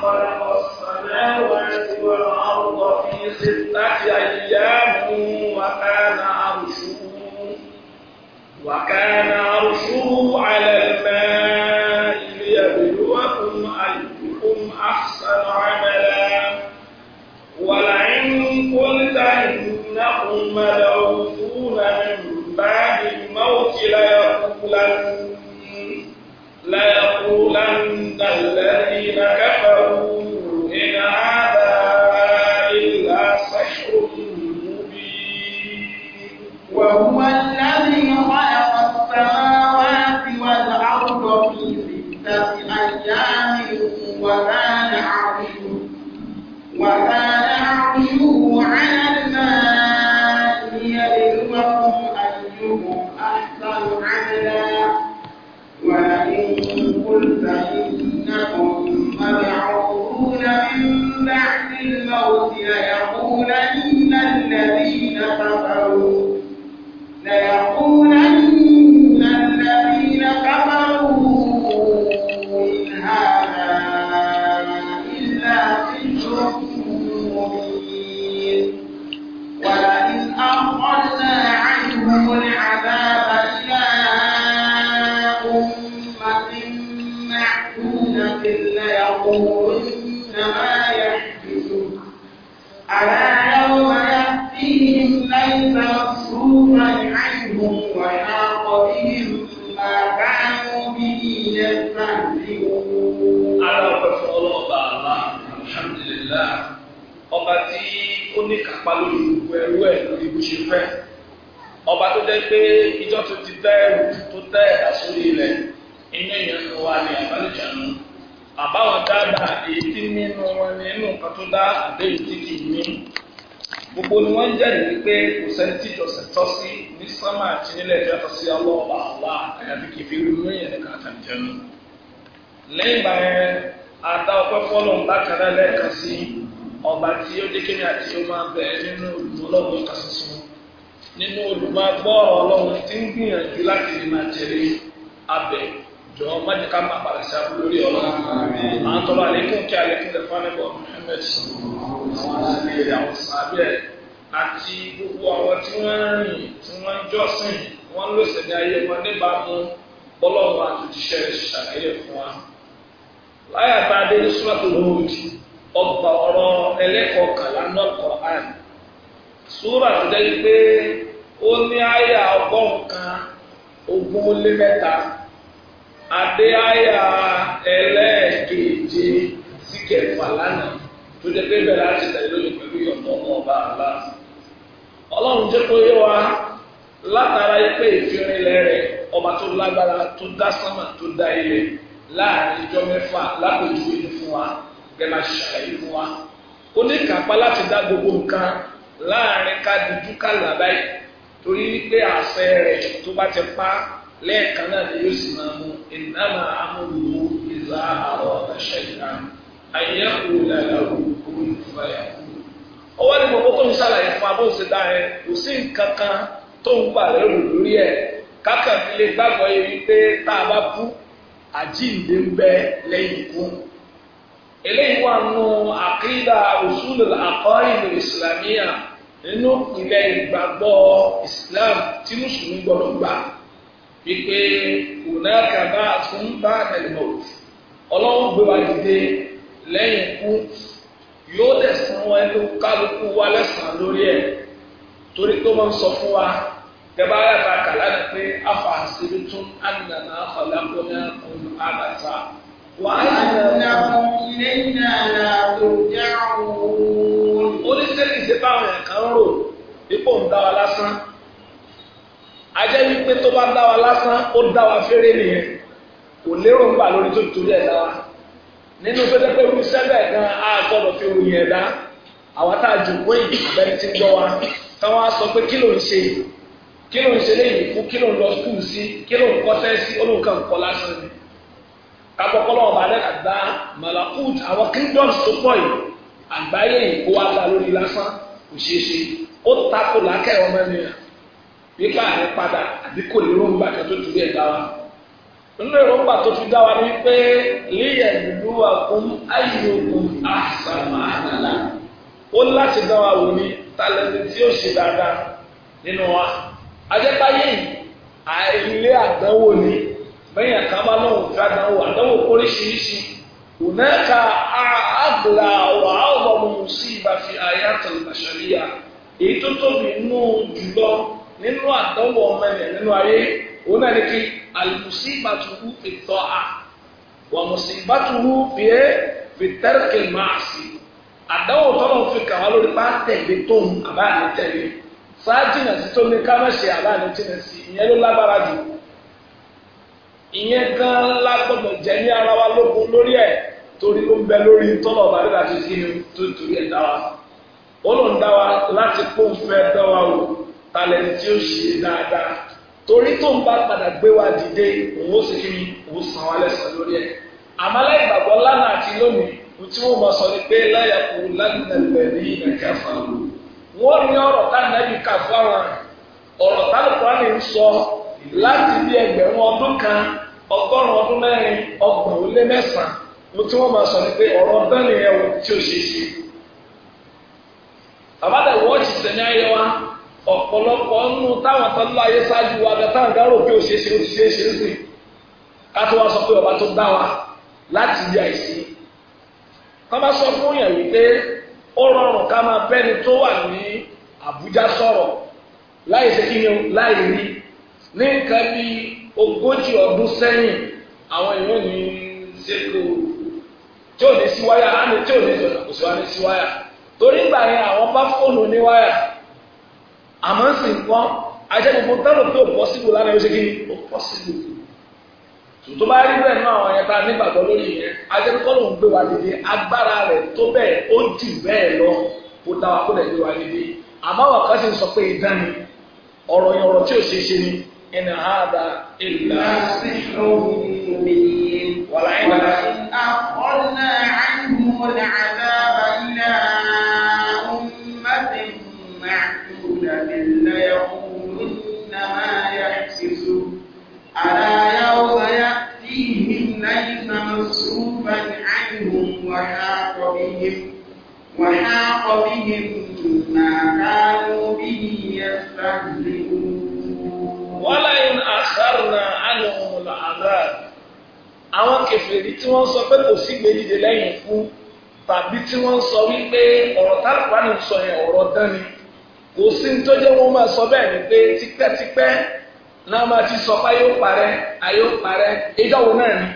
خلق السماوات والأرض في ستة أيام وكان عرشه وكان عرشه على الماء ليبلوكم أيكم أحسن عملا ولئن قلت إنهم مبعوثون من بعد الموت ليقولن gbogbo ni wọ́n jẹ́rìí wípé kò sẹ́ni tíjọ́ sẹ̀tọ́ sí ní sámà àti nílẹ̀ a sí ọlọ́ọ̀bà àwa àyàfi kìí fi rúnú yẹn ní kàtà jẹnu. lẹ́yìn yẹn àdá ọpẹ́ fọ́lọ̀ lẹ́ẹ̀kan sí ọba tí ó dé àti ó máa bẹ̀ nínú olùmọ́lọ́gbọ̀n nínú jọ májèká máa padà sí àti gbogbo àwọn tí wọ́n ń rìn tí wọ́n ń jọ́sìn wọ́n ló ṣẹ̀dá ayé wọn níbàámu bọ́lọ́run àtúntìṣe rẹ̀ ṣàlàyé fún wa. láyà bá dé ní sùràtò lóòdì ọgbà ọ̀rọ̀ ẹlẹ́kọ̀ọ́ kàlá náà kọ̀ án. sùúrà tó dẹ́ pé ó ní àyà ọgọ́rùn ogún lé mẹ́ta adé àyà ẹlẹ́ẹ̀keje sí kẹfà lánàá tó dẹ́ pé bẹ̀rẹ̀ àti tẹ̀lé lónìí pẹ̀lú ìyọ̀nà ọlọ́run jẹ́ kó yé wa látara pé ìfirinlẹ̀ rẹ̀ ọba tó lágbára tó dá sánmà tó dá ilẹ̀ láàrin ìjọ mẹ́fà lápèjúwe ní fún wa bẹ́ẹ̀ máa ṣàlàyé fún wa ó ní kápá láti dá gbogbo nǹkan láàrin ká dúdú ká là báyìí torí wípé àṣẹ rẹ̀ tó bá ti pa lẹ́ẹ̀kan náà ni yóò sì máa mú ìnáma amúlùmú ìlà àrọ̀ àṣẹ ìlànà ayé kò òkú ìfọyàwó. ó wá ní gbogbo tó ń ṣàlàyé fún abóhùnsè dáhẹ kò sí nǹkan kan tó ń gbà lérò lórí ẹ kákàndí lè gbàgbọ́ wípé tá a bá kú àjíǹde ń bẹ lẹ́yìn ikú eléyìí wà nù nínú islam tí mùsùlùmí gbà wípé kàbá ọlọ́run gbé wa yóò dẹ̀ san ẹnu kálukú wa lẹ́sàn-án lórí ẹ̀ torí tó máa ń sọ fún wa gẹ́gẹ́ bá ta kàlá ni pé afa àṣírí tún ànàmà ọ̀làkọ́nà kún àbàtà. wà á yẹ ọ̀nàmọ̀ ilé náà ló dáhùn. ó ní sẹ́yìn ṣe báwọn yẹn rò dípò ń dá wa lásán. ajẹ́ wípé tó bá dá wa lásán ó dá wa fẹ́rẹ́ nìyẹn kò lérò ń bà lórí tó torí ẹ̀ dá wa nínú pẹ́tẹ́pẹ́ wù sẹ́bẹ̀ gan a gbọ́dọ̀ fi ròyìn ẹ̀dá àwa tá a jòkó yìí abẹ́rẹ́ ti ń gbọ́ wa táwọn á sọ pé kí ló ń ṣe kí ló ń ṣe léyìn fún kí ló ń lọ skul sí kí ló ń kọ́sẹ́ sí olùkọ́ nǹkan lásán ni kápọ́kọ́lọ́ ọba adẹ́ka gba malakut àwọn kingdoms tó pọ̀ yìí àgbáyé yìí kó wá gba lórí lásán kò ṣeé ṣe ó takò lákẹ́ ọmọ ènìyàn nípa àrẹ padà àbí kò ní ròǹgbà kan tó torí ẹ̀dá wa. nínú èròǹgbà tó fi da wa ní pé líyẹ̀ ìlú àkún ayélujáfún àṣàmà o ó láti da wa wò ní talẹ́ntì tí ṣe dáadáa nínú wa ajẹ́páyé àdánwò ni bẹ́yìn àkàbá lóhùn fún àdánwò àdánwò oríṣiríṣi ònẹ́ka àgbà wà á ọ̀bọ̀n mùsíbà fi àyàtọ̀ ìbàṣàríyà èyí tó tóbi nù jùlọ. nínú àdánwò ọmọ ènìyàn nínú ayé òun náà ní kí almusibatuhu fi ta'a wa musibatuhu fi fi tarki ma'asi àdánwò tọ́lọ̀ fi kà wá lórí pátẹ̀lé tóun àbáàní tẹ̀lé sáájìnà sí tó ní kámẹ́sì àbáàní jìnà sí ìyẹn ló lágbára jù ìyẹn gan lágbọ́dọ̀ jẹ́ ní ara wa lógun lórí ẹ̀ torí ó ń bẹ lórí tọ́lọ̀ ọ̀bà rírà tó ti ní tó torí ẹ̀ dá wa ó lòun dá wa láti kó fẹ́ dá wa o talẹ̀ntì tí ó ṣe dáadáa torí tó ń bá padà gbé wa dìde òun ó sì kí ni òun san wa lẹ́sàn lórí ẹ̀ àmọ́ aláìgbàgbọ́ lánàá àti lónìí ohun tí wọ́n mọ̀ sọ ni pé láyà kù lánàlẹ̀ ní ìrìnàjò àfàlù wọ́n ní ọ̀rọ̀ tánàbí kà fún àwọn ọ̀rọ̀ tálùkùránì ń sọ láti bí ẹgbẹ̀rún ọdún kan ọgọ́rùn-ún ọdún mẹ́rin ọgbọ̀n ó lé mẹ́sàn-án ohun tí wọ́n mọ̀ sọ ni pé ọ̀rọ̀ bẹ́ẹ̀ ni ẹ̀wọ̀n tí ò ṣe é ṣe àbádà wọ́ọ̀tì sẹ́ni ọ̀pọ̀lọpọ̀ nínú táwọn tó ayé ṣáájú wa gan táwọn dárò pé òṣèṣe ó sọ pé ọba tó dá wa láti di àìsí ká sọ fún yàn wípé ó rọrùn ká máa bẹ́ni tó wà ní Àbújá sọ̀rọ̀ láì ṣe kí ni láì rí ní nǹkan ogójì ọdún sẹ́yìn àwọn èèyàn ní ṣètò tí ò ní sí wáyà á àmọ́ sì ń kọ́ ajẹ́ gbogbo tẹ́lò pé ò pọ́sibù lára yóò ṣe kí ó pọ́sibù tó bá rí bẹ́ẹ̀ náà àwọn ẹ̀ta nígbàgbọ́ lórí yẹn ajẹ́ pé kọ́lọ̀ ń gbé wa dìde agbára rẹ̀ tó bẹ́ẹ̀ ó jù bẹ́ẹ̀ lọ kó dá wa kó dẹ̀ gbé wa dìde àmọ́ àwọn kan sì ń sọ pé idán ni ọ̀rọ̀ yẹn ọ̀rọ̀ tí ò ṣe ṣe ni ẹnì àádá ìlà sí ìlú mi wàlàyé wàlàyé. ألا يوم يأتيهم ليس مصروفا عنهم وحاق بهم وحاق بهم ما كانوا به يستهزئون ولئن أخرنا عنهم العذاب àwọn kèfèrí tí wọ́n sọ pé kò sí gbèdìdè lẹ́yìn fún tàbí tí wọ́n sọ wípé ọ̀rọ̀ tálùpàá ní sọ yẹn ọ̀rọ̀ dán ni kò sí máa sọ ni pé na ti sọ pé yóò parẹ́ ayóò parẹ́ ìjọ náà ni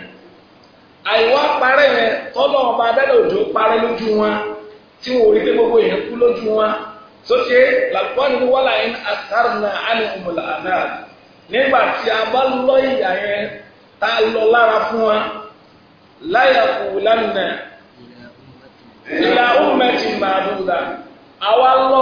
àìwá parẹ́ yẹn tọ́lọ́ ọba abẹ́lẹ̀ òjò parẹ́ lójú wọn tí wọn ò gbogbo èèyàn kú lójú wọn sókè làkúwọ́n wọ́lá yín na àni òmùlà àná nígbà tí a bá lára fún wa láyà lọ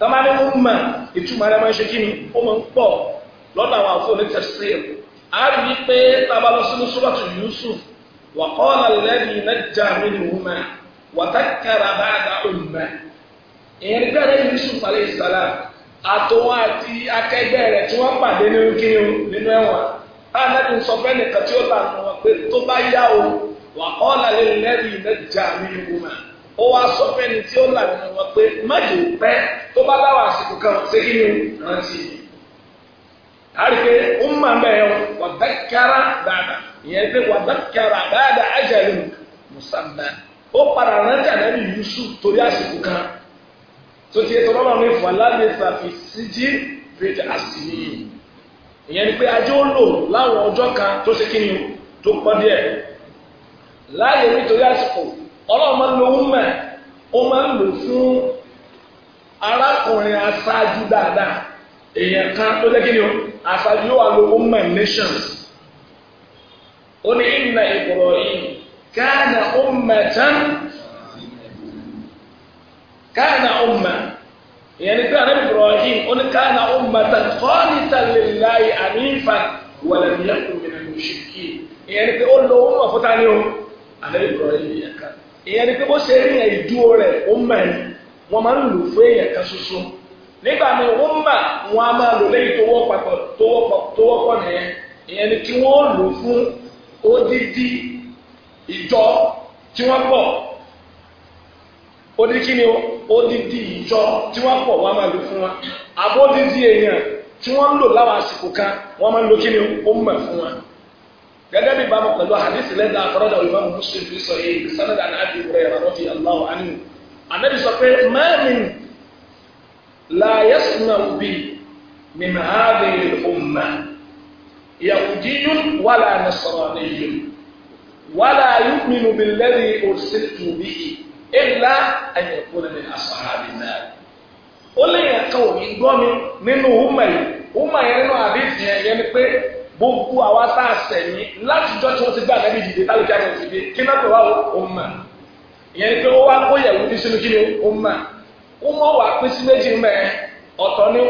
tọ́mà ní umma ìtumọ̀ rẹ̀ máa ń ṣe kí ni ó máa ń pọ̀ lọ́dọ̀ àwọn àfọ ní tafsir a rí i pé tábà lọ sínú suratu Yusuf wa qala alladhi najja minhuma wa dhakkara ba'da umma ìyẹn nígbà rẹ̀ Yusuf alayhi salam àtòwọn àti akẹgbẹ́ rẹ̀ tí wọ́n pàdé nínú kí nínú ẹ̀wọ̀n ánàbì ń sọ fẹ́ nìkan tí ó ó wá sọ fẹ́ni tí ó là nínú wọn pé májè pẹ́ tó bá dáwọ́ àsìkò kan ṣé kí ni rántí àríkè ọmọ mẹ́rin wà dákàrà dáadáa ìyẹn pé wà dákàrà dáadáa ajẹ́lẹ̀ mùsàmbá ó padà rántí ànábì Yusuf torí àsìkò kan tó ti ètò ọlọ́run ní fàlàlẹ́ tàbí síjí fèdè àsìlì ìyẹn ni pé ajé ó lò láwọn ọjọ́ kan tó ṣe kí ni tó pọ́ díẹ̀ láàyè nítorí àsìkò ọlọ́run máa ń lo umma ó máa ń lò fún arákùnrin aṣáájú dáadáa èèyàn kan tó jẹ́ kí o aṣáájú yóò wá lo umma nations ó ní inna Ibrahim kana ummatan kana umma ìyẹn ni pé ànábì Ibrahim ó ní kana ummatan qanitan lillahi hanifan wa lam yakun minal mushrikin ìyẹn ni pé ó lo umma fún ni o ànábì Ibrahim yẹn kan. ìyẹn ni pé bó ṣe rí yẹn ìdúró rẹ̀ ó mẹ́rin wọ́n máa ń lò fún èèyàn kan ṣoṣo nígbà míì wọ́n mà wọ́n á máa lò lẹ́yìn tó wọ́pọ̀ tó wọ́pọ̀ tó wọ́pọ̀ nìyẹn ìyẹn ni kí wọ́n lò fún odidi ìjọ tí wọ́n pọ̀ odidi kí ìjọ tí wọ́n pọ̀ wọ́n á máa fún gẹ́gẹ́ bí bámu pẹ̀lú àdìsí lẹ́nu àkọ́rọ́dà olùmọ̀ muslim fi sọ yìí sanadà ní àbí ìwúrẹ́ rẹ̀ rọ́bì aláwọ̀ ánìmù ànábì sọ pé mẹ́ẹ̀mì láyẹ̀sùnà òbí mímọ́ ààbẹ̀ ọ̀mà yahudi yun wàlà nasarani yun wàlà yuminu bilẹ́rì òsèlú bíi ìlà ẹ̀yẹ̀kúnrin ní asàhábì náà ó lè yàn káwọn ìgbọ́ mi nínú húmẹ̀ húmẹ̀ yẹn nínú àdìsí gbogbo àwa tá a sẹ̀yìn látijọ́ tí wọ́n ti gbé ànábì dìde tálùkì àti ìdìde kí náà pè wá o ò ìyẹn pé ó wá kó yẹ̀wò ní sínú kí ni ó mà ó mọ̀ wá pín sí méjì mẹ́ ọ̀tọ̀ ni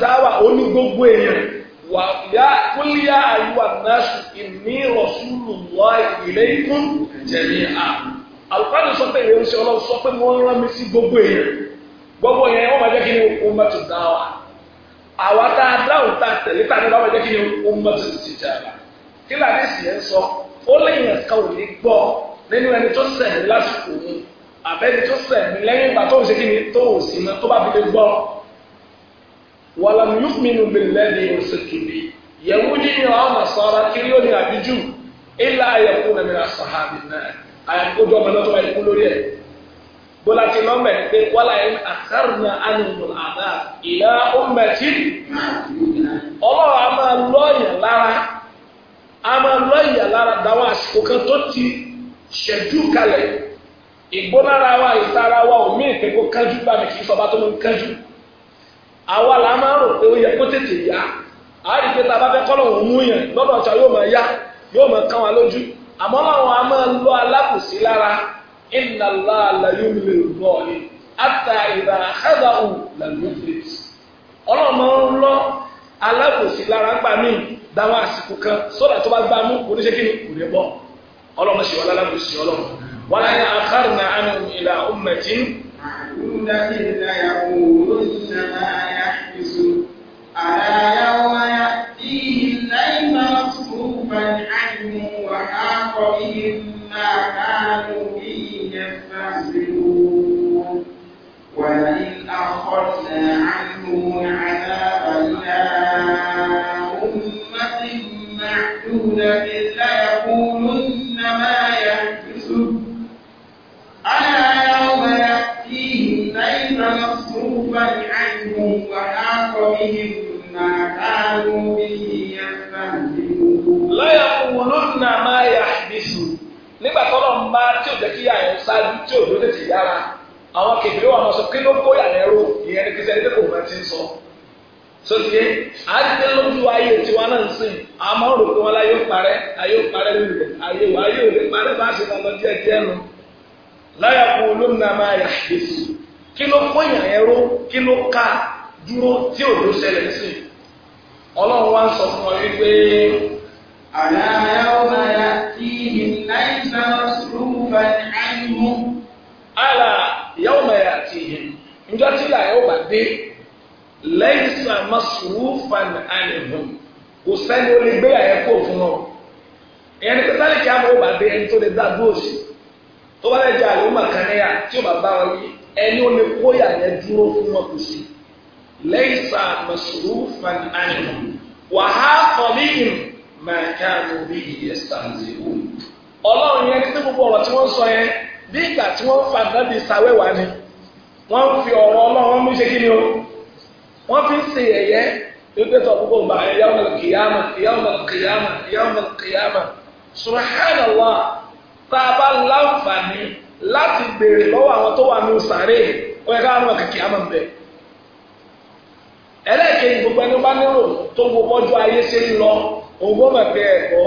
dáwà wà gbogbo èèyàn wà yá kúlíyà àyùwà náṣù ìní rasulullahi ilaykum jami'a àlùfáà ní sọ pé ìrẹsì ọlọ́run sọ pé rán mi sí gbogbo gbogbo yẹn wọ́n máa jẹ́ kí ni ummatu dáwà àwa tá a dáhùn tá a tẹ̀lé tá a ní wọ́n máa jẹ́ kí ni ummatu tijaba kí làdí sì yẹn sọ ó léèyàn kan ò ní gbọ́ nínú ẹni tó sẹ̀mí lásìkò mu àbẹ́ni tó sẹ̀mí lẹ́yìn ìgbà tó ń ṣe kí ni tó ò sí mọ́ tó bá fi lè gbọ́ walam yu'minu billadhi ursiltu bi yahudi ni àwọn nasara kiri ó ní àbíjú illa yakuna min as-sahabin náà àyàkójọ́ ọmọ náà tó bá lórí ẹ̀. Bola ti lọ́ mẹ́ pé wọ́lá yẹn àkàrùnà ànàmùl àdá ìlà ọmọdé ọlọ́run a máa lọ́ọ̀yà lára a máa lọ́ọ̀yà lára dáwọn àsìkò kan tó ti ṣẹ̀dú kalẹ̀ ìgbónára wa ìtara wa ò mí ìpẹ́kọ̀ kánjú bá mi kì í sọ bá tó ń kánjú àwa la máa rò pé ó yẹ kó tètè yá a rí pé tá a bá fẹ́ kọ́lọ̀ òun mú yẹn lọ́dọ̀ ọ̀tá yóò máa yá yóò máa wa lójú àmọ́ làwọn a máa lọ alákòsí inna allah la yomile lọ́ọ̀lì ata ìdá ẹ̀dáwù la yomile ọlọ́mọ ń lọ alákòsí lára gbà mí dáwọn àsìkò kan sọ́dà tó bá gbà mú kò ní ṣe kí ni kò ní bọ́ ọlọ́mọ ṣe wọn lálákòsí ọlọ́mọ wọn á yà àkàrà náà ìlà ọmọ ẹ̀jìn. ìlà ìlà yà wò ó ń sàn yà yẹn ṣáájú tí òjò tètè yára àwọn kèfèrè wà wọn sọ kí ló kó yà yẹn ró ìyẹn ní kristian ẹgbẹ́ kò mọ̀ ti ń sọ. sọ́tìyẹ àdìdẹ́ lójú ayé tiwa náà ń sìn àmọ́ rò pé wọn la yóò parẹ́ ayé ò parẹ́ lulẹ̀ ayé wà ayé ò lè parẹ́ bá a ṣe lọ díẹ̀ díẹ̀ nù. láyà kú olómìnira máa yà èsì kí ló kó yà yẹn ró kí ló ká dúró tí òjò ṣẹlẹ̀ sí ọlọ́run wá ń sọ fún ọ wípé àlàyé ọmọ yà كفا عنهم على يوم يأتيهم njọtí la yóò bá dé lẹ́yìn masurufan anihum kò sẹ́ni ó lè gbé yàrá kó a mọ̀ ó ọlọ́run yẹn ní pé gbogbo ọ̀rọ̀ tí wọ́n sọ yẹn bí ìgbà tí wọ́n fa dábì sáwẹ́wà ni wọ́n fi ọ̀rọ̀ ọlọ́run mú ṣe kí ni o wọ́n fi ń ṣe ẹ̀yẹ wípé tó gbogbo ìgbà yawm al-qiyamah yawm al-qiyamah yawm al-qiyamah subhanallah tá a bá láǹfààní láti béèrè lọ́wọ́ àwọn tó wà ní sàárè ó yẹ káwọn gbogbo ẹni bá nílò tó gbogbo ọjọ́ ayé ṣe ń lọ òun ẹ̀kọ́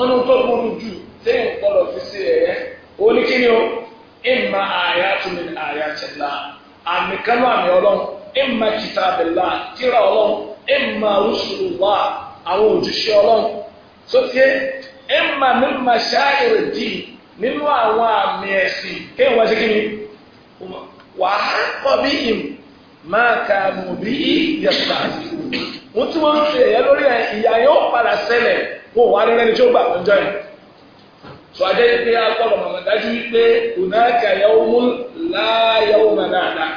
Ọnụ tó burú juu téèyàn gbọ́dọ̀ fi sí ẹ̀yẹ òun ní o ìmà àyà tún ní àyà tẹ̀lá àmì kánú àmì ọlọ́run ìmà kìtàbìlá kíra ọlọ́run ìmà rúṣùlùwà àwọn òjíṣẹ́ ọlọ́run sókè ìmà mímà ṣáàyèrè nínú àwọn àmì ẹ̀sìn kéèyàn wá sí kíni wàá bi bí ìm máa kà bí ó tí wọ́n ya ẹ̀yẹ lórí ẹ̀ ìyá yóò padà ṣẹlẹ̀ kó wà ní ẹni tí ó gbà fún jọ yẹn. sọ adé yìí pé agbọ́dọ̀ màmá dájú wípé ònàkà yàwó mú láyàwó dáadáa.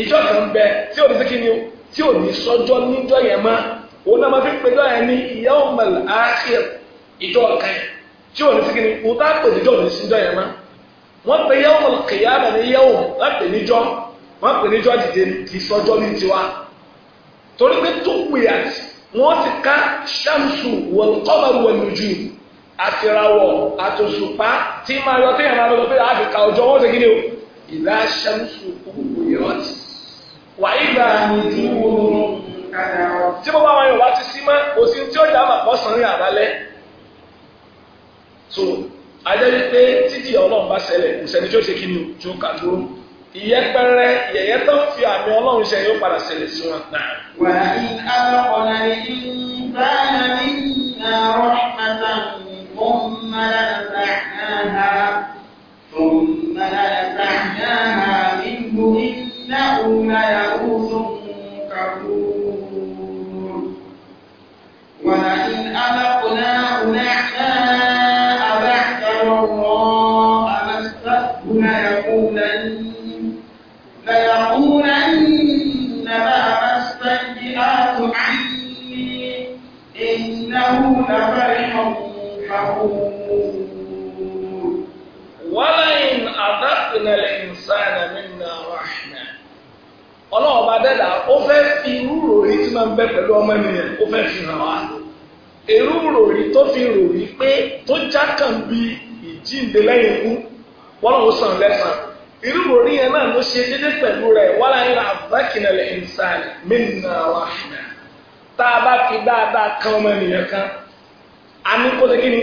ìjọ kan bẹ tí ò ní sí kíni o tí ò ní sọjọ́ níjọ́ yẹn mọ́ òun náà máa fi pé ní ìyàwó láàkìr ìjọ kan tí ò ní sí kíni o tá pè níjọ́ ní yẹn mọ́. wọ́n yàwó torí pé tukwiyat wọ́n ti ká ṣàmṣù wal qamar wan nujum àtìràwọ̀ àtòṣùpá tí máa yọ téèyàn máa lọ pé àfikà ọjọ́ wọ́n ti ni o ìlà ṣàmṣù tukwiyat wà ìgbà nujumu tí mo bá wọn yọ̀ wá ti sí mọ́ kò sí tí ó dá mà pọ̀ sàn ní àbálẹ́ so ajẹ́ wípé títí ọlọ́run bá ṣẹlẹ̀ kò sẹ́ni tí ó ṣe kí ni o tí ó kà dúró ìyẹpẹrẹ yẹyẹ tó ń fi àmì ọlọ́run ṣe yóò padà ṣẹlẹ̀ sí wọn náà. wà á ní alọ́kọ̀ọ́lá ní báyà ní àárọ̀ mẹ́ta mọ́ mẹ́ta náà tó mẹ́ta náà nínú iná òun náà oṣù kàkó. wà á ní alọ́kọ̀ọ́lá náà náà. إنه لفرح فخور ولئن أذقنا الإنسان منا رحمة ọlọ́run bá dẹ́dà ó fẹ́ fi irú ròrí tí máa ń bẹ pẹ̀lú ọmọ ènìyàn ó fẹ́ fi hàn wá irú ròrí tó fi ròrí pé tó já kàn bí ìjínde lẹ́yìn ikú wọ́n lọ́wọ́ sàn lẹ́sàn-án irú ròrí yẹn náà ló ṣe déédéé pẹ̀lú rẹ̀ wọ́n láyé àbákinà lẹ́yìn sáà mí nà wàhánà. tá a bá fi dáadáa kan ọmọ ènìyàn kan a ní kó segin ní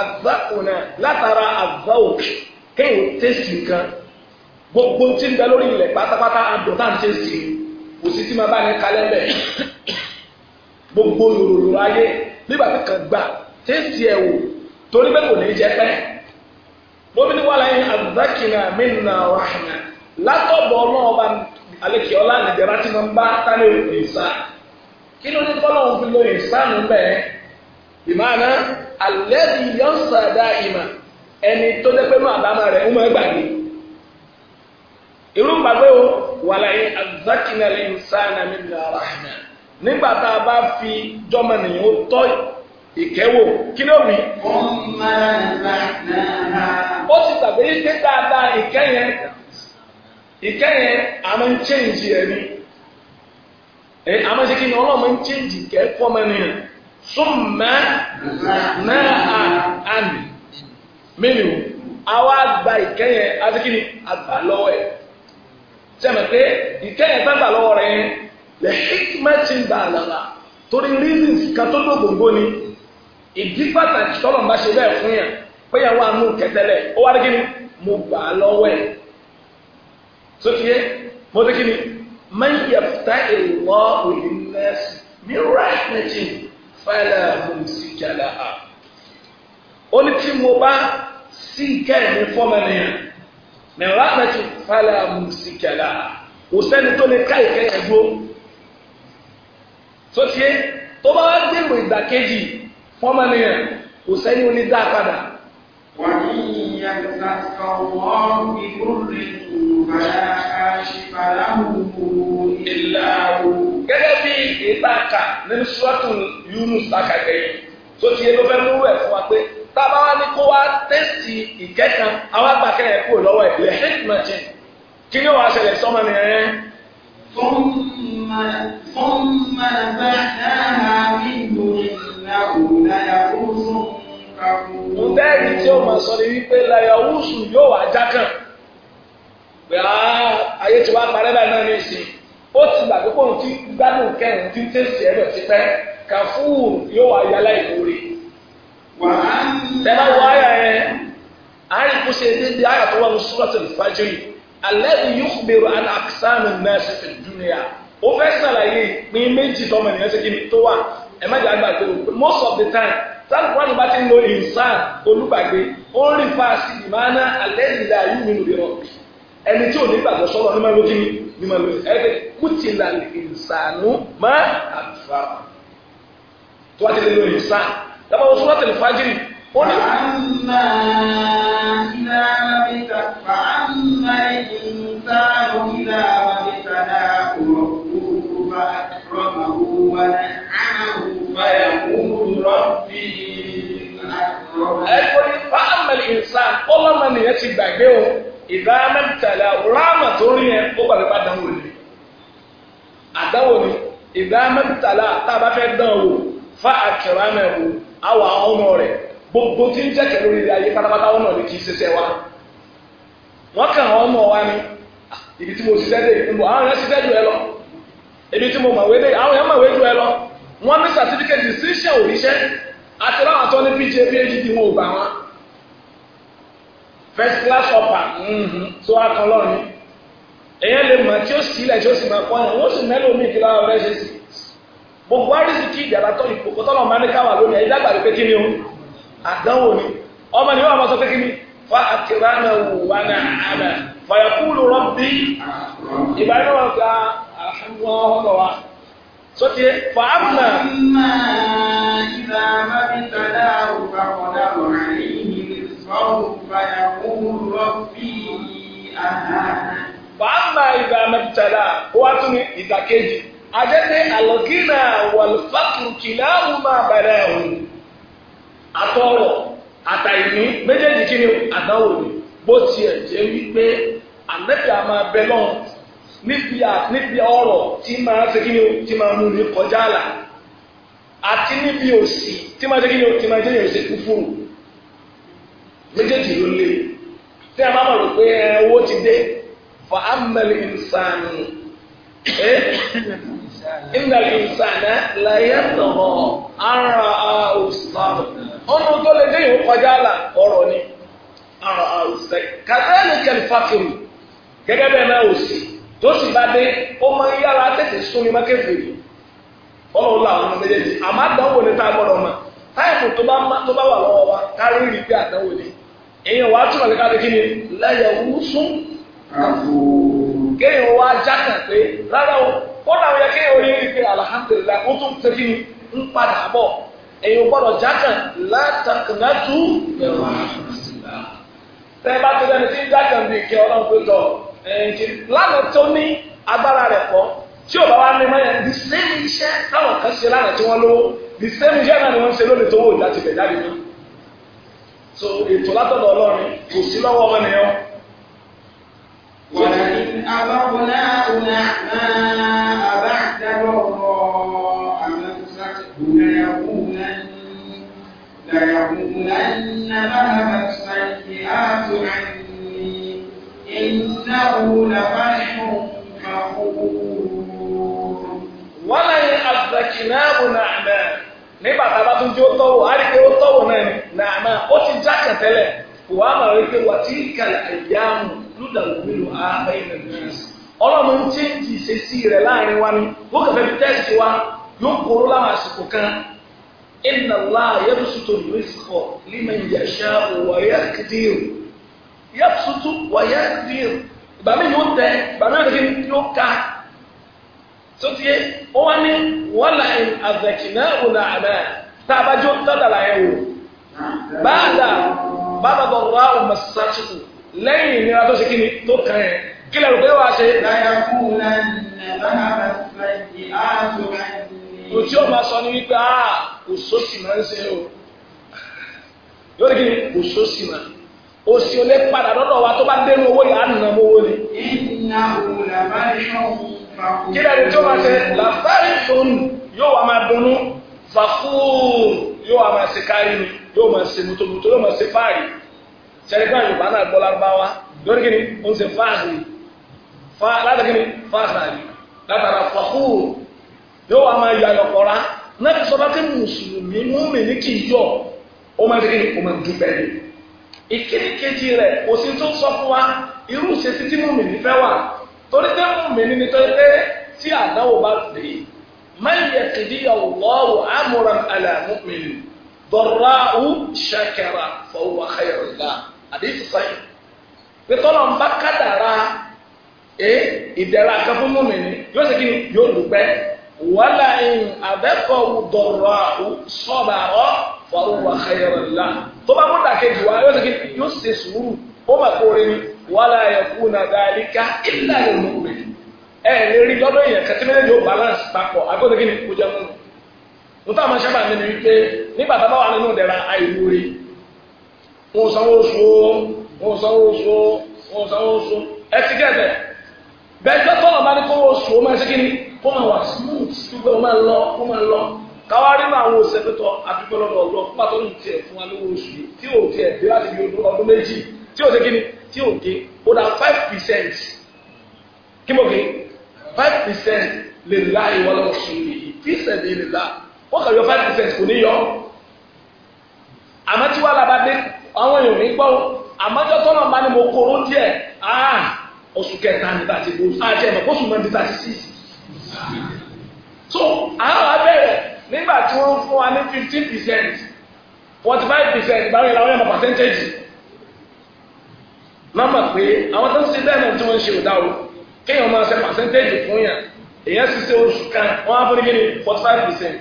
àzákùnà látara àzáòkè kéwòn tẹ́sì gbogbo tí ń bẹ lórí ilẹ̀ pátápátá àdọ̀tà ń tẹ́sì kò tí ma bá ní kalẹ́ bẹ̀ gbogbo yòròyòrò ayé nígbà tí kan gbà tẹ́sì ẹ̀ wò torí bẹ́ẹ̀ kò ní jẹ pẹ́ bóbi ní wàhálà yẹn àzákìnà mẹ́nà látọ̀bọ̀ ọlọ́ọ̀bà bá kí ló ní tọ́lọ̀ ń fi lo ìsánù bẹ́ẹ̀ ìmáàná alẹ́bí yọ̀nsàdá ìmà ẹni tó dẹ́ pé máa bá máa rẹ̀ ń mọ ẹgbàgbé irú gbàgbé o wàlàyé azákìnnàlẹ́ ìsánà mi nà ràhánà nígbà tá a bá fi jọmọ nìyẹn ó tọ́ ìkẹ́wò kí ló mi. ó ti tàbí pé dáadáa ìkẹ́yẹn ìkẹ́yẹn àmọ́ ń chẹ́ǹjì ẹ̀ ẹ àmọ́ ṣe kí ni ọlọ́mọ ń chẹ́ǹjì kẹ́kọ́ mẹ́rin sún mẹ́ náà àmì mẹ́rin o àwa gba ìkẹyẹ adékìní àgbà lọ́wọ́ ẹ̀ sẹ́mi pé ìkẹyẹ gbàgbà lọ́wọ́ rẹ̀ lè hikmẹ́tì ń bá a lára torí reasons kan tó dó gbòǹgbò ni ìdí pàtàkì tọ́lọ̀ ń ṣe bẹ́ẹ̀ fún yàn pé yàn wà nù kẹtẹlẹ ó wá adékìní mo gbà lọ́wọ́ ẹ̀ sókè mo adékìní من يفتح الله للناس من رحمة فلا ممسك لها Oni tí mo bá sí ìkẹ́ mi fọ́mọ nìyẹn, mi rahmatu fala mumsika laha, kò sẹ́ni tó lè ká ìkẹ́ yẹn dúró. Sotie, tó bá wá dèrò ìdàkejì fọ́mọ nìyẹn, kò sẹ́ni onídàá padà. وإن يمسسك الله بضر فلا كاشف له إلا هو. gẹ́gẹ́ bí ìtàkà nínú sọ́ọ̀tún Yunus akàgẹ́yìn tó ti yẹ ló fẹ́ mú ẹ̀ fún wa pé tábà wá ní kó wá tẹ́sì ìkẹ́kan àwọn àgbàkẹ́ ẹ̀ kúrò lọ́wọ́ ẹ̀ lè hẹ́tì máa jẹ kí ni wàá ṣẹlẹ̀ sọ́mọ nìyẹn rẹ. ثم نبعناها منه إنه ليقول ń bẹ́ẹ̀ni tí ó máa sọ ni wípé layawusu yóò wá jákàn pé ah, ayé tí wàá parẹ́ báyìí náà ní ìsìn ó ti gbà pé kóun ti gbádùn kẹrin tí ń tẹ̀sí ẹ̀rọ ti pẹ́ kàfúùrù yóò wá yá láìkórè. tẹ́lá wọ àyà yẹn àárín kó ṣe déédéé àyà tó wà ní suratul fajr alladhi yukhbiru an aqsamin nasi fid dunya ó fẹ́ sàlàyé ìpín méjì tọmọ ènìyàn ṣe kí ni tó wà ẹ̀ má jẹ́ àgbà tó most of the time sálùkọ́ni bá ti ń lo ìsàn olùgbàgbé ó ń rí fáàsì ìmáná alẹ́ ìlà yìí nínú ìrọ̀ ẹni tí ò ní gbàgbọ́ sọ́rọ̀ ní máa ló kíni ní máa ló ẹgbẹ́ kùtìlà ìsànú má àfà tó wá ti lè lo ìsàn dábàá wọ́n sọ́rọ́ tẹ̀lé fájìrì ó ní. fàámà ìlà àbẹ̀tà fàámà ìsànú ìlà àbẹ̀tà náà kò rọ̀ kó bá rọ̀ máa wọ́n náà àrùn fàyàwó rọ́bì ẹ̀kọ́ni fáamẹ́lì ìsàn ọlọ́mọ nìyẹn ti gbàgbé o ìdá mẹ́tàlá ráàmà tó rí yẹn ó gbàgbé bá dánwò ni àdánwò ni ìdá mẹ́tàlá tá a bá fẹ́ dán o fa àkẹ́rọ àmẹ́ o àwọn ọmọ rẹ̀ gbogbo tí ń jẹ́kẹ̀ lórí ilé ayé ibi tí mo ṣiṣẹ́ dé ibi tí mo mọ̀ wé dé àwọn yẹn mọ̀ wé ju ẹ lọ wọ́n ní certificate distinction òríṣẹ́ àti láwọn tó ní pj phd wọn ò gbà wọn first class upper mhm, tó wá kan lọ́ọ̀ni èèyàn lè mọ̀ tí ó sì ilẹ̀ tí ó sì máa pọ́n yẹn wọ́n sì mẹ́lòó mi kí láwọn fẹ́ ṣe sí gbogbo àrísí kí ìjàdá tó ìkókó tọ́lọ̀ máa ní káwà lónìí ẹ̀yìn dàgbà pé kí ni o àdánwò ni ọmọ ni wọ́n máa sọ pé kí ni fa àkìránà wà náà àmà fàyàkúlù rọ́bì ìbáraẹnìwọ̀n ká àhàmúhàn ọ̀rọ̀ wa sóti fa amma. amma ìlà mabitala òkàkọ̀dà ọ̀rẹ́ yìí sọ́ọ̀rù fàyàkùn rọ́bì àhánà. fa amma ìlà mabitala ó wá tún ní ìdàkejì ajẹ́pẹ́ àlọ́gínà wàlúfàkùrù kìláàwù máa bẹ̀rẹ̀ ọ̀hún. àtọ̀rọ̀ àtàìní méjèèjì kí ni àdáwò ni bó tiẹ̀ jẹ́ wípé ànẹ́bí àmà bẹ́lọ́n níbi níbi ọ̀rọ̀ tí máa ṣe kí ni o tí máa mú ní kọjá àlà àti níbi òsì tí máa ṣe kí ni o tí máa jẹ́ ìrìnsẹ̀ kúfúrú méjèèjì ló lé tí a máa mọ̀ pé owó ti dé fa amẹ́lì ìsànù ẹ́ ìnàlì ìsànà láyé tọ̀họ̀ ara òsàn ọ̀nà tó lè jẹ́ ìkọjá àlà ọ̀rọ̀ ni ara òsàn kàtàlì kẹlifákìrì gẹ́gẹ́ bẹ́ẹ̀ náà òsì. tó sì bá dé ó máa ń tètè sún ọlọ́run làwọn méjèèjì àmọ́ àdánwò ni tá a gbọ́dọ̀ mọ̀ táìpù tó bá wà lọ́wọ́ wa kárí rí pé àdánwò ni èèyàn wàá túmọ̀ sí kí ni lẹ́yìn òwú sún kéèyàn wá jákàn pé rárá o ó làwọn yẹ kéèyàn orí rí ó tún ṣe kí ni ń padà bọ̀ èèyàn gbọ́dọ̀ jákàn látàkùnátù bá tí jákàn bí ọlọ́run lánàá tó ní agbára rẹ̀ pọ̀ tí ò bá wá ní mọ́yà the same iṣẹ́ táwọn kan ṣe lánàá tí wọ́n lówó the same iṣẹ́ náà ni wọ́n ṣe lónìí tó wò láti bẹ̀ jáde náà so ètò látọ̀dọ̀ ọlọ́run kò sí lọ́wọ́ ọmọ nìyẹn. ولئن أبغناؤنا ما بعد ضراء مسته ليقولن ليقولن مهبت سيئات عنا إنه لفرح فخور ولئن أذكناه نعمان nígbà tá a bá tún jẹ́ ó tọ́wò á rí pé ó tọ́wò náà ni nàámà ó ti já kàn tẹ́lẹ̀ kò wá mà rí pé wà tí kàlẹ̀ àyàmù lùdà òmìnira ààbẹ̀ ilẹ̀ nìyẹn. ọlọ́run ń chéǹjì ìṣesí rẹ̀ láàrin wa ni ó kẹfẹ́ fi tẹ́sí wa yóò kóró láwọn àsìkò kan ìnàlá yẹ́dùsùtò ìrísìkọ̀ límẹ̀ ìyàṣà òwò ayé àkìdíyò yẹ́pùsùtù wọ̀yẹ́ dìrò ìgbà mi yóò tẹ ìgbà náà rí yóò ká sotie ó wá ní wọ́lá àzẹ̀kìnà ọ̀nà àná tá a bá jó tọ́dàlà ẹ̀ wò báàdà bàbá bọ̀ wá ọmọ sàtìkù lẹ́yìn ìnira tó ṣe kí ni tó kàn ẹ̀ kí lẹ́rù pé wàá ṣe. láyà kú lẹ́yìn bàbá fẹ́ di àádọ́ ẹ̀yìn. òtí ó máa sọ ní wípé a kò sósì máa ń ṣe o yóò rí kí ni kò sósì máa òsì ò lè padà lọ́dọ̀ wa tó bá dénú owó yìí á nà mọ́ owó ni. iná wò làbárí ọ̀hún fàkúrú. kí lẹ́ni tí ó máa ṣe làbárí fòun yóò wá máa dunnú fàkúrú yóò wá máa ṣe kárí mi yóò máa ṣe mutomuto yóò máa ṣe fáàrí. sẹ́ríkà yorùbá náà gbọ́ lárúbáwá lórí kí ni ó ń ṣe fáàrí látà kí ni fáàrí látara fàkúrú yóò wá máa yọ àyọkọ̀ra náà ti sọ bá kí mùsùlùmí mú mi ní kì í yọ ó máa ṣe kí ni máa dúpẹ́ ni ìkíni kejì rẹ̀ kò sí tó sọ fún wa irú ìṣesí tí mùmìnì fẹ́ wà torí pé mùmìnì ni torí pé tí àdáwò bá dé mẹ́yẹ kìdí Allahu amúran ala mùmìnì dọ̀ráhù ṣàkàrà fọwọ́ xayọ̀lá àdéhùn sáyẹn pé ń bá kádàrá ẹ ìdẹ̀ra kan fún mùmìnì yóò ṣe kí ni yóò dùpẹ́ wàlà ń abẹ́kọ̀ọ́ dọ̀ráhù sọ̀bàrọ̀ fọwọ́ xayọ̀lá tó bá múta kejì wá yóò sèké yóò ṣe sùúrù ó mà kó rí ni wàhálà ẹ̀kú na dàlíkà ìlà rẹ̀ ló wù é, ẹ̀ lè rí lọ́dọ̀ yẹn kẹtí méjèèjì ó balance papọ̀ àgọ́dọ̀ kí ni kó jẹ́ mú un tó àwọn sábà nínú wípé nígbà tá a bá wà nínú ìdẹ̀ra àìwúrí wọn ò sanwó oṣù wọn ò sanwó oṣù wọn ò sanwó oṣù ẹ ti gẹ̀ẹ́dẹ̀ bẹ́ẹ̀ tó tọ́lọ̀ bá ní kó oṣù ó máa ṣe kí ni kó máa wà smooth kó máa lọ kó máa lọ káwá rí àwọn òṣèlú tó àdúgbò lọ́dọ̀ ọ̀gbọ́n fún pàtó ní tiẹ̀ fún wa lówó oṣù yìí tí ò tiẹ̀ dé láti bí ọdún méjì tí ò ṣe kí ni tí ò dé ó dá five percent kí mo kí five percent lè la ìwọ lọ sùn yìí tí ìṣẹ̀lẹ̀ lè la wọ́n kàn yọ five percent kò ní yọ àmọ́ tí wàá laba dé àwọn èèyàn ní gbọ́ àmọ́ tí ọtọ́ náà bá ní mo kóró díẹ̀ ah oṣù kẹta ní thirty four ah jẹ́ ìmọ̀ kóṣù mọ́ ní six so àwọn abẹ́rẹ́ nígbà tí wọ́n fún wa ní fifteen percent forty five percent báwo ni àwọn yẹn mọ percentage nọ́mbà pé àwọn tó ń ṣe bẹ́ẹ̀ náà tí wọ́n ń ṣe ò dá o kéèyàn máa ṣe percentage fún yàn èyàn ṣiṣẹ́ oṣù kan wọ́n á fún ní kíni forty five percent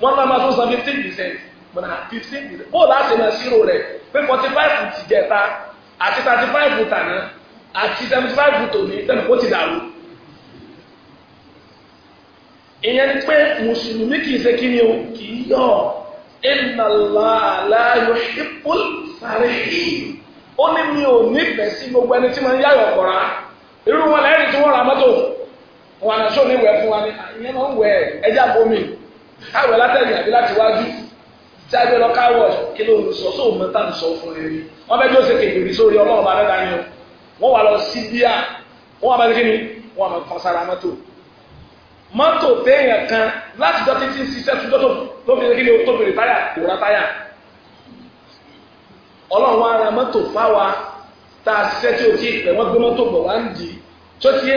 wọ́n náà máa tún san fifteen percent gbọ̀nà fifteen percent bóòlù àti ìmọ̀ ṣírò rẹ̀ pé forty five ti jẹta àti thirty five tàná àti seventy five tòní tẹ̀lé kó ti dàrú ìyẹn ni pé mùsùlùmí kì í ṣe kí ni o kì í yọ̀ inna Allaha la yuhibbul farihin ó ní mi ò nífẹ̀ẹ́ sí gbogbo ẹni tí mo ń yáyọ̀ kọ̀ra irú wọn lẹ́yìn tí wọ́n ra mọ́tò wọn àná sóò ní wẹ̀ fún wa ni ìyẹn máa ń wẹ̀ ẹja bomi káwẹ̀ látẹ̀yìn àbí láti wájú tí a gbé lọ káwọ̀ kí ló ń sọ sóò mọ́tà ń sọ fún ẹni wọ́n fẹ́ bí ó ṣe kékeré sórí ọlọ́run bá dáadáa ni o wọ́n wà lọ sí wọ́n wà bá ní kíni wọ́n wà máa sára mọ́tò mọ́tò téèyàn kan láti dọ́ títí ṣiṣẹ́ tó tó tó fi kí ni tó fi rìtáyà kò ra táyà ọlọ́run wa ra mọ́tò fáwa tá a ṣiṣẹ́ tí o ti pẹ̀ wọ́n gbé mọ́tò bọ̀ wá ń dì í tó ti yé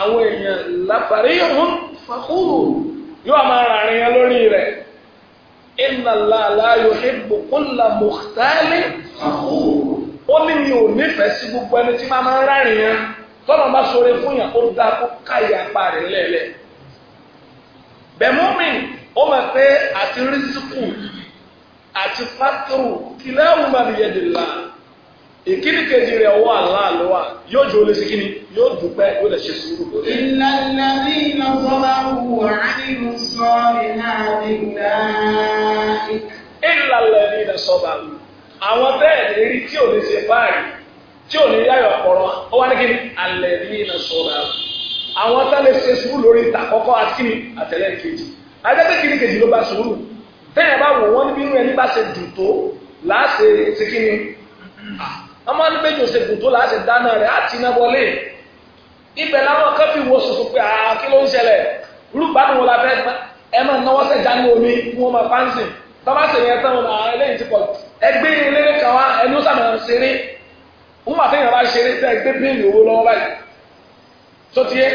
àwọn èèyàn lápàrí ọ̀hún fàkúrò yóò máa rà rìn yẹn lórí rẹ̀ inna la la yuhibbu kulla ó ní mi ò nífẹ̀ẹ́ sí gbogbo ẹni tí máa máa ń yẹn tọ́nà bá sọ̀rọ̀ fún yàn ó dáa kó káyà pa rẹ̀ lẹ́lẹ̀ bẹ̀mọ́mì ó mọ̀ pé àti rísíkù àti fátúrù kìláwù máa ní yẹ̀dìlá ìkíni kejì rẹ̀ wọ́ àlá ló wà yóò jò lè sí kíni yóò dúpẹ́ yóò lè ṣe sùúrù lórí. ìlànà bí iná sọ́lá wù ánìlú sọ́ọ̀rì náà nígbà. ìlànà bí iná sọ́lá wù àwọn bẹ́ẹ̀ lè rí tí ò ní ṣe báyìí tí ò ní yáyọ̀ ọ̀pọ̀rọ̀ ó wá ní kíni alẹ́ bí iná sọ́lá wù àwọn tá lè ṣe sùúrù lórí ìtàkọ́kọ́ àtìmí àtẹ̀lẹ́ kejì ajẹ́pẹ́ kìíní kejì ló bá sùúrù bẹ́ẹ̀ bá wò wọ́n níbi inú ẹni bá ṣe dùn tó láàṣẹ ṣe kí ni wọ́n máa ń méjò ṣe dùn tó láàṣẹ dáná rẹ̀ àti iná wọlé ibẹ̀ láwọn kan fi wo sùsù pé àá kí ló ń ṣẹlẹ̀ rúgbàdùn wọn la fẹ́ ẹ máa náwó sẹ́jà ní omi kí wọ́n máa fáǹsì tọ́ba ṣe yẹn tán ọ̀nà ẹlẹ́yìn ti pọ̀ ẹgbẹ́ ilé kan wá ẹni ó sàmì sọtiẹ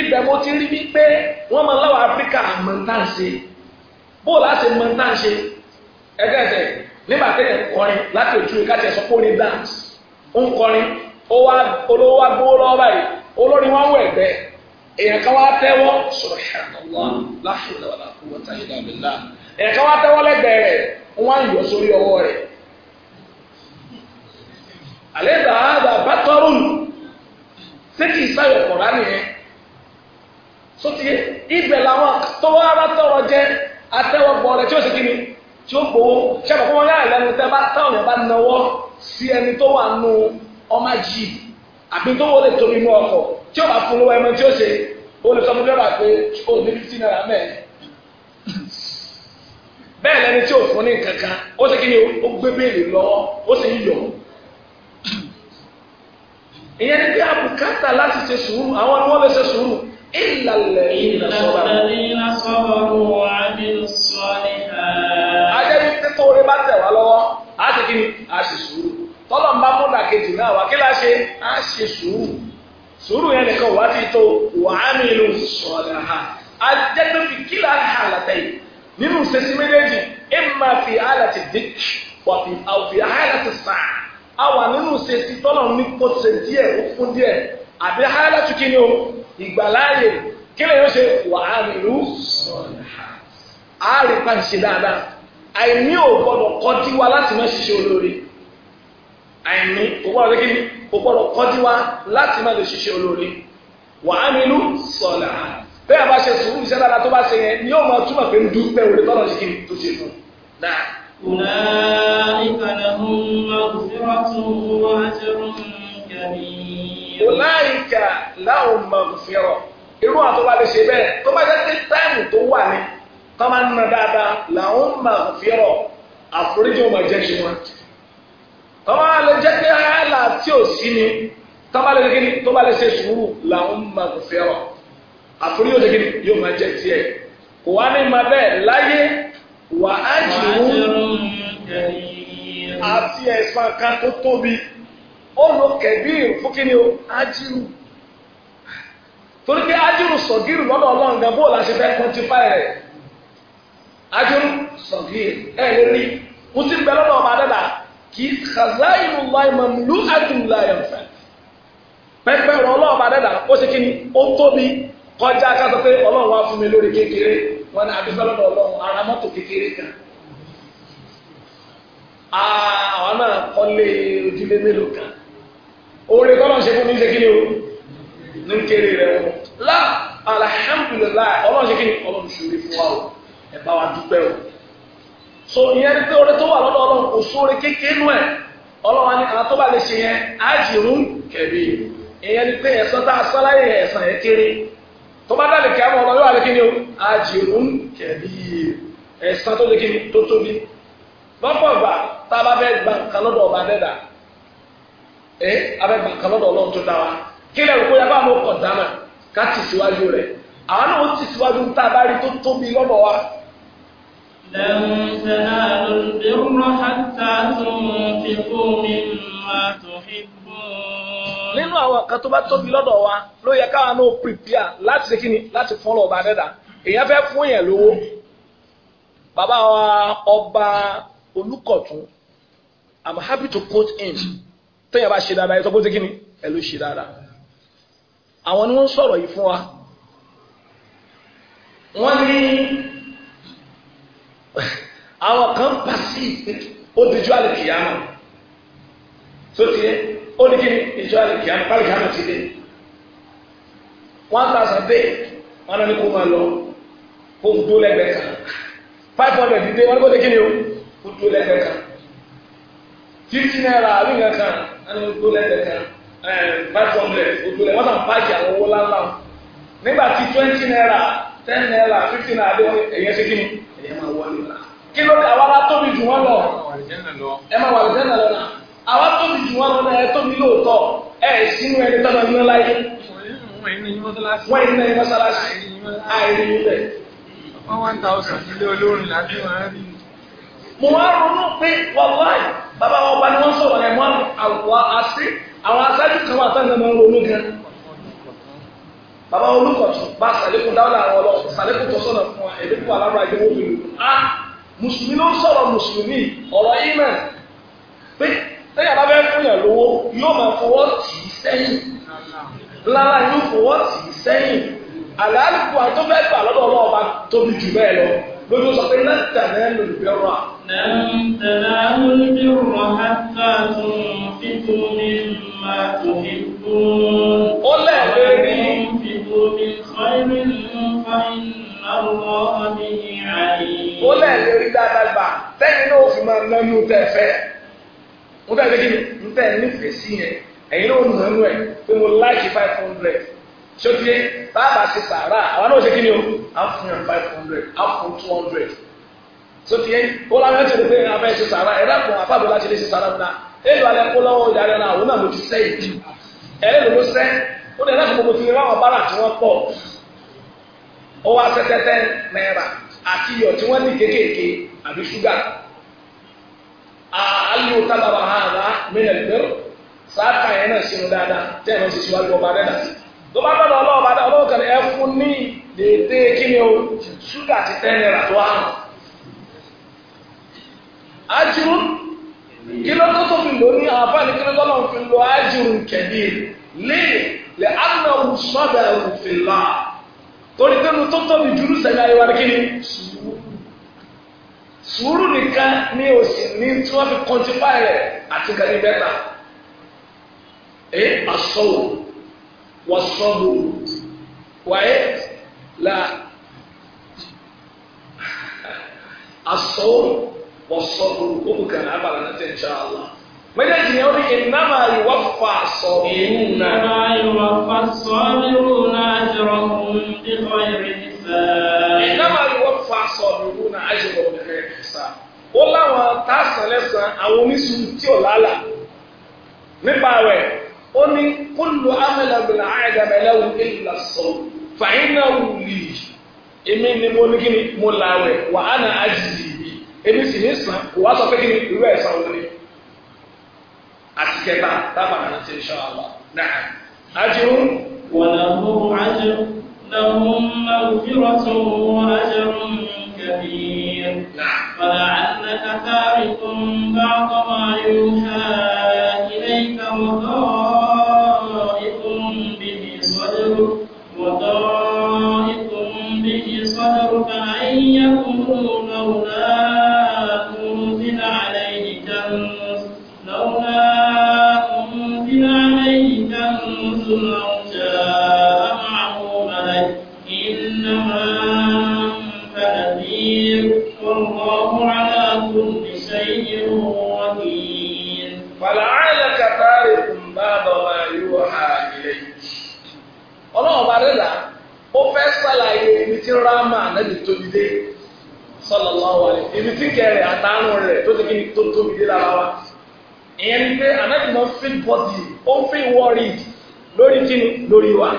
ibẹ̀ mo ti rí wípé wọ́n máa láwọn áfíríkà mọ̀ntánṣe bóòlù àṣẹ mọ̀ntánṣe ẹgbẹ́sẹ̀ nígbà tẹ̀yẹ̀ kọrin láti ojú ká tiẹ̀ sọ pé ó ní dance ń kọrin olówó wa gbówó lọ́wọ́ báyìí olórin wọn wọ ẹ̀gbẹ́ èèyàn kan wá tẹ́wọ́ subhanallah la hawla wala quwwata illa billah èèyàn kan wá tẹ́wọ́ lẹ́gbẹ̀ẹ́ rẹ̀ wọ́n á yọ sórí bàá ṣé kì í sáyọ̀ kọ̀ọ̀rá nìyẹn sóti ibẹ̀ làwọn tọwọ́ ara tọrọ jẹ atẹ́wọ́gbọ́ rẹ tí ó sì kí ni tí o gbowó ṣẹ́fọ̀ fún wọn yára lẹ́nu tẹ́ bá táwọn yẹn bá náwó sí ẹni tó wà nù ọmọ jì àbí tó wọlé torí inú ọkọ̀ tí o bá fún lọ́wọ́ ẹmọ tí ó ṣe ó lè sọ fún dẹ́rẹ́bà pé ó ní fifty naira mẹ́ẹ̀. bẹ́ẹ̀ lẹni tí ò fún ní kankan o sì kí ni ó gbé béèlì lọ́wọ́ ó sì ń yọ̀ ìyẹn ní pé àbùkátà láti ṣe sùúrù àwọn ni wọ́n lè ṣe sùúrù ìlàlẹ̀ ìlà sọ́bà. ìlà sọ́bà ló wà ní sọ́ọ̀lì ha. ajẹ́ bí títọ́ orí bá tẹ̀ wá lọ́wọ́ á ti kí ni á ṣe sùúrù tọ́lọ̀ ń bá múlà kejì náà wá kí láṣẹ á ṣe sùúrù sùúrù yẹn nìkan wá ti tó wà á ní ìlú sọ́ọ̀lì ha. ajẹ́ pé fi kí láà hà látẹ̀yìn nínú ìṣesí ẹ̀ máa fi àlàtì dìk wà fi àwòfì àlàtì sáà a wà nínú ṣèṣì tọ́lọ̀ ní kó ṣe díẹ̀ ó fún díẹ̀ àbí háyálà tún kí ni o ìgbàláyè kí lè yóò ṣe wà á rìn lù àárín pàṣẹ dáadáa àìní ò gbọdọ̀ kọjú wa láti má ṣiṣẹ́ olóore àìní kò gbọdọ̀ kí ni kò gbọdọ̀ kọjú wa láti má lè ṣiṣẹ́ olóore wà á rìn lù sọ̀lá bẹ́ẹ̀ bá ṣe sùúrù iṣẹ́ dáadáa tó bá ṣe yẹn ni yóò máa túmọ̀ pé ń dúpẹ́ òde tọ́lọ̀ ṣe kí ni tó ṣe fún أولئك لهم مغفرة وأجر كبير أولئك لهم مغفرة irú àwọn tó bá lè ṣe bẹ́ẹ̀ tó bá jẹ́ pé táìmù tó wà ní tó máa ń na dáadáa làwọn máa ń fi rọ̀ àforíjì ọmọ ẹ̀jẹ̀ ṣe wọn. tó bá lè jẹ́ pé àyàlà tí ò sí ni tó bá lè kíni tó bá lè ṣe sùúrù làwọn máa fi rọ̀ àforíjì ọmọ ẹ̀jẹ̀ tiẹ̀ kò wá ní ma bẹ́ẹ̀ láyé wà á jìrú àti ẹ̀san kan tó tóbi ó lo kẹ̀bí fún kí ni o ájírù torí pé ájírù sọ̀gírù lọ́dọ̀ ọlọ́run gan bó la ṣe fẹ́ kọ́ntífáì rẹ̀ ájírù sọ̀gírù ẹ̀ lè rí mo ti bẹ lọ́dọ̀ ọba dẹ́dà kì í khazainu Allahi mamlu'atun la yanfa pẹ́pẹ́ rọ ọlọ́run ọba ó ṣe kí ni ó tóbi kọjá ká pé ọlọ́run wá fún mi lórí kékeré wọn ní abisọlọdọ Ọlọ́run ara mọ́tò kékeré kan àwọn náà kọ́lé ojúlé mélòó kan oore kọ́lọ̀ ṣe fún mi ṣe kíni o ní kéré rẹ wọn lá alhamdulilayi Ọlọ́run ṣe kíni Ọlọ́run ṣòro fún wa o ẹ bá wa dúpẹ́ o so ìyẹn ni pé oore tó wà lọ́dọ̀ Ọlọ́run kò sóore kékeré nù ẹ̀ Ọlọ́run ni àwọn tó bá lè ṣe yẹn á jìrún kẹ̀bí ìyẹn ni pé ẹ̀san tá a sọ láyé ẹ̀san ẹ̀ kéré tó bá dálẹ̀ kí a mọ̀ ọlọ́wọ́ àlẹ́ kíni o àjìrún kẹ̀bí ẹ̀sán tó lé kíni tó tóbi lọ́pọ̀ ìgbà tá a bá fẹ́ gba nǹkan ọba dẹ́dà ẹ́ a fẹ́ gba nǹkan ọlọ́run tó dá wa kí lẹ́rù kó yàgbá àwọn ọkọ̀ dáná ká tì síwájú rẹ̀ àwọn náà ó tì síwájú tá a bá rí tó tóbi lọ́dọ̀ wa. لن تنالوا البر حتى تنفقوا nínú àwọn kan tó bá tóbi lọ́dọ̀ wa ló yẹ káwọn náà prepare láti ṣe kíni láti fún ọlọ́ọ̀bá dẹ́dà èèyàn fẹ́ fún yẹn lówó bàbá wa ọba olùkọ̀tún i'm happy to quote in. téèyàn bá ṣe dáadáa ẹ sọ pé ó ṣe kíni ẹ ló ṣe dáadáa àwọn ni wọ́n ń sọ̀rọ̀ yìí fún wa wọ́n ní àwọn kan pàṣẹ ó dijú àlùkìyàmù tó ti yẹ ó ní kí ni israẹli kìá pálí kìá ti dé one thousand dé wọn náà ní kó máa lọ kó ń dúró lẹ́gbẹ̀ẹ́ kan five hundred dé wọn ní kó ní kí ni o kó dúró lẹ́gbẹ̀ẹ́ kan fifty naira àbí nǹkan kan wọn ní kó dúró lẹ́gbẹ̀ẹ́ kan five hundred kó dúró lẹ́gbẹ̀ẹ́ wọn náà pààkì àwọn owó láńlá nígbà tí twenty naira ten naira fifty naira dé wọn èyàn ṣe kí ni èyàn máa wọlé la kí ló dé àwọn ará tóbi jù wọn lọ ẹ máa wà lẹ́sẹ̀ náà lọ́nà àwa tóbi jù wọn lọ́nà ẹ tóbi lóòótọ́ ẹ sínú ẹni tó máa ń ná láyé. wọ́n yìí ní mọ́sálásí àìrí níbẹ̀. wọ́n one thousand ilé olórin láti wọ́n á rí. mo wá ronú pé wàláì bàbá wọn bá ní wọ́n sọ̀rọ̀ ẹ̀ mọ́ àwọn àṣì àwọn aṣáájú kan wà tán ní wọ́n ronú gan. bàbá olùkọ̀tún bá sàlékún dáwọ́lá àwọn ọlọ́run sàlékún tó sọ̀rọ̀ fún ẹ̀ lẹ́kọ̀ọ́ alára ẹ̀jẹ̀ wọ́n fi lù. Ah, mùsùlùmí ló ń sọ̀rọ̀ mùsùlùmí ọ̀rọ̀ ìmọ̀ pé tẹ́yà bá fẹ́ fún yàn lówó yóò máa fọwọ́ tì í sẹ́yìn lára yóò fọwọ́ tì í sẹ́yìn àlàáfíà tó fẹ́ gbà lọ́dọ̀ ọlọ́ọ̀ba tóbi jù bẹ́ẹ̀ lọ lójú sọ pé lẹ́tà náà ló lè bẹ́ẹ̀ rà. lẹ́tà náà ló lè bẹ́ẹ̀ rà hátà tó fi tó ní máa tó ní kú. ó lẹ́ẹ̀lẹ́ rí. fi tó ní kọ́ìrì ló fa iná lọ́ọ́ ní àyè. ó lẹ́ẹ̀lẹ́ rí dáadáa gbà tẹ́yìn náà ó fi máa nánú tẹ̀ fẹ́. mo fẹ́ gbẹ́gí mi n tẹ́ nífẹ̀ẹ́ sí yẹn ẹ̀yin náà nù ẹnu ẹ̀ pé mo láìkí five hundred bàbá àwọn náà ṣe kí ni o á yàn five hundred á two hundred ṣókíyé ó láwọn ẹ̀ ti rò pé abẹ́ ṣe sàárà ẹ̀dá kan àfàbọ̀ láti lè ṣe sàárà fún náà alẹ́ kó lọ́wọ́ ìdarí náà náà mo ti sẹ́ ìdí ẹ̀rẹ́ ló ló sẹ́ ó dẹ̀ láti bára tí wọ́n pọ̀ alu tabara hàdá mílẹ̀ lẹ́rù sáàkà yẹn náà sinú dáadáa tẹ́ ẹ̀ náà sì síwájú ọba dẹ́dà tó bá bá lọ ọlọ́ọ̀bá dá ọlọ́ọ̀ kan ẹ fún ní dédé kí ni o ṣúgà ti tẹ́ ní ràtó àrùn. ajuru kí ló tó tó fi lò ní àwọn afáàní kí ló tó lọ́n fi lò ajuru kẹ̀dí lé lẹ́ anáwó sọ́dà òfin lá torí pé mo tó tóbi jùlọ sẹ́yìn ayé wa kí ni sùúrù. sùúrù nìkan ni o sì ní tí wọ́n fi kọ́ńtífà rẹ̀ àti gani bẹ́tà ẹ asọ́wò wáyé la asọ́wò wọ́sọ́wò ó bù kàn ábàlà náà tẹ̀ ṣá àlá méjèèjì ni ó ní ìnáma ìwà fà sọ ìrù náà. ìnáma ìwà fà sọ ìrù náà jọrọ fún ó láwọn tásán lẹ́sàn àwọn oníṣòwò tí ò lálà nípa rẹ̀ ó ní kúlù amẹ́lẹ́bìnrin àyẹ̀dàbẹ̀lẹ́wò ìlà fàyínà wùlì èmi ni mo ní kíni mo là rẹ̀ wà á nà ájìlì mi èmi sì ní sàn kò wá sọ pé kíni irú ẹ̀ sàn wọlé àti kẹta dábàá náà ti ṣọ́ àlọ́ náà ájìrú. wàlàhùn ájìrú làwọn máa fi rọ́tò mi. كبير فلعلك نعم. تارك بعض ما يوحى إليك وضائق به صدرك وضائق به صدرك أن يكون مولاك ọlọ́run bá dẹ́dà ó fẹ́ sàlàyé ibi tí rámà nẹ́bi tóbi dé sallallahu ibi tí kẹrẹ àtàánú rẹ̀ tó ti tó tóbi dé lára wa ìyẹn ni pé ànábì ó ń fi wọ́ọ̀rì wa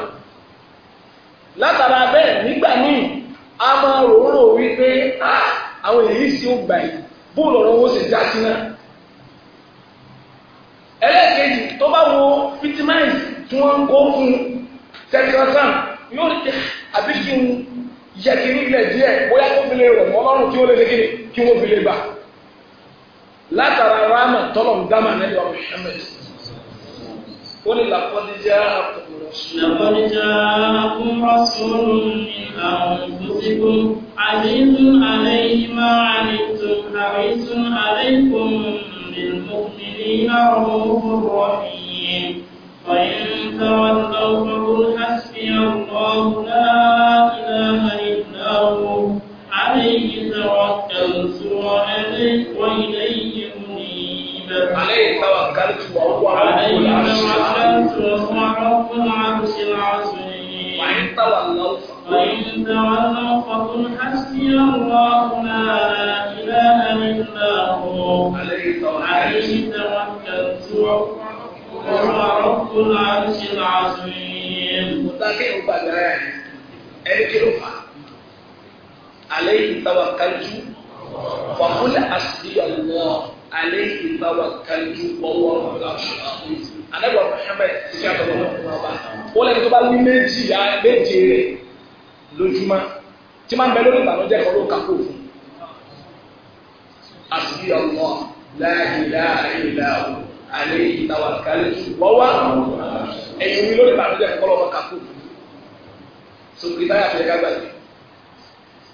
látara bẹ́ẹ̀ nígbà míì a máa rò ó rò wípé ah, àwọn èyí sì ó gbà yìí bóòlù ọ̀rọ̀ sì já ẹlẹ́ẹ̀kejì tó bá tẹlifíṣàn yóò rí àbí kí n yẹ kí n ilẹ̀ díẹ̀ bóyá kó fi lè rọ̀ mọ́ lọ́rùn kí wọ́n lè lékiri kí wọ́n fi lè gbà. látara ráàmà tọ́lọ̀ ń dámà nẹ́bí ọmọ ó ní làkọ́díjà àkùnrọ̀sùn. làkọ́díjà عزيز عليه ما عنتم حريص عليكم بالمؤمنين رؤوف رحيم وإن تولوه حسبي الله لا ní méjì méje rẹ̀ lójúmọ́ tí máa ń bẹ lórí ìbànújẹ́ kan ló ń kakó fún àsìkí ọmọ láìlá ìlà àlẹ́ ìtawà kálí wọ́wọ́ ẹ̀yìn mi lórí ìbànújẹ́ kan ló ń fún so ìbáyà fẹ́ ká gbàgbé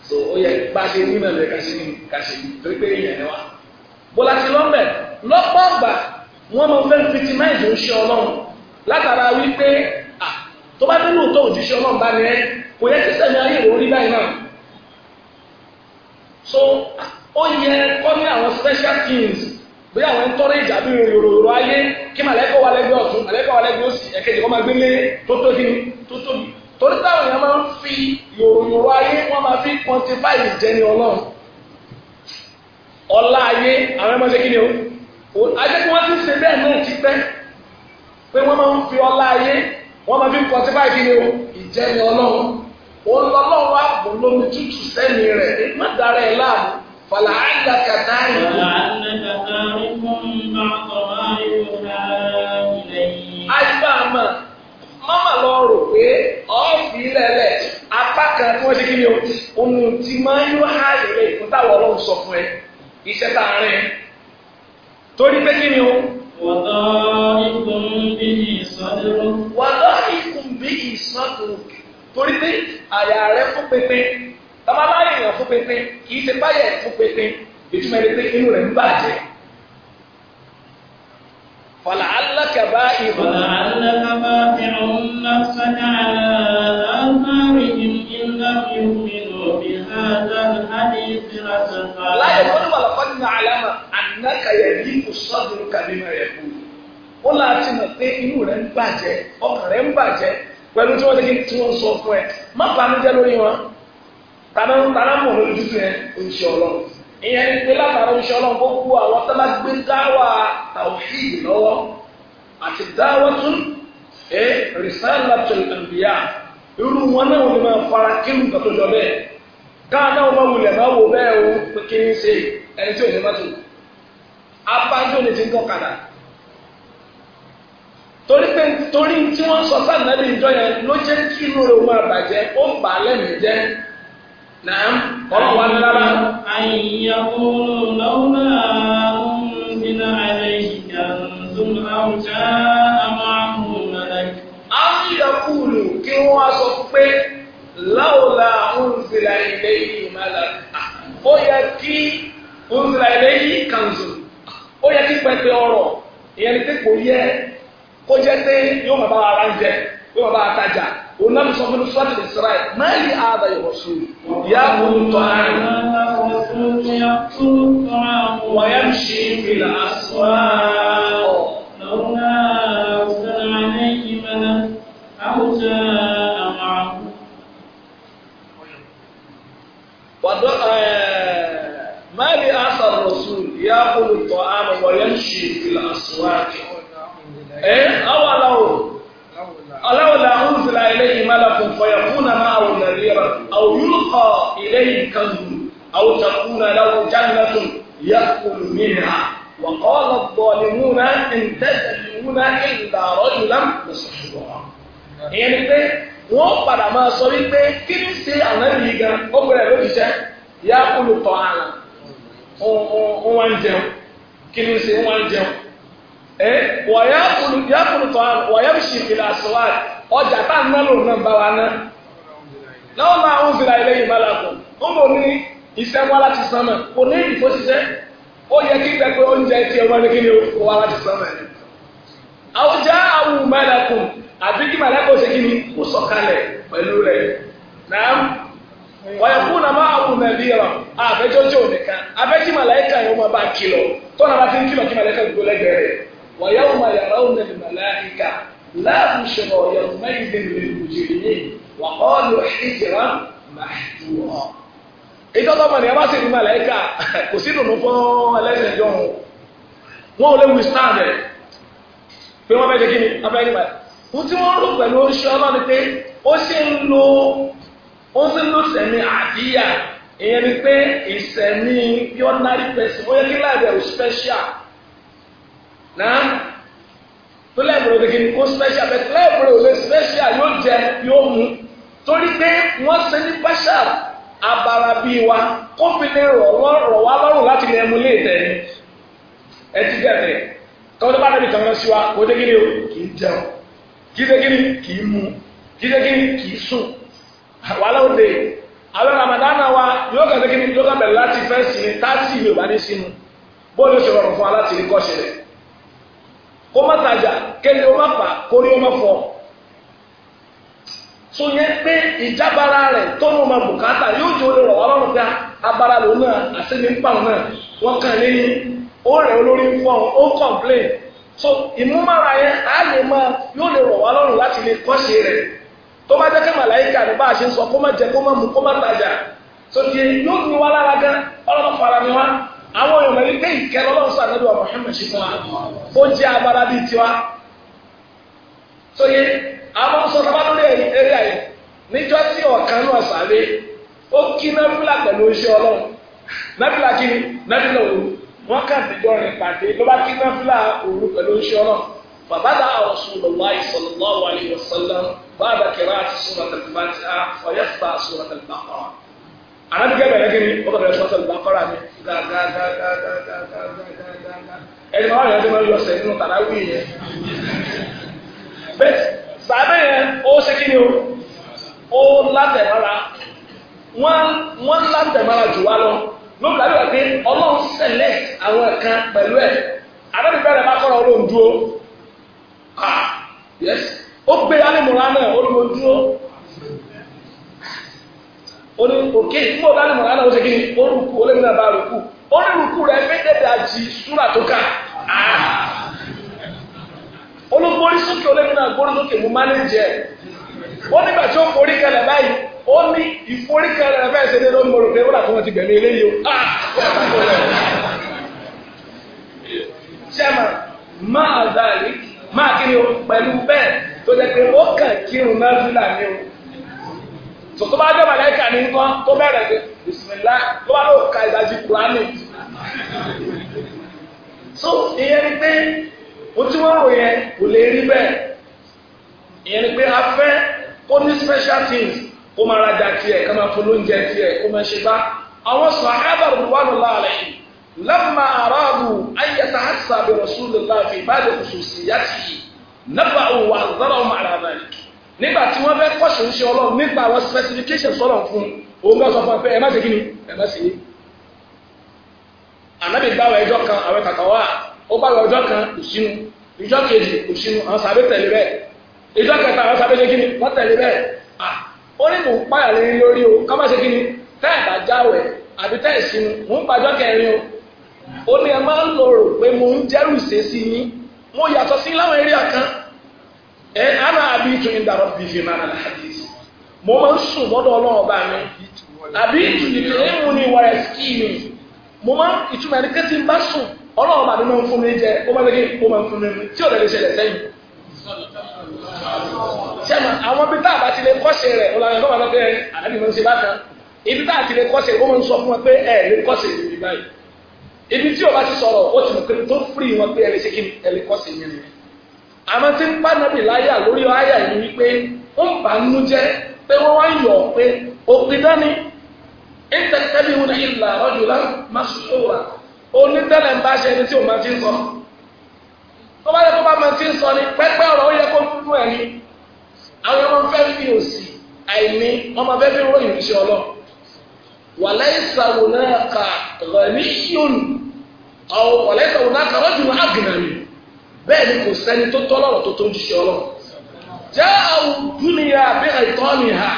so ó yẹ bá a ṣe ní ìmọ̀ ká ṣe ní ká ṣe ní torí pé èèyàn ni wá bọ́lá ti lọ́mẹ̀ lọ́pọ̀ ọgbà wọ́n máa fẹ́ fitimáìsì ń ṣe látara wípé tó bá dé lóòótọ́ òjíṣẹ́ ọlọ́run bá ní ẹ kò yẹ kí sẹ́mi ayé ìwò orí báyìí náà so ó yẹ kọ́ ní àwọn special things bí àwọn ń tọ́rọ ìjà bí yòròyòrò ayé kí màlẹ́kọ̀ wà lẹ́gbẹ̀ẹ́ ọ̀tún màlẹ́kọ̀ wà lẹ́gbẹ̀ẹ́ òsì ẹ̀kejì kọ́ máa gbé lé tó tóbi tó tóbi torí táwọn èèyàn máa ń fi yòròyòrò ayé wọ́n máa fi quantify ìjẹni ọlọ́run ọlá ayé àwọn ẹmọ́ ṣe kí ni o ajẹ́ kí wọ́n ti ṣe bẹ́ẹ̀ náà ti pẹ́ pé wọ́n máa ń fi ọlá ayé wọ́n máa fi kọtí báyìí kí ni o ìjẹni ọlọ́run òun lọ́lọ́run wá bò lómi tútù sẹ́ni rẹ̀ má dára ẹ̀ láàmú fàlà àìlà kàtà yìí. fàlà àìlà kàtà yìí fún bá ọ̀rọ̀ ayélujára ilẹ̀ yìí. àyíká àmà mọ́mà lọ rò pé ọ́ọ̀fì lẹ́lẹ̀ apá kan tí wọ́n ṣe kí ni o òun ti máa yọ ààyè rẹ̀ ìfúntàwọ̀ ọlọ́run sọ fún ẹ iṣẹ́ tá a rẹ̀ torí pé kí ni o. wọ́n tọ́ ikùn wàlọ́ ikùn bí ìsọdùn torí pé àyà rẹ fún pépé tọ́mọ́lá èèyàn fún pépé kì í ṣe báyẹ̀ fún pépé ìtumọ̀ ẹni pé inú rẹ̀ ń bàjẹ́ fọlá alákàbá ìhùn. fọlá alákàbá ìhùn náà sọ́jà àmàrí ìlànà ìhùnmínú bí hàdán hàdíìsì rásàfà. láyé wọ́n ní wàlọ́kọ́ nínú àlámà ànákàyà yìí kò sọ́dún kàmí mẹ́rẹ̀ẹ́kù ó láti mọ̀ pé inú rẹ̀ ń bàjẹ́ ọkàn rẹ̀ ń bàjẹ́ pẹ̀lú tí wọ́n ti kí wọ́n sọ fún ẹ má banújẹ́ lórí wọn tàbí tàbí mọ̀ lórí títí ẹ oṣù ọlọ́run ìyẹn ń gbé látara oṣù ọlọ́run gbogbo àwọn tó bá gbé dáwà tàwíìdì lọ́wọ́ àti dáwà tún ẹ rìsáàlà tòlù àǹbíyà irú wọn náà wọn ni máa fara kí n kàtó jọ bẹ́ẹ̀ káàdá wọn wulẹ̀ máa wò bẹ́ẹ̀ o pé kí n ṣe ẹni tí ò ni ti ń torí pé torí tí wọ́n sọ sànàbí ìjọ yẹn ló jẹ́ kí inú rẹ̀ máa bàjẹ́ ó ń bà á lẹ́mìí jẹ́ náà ọ̀rọ̀ wa lára. àyìnyàwó lọ́wọ́lá ń bínú àlẹ́ ìyànzún àwùjá àmàhùn mẹ́lẹ́k. àyìnyàkúlù kí wọ́n á sọ pé láwùlá ń ilé yìí mẹ́lẹ́k. ó yẹ kí ń ilé yìí kànzù ó yẹ kí pẹpẹ ọ̀rọ̀ ìyẹn ní pé kò yẹ. kó jẹ́ pé yóò máa bá wa ra ń jẹ yóò máa bá wa tajà òun náà sọ fún sọ́ọ̀tì lè sọ́ra ẹ̀ máa lè ààbà ìwọ̀ sùn ìyá òun tọ́ àárín. ويمشي في الأسواق لولا أرسل عليه ملك أو جاء معه ما بأثر الرسول يأكل الطعام ويمشي في الأسواق ẹ awa lawo alawo la anzala ilayhi malakun fayakuna ma'ahu nadira aw yulqa ilayhi kanzun aw takuna lahu jannatun yakulu minha wa qala adh-dhalimuna in tad'una illa rajulan masrura ìyẹn ni pé wọ́n padà máa sọ wípé kí ni ó ṣe wọ́n jẹun. wọ̀yẹ́bùsì ìlà sọ́wáì ọjà tá lòun náà bá wa ná. náà máa ń fi láìlẹ́ yìí máa ó mọ̀ ní iṣẹ́ wá láti sánmà kò ní ìdìbò ṣiṣẹ́ ó yẹ kí pẹpẹ oúnjẹ tí ẹ wọn ní kí ni ó wá láti sánmà ẹ̀. àwùjá àwọn àbí kí ṣe kí ni ó sọ̀kalẹ̀ pẹ̀lú rẹ̀ náà wọ̀yẹ̀kùn nàbí nìkan àbẹ́jì ويوم يرون الملائكة لا بشرى يومئذ للمجرمين وقالوا حجرا محجورا ìjọ tó mọ̀ ní ẹbá sì ní màláíkà kò sí dùnú fún ẹlẹ́sìn ìjọ wọn wọn ò lè withstand ẹ̀ pé wọ́n fẹ́ ṣe kí ni abẹ́ nípa ẹ̀ wọ́n tí wọ́n rò pẹ̀lú oṣù ọlọ́ni pé ó sì ń lo ó sì ń lo sẹ̀mí àdíyà ìyẹn ni pé ìsẹ̀mí bí ordinary ó yẹ kí láìpẹ́ ò special náà tó lẹ́gbẹ̀rẹ̀ òde kìíní kó special bẹ́ẹ̀ lẹ́gbẹ̀rẹ̀ òde special yóò jẹ yóò mú torí pé wọ́n ṣe ní special abala bíi wa kó fi lè rọ̀ wá lọ́rùn láti lè mú lè tẹ̀ ẹ ti gẹ̀tẹ̀ kọ́ńtà bá dẹ̀bi kan lọ sí wa kó dé kí ni o kì í jẹun kì í dé kí ni kì í mu kì í dé kí ni kì í sùn wàhálà òde àwọn ramadana wa yóò kàn dé kí yóò kàn bẹ̀rẹ̀ láti fẹ́ sinmi táàtì yorùbá ní sínú bóyá o ṣe rọrùn fún wa láti rí kọ́ rẹ̀. kó má tajà ma ó fà ma ó fọ so yẹn pé ìjábára rẹ̀ tọ́nu ma bùkátà yóò jẹ́ olè rọ̀wá lọ́rùn pé ah, abara lòun náà àsẹ́mi ń náà wọ́n kàn ní ó olórí ó so ìmúmára yẹn á lè máa yóò lè rọ̀wá lọ́rùn láti lè kọ́ṣe rẹ, tó bá jẹ́ kí màláìka ní bá a ṣe ń sọ kó má jẹ kó má kó má tajà so tiẹ̀ yóò ní wá lára gan ọlọ́mọ fara ni àwọn èèyàn mẹ́rin pé ìkẹ́ lọ́lọ́run sọ ànábì wa Muhammad ṣe fún wa ó jẹ́ agbára bíi tiwa tó yẹ àwọn sọ sábà lórí eré ayé níjọ́ tí ọ̀kan náà sáré ó kí nábìlà pẹ̀lú iṣẹ́ ọlọ́run nábìlà kí nábìlà òru wọ́n kà dídọ́ rìn pàdé ló bá kí nábìlà òru pẹ̀lú iṣẹ́ ọlọ́run bàbáda Rasulullah sallallahu alaihi wasallam bàbá kẹrẹ àti sọ̀rọ̀ tẹ̀lifàtì á ọ̀yẹ́fà sọ̀rọ̀ tẹ̀lifàtì á alábìkẹ́ bẹ̀rẹ̀ kí ni o kọ̀ bẹ̀rẹ̀ sọ́sọ́ ìgbà kọ́ra mi gàgàgàgàgàgàgàgà ẹni máa yọ ọdún máa yọ ọsẹ nínú tàràwí yẹn bẹ́ẹ̀ bàbá yẹn ó ṣe kí ni o O o ó látẹ̀mára wọ́n látẹ̀mára jù wá lọ ló bìlà bíbà pé ọlọ́run sẹ̀lẹ̀ àwọn ẹ̀kan pẹ̀lú ẹ̀ alábìkẹ́ bẹ̀rẹ̀ máa kọ́ra olóhùn dúró ah yes O gbé alẹ́ mọ̀lá o ó lóhùn dúró ó ní òkè ìgbò bá ní mọ̀lá náà ó ṣe kí ni ó rùkú ó lẹ́mìnà bá rùkú ó ní rùkú rẹ̀ méjèèjì àjì súrà tó kà á ah! olúborí sókè ó lẹ́mìnà gbórí sókè mú mánéjì ẹ̀ ó nígbà tí ó forí kalẹ̀ báyìí ó ní ìforí kalẹ̀ rẹ̀ bẹ́ẹ̀ ṣe dé ló ń mọ̀rọ̀ pé ó làtọ́ wọn ti gbẹ̀mí eléyìí ah! ó ṣẹ́mà máa dàrí máa kí ni o pẹ̀lú bẹ́ẹ̀ tó jẹ́ pé ó kàn kírun náà fúlàní o tó bá jẹ́ màlẹ́kà ní nǹkan tó bẹ̀rẹ̀ sí bisimilá tó bá lóò ka ìdajì kúránì. so ìyẹn ni pé mo ti wọ́n rò yẹn kò lè rí bẹ́ẹ̀ ìyẹn ni pé a fẹ́ kó ní special things kó máa rajà tiẹ̀ ká máa fún lóúnjẹ tiẹ̀ kó máa ṣe bá àwọn sàhábà ridwanullahi alayhim lamma aradu an yatahassa bi rasulillahi fi ba'di khususiyatihi naba'u wa àzọ́rọ̀ ọmọ àràbàlì nígbà tí wọ́n fẹ́ kọ́ṣù ń ṣe ọlọ́run nípa àwọn specifications ọlọ́run fún òun bá sọ fún ọ pé ẹ má ṣe kí ni ẹ má ṣe é ànábì gbáwọ̀ ẹjọ́ kan àwọn kàkàwà ó gbáwọ̀ ọjọ́ kan òṣínú ìjọ́ kejì òṣínú àwọn sàbẹ̀ tẹ̀lé bẹ́ẹ̀ ìjọ́ kẹta àwọn sàbẹ̀ ṣe kí ni wọ́n tẹ̀lé bẹ́ẹ̀ à ó ní mò ń páyà lé lórí o ká má ṣe kí ni tẹ́ ẹ̀ bá jáwẹ̀ àbí tẹ́ ẹ̀ sínú mò ń ẹ eh, ana abitu inda rabbi fi ma nana hadith mo ma ń sùn lọ́dọ̀ ọlọ́run ọba mi abitu nìkẹ́ mu ni wàrà sikii mi mo máa ń ẹni kẹ́tì ń bá sùn ọlọ́run ọba mi máa ń fún mi jẹ ó máa ń gbé ó máa ń fún mi mu tí ò lè ṣẹlẹ̀ sẹ́yìn. sẹ́mi àwọn ibi tá a bá ti lè kọ́sẹ̀ rẹ̀ ọ̀làwọ̀ ẹ̀kọ́ máa ń fẹ́ àdáni ń ṣe bákan ibi tá a ti lè kọ́sẹ̀ ó máa sọ fún pé lè ibi báyìí ibi tí o bá ti sọ̀rọ̀ ti mọ̀ pé tó wọn pé ẹ lè ṣe kí ẹ lè yẹn a tí ń pa láyà lórí àyà yìí wípé ó ń bà nínú jẹ́ pé wọ́n wá yọ̀ pé òpin dání ìtẹ̀kẹ́bí wọn ìlà ọ̀dùnlá màṣúwà onídẹ́lẹ̀ ń bá ṣe ẹni tí ò máa ti ń sọ tó bá yẹ kó bá máa ti ń sọ ni pẹ́pẹ́ ọ̀rọ̀ ó yẹ kó dúdú ẹ̀ àwọn ọmọ fẹ́ fi òsì àìní ọmọ fẹ́ fi ròyìn wàlẹ́ kà rẹ̀ bẹ́ẹ̀ ni kò sẹ́ni tó tọ́ lọ́rọ̀ tó tó ń jíṣẹ́ ọlọ́run jẹ́ àwọn dúnìyà ha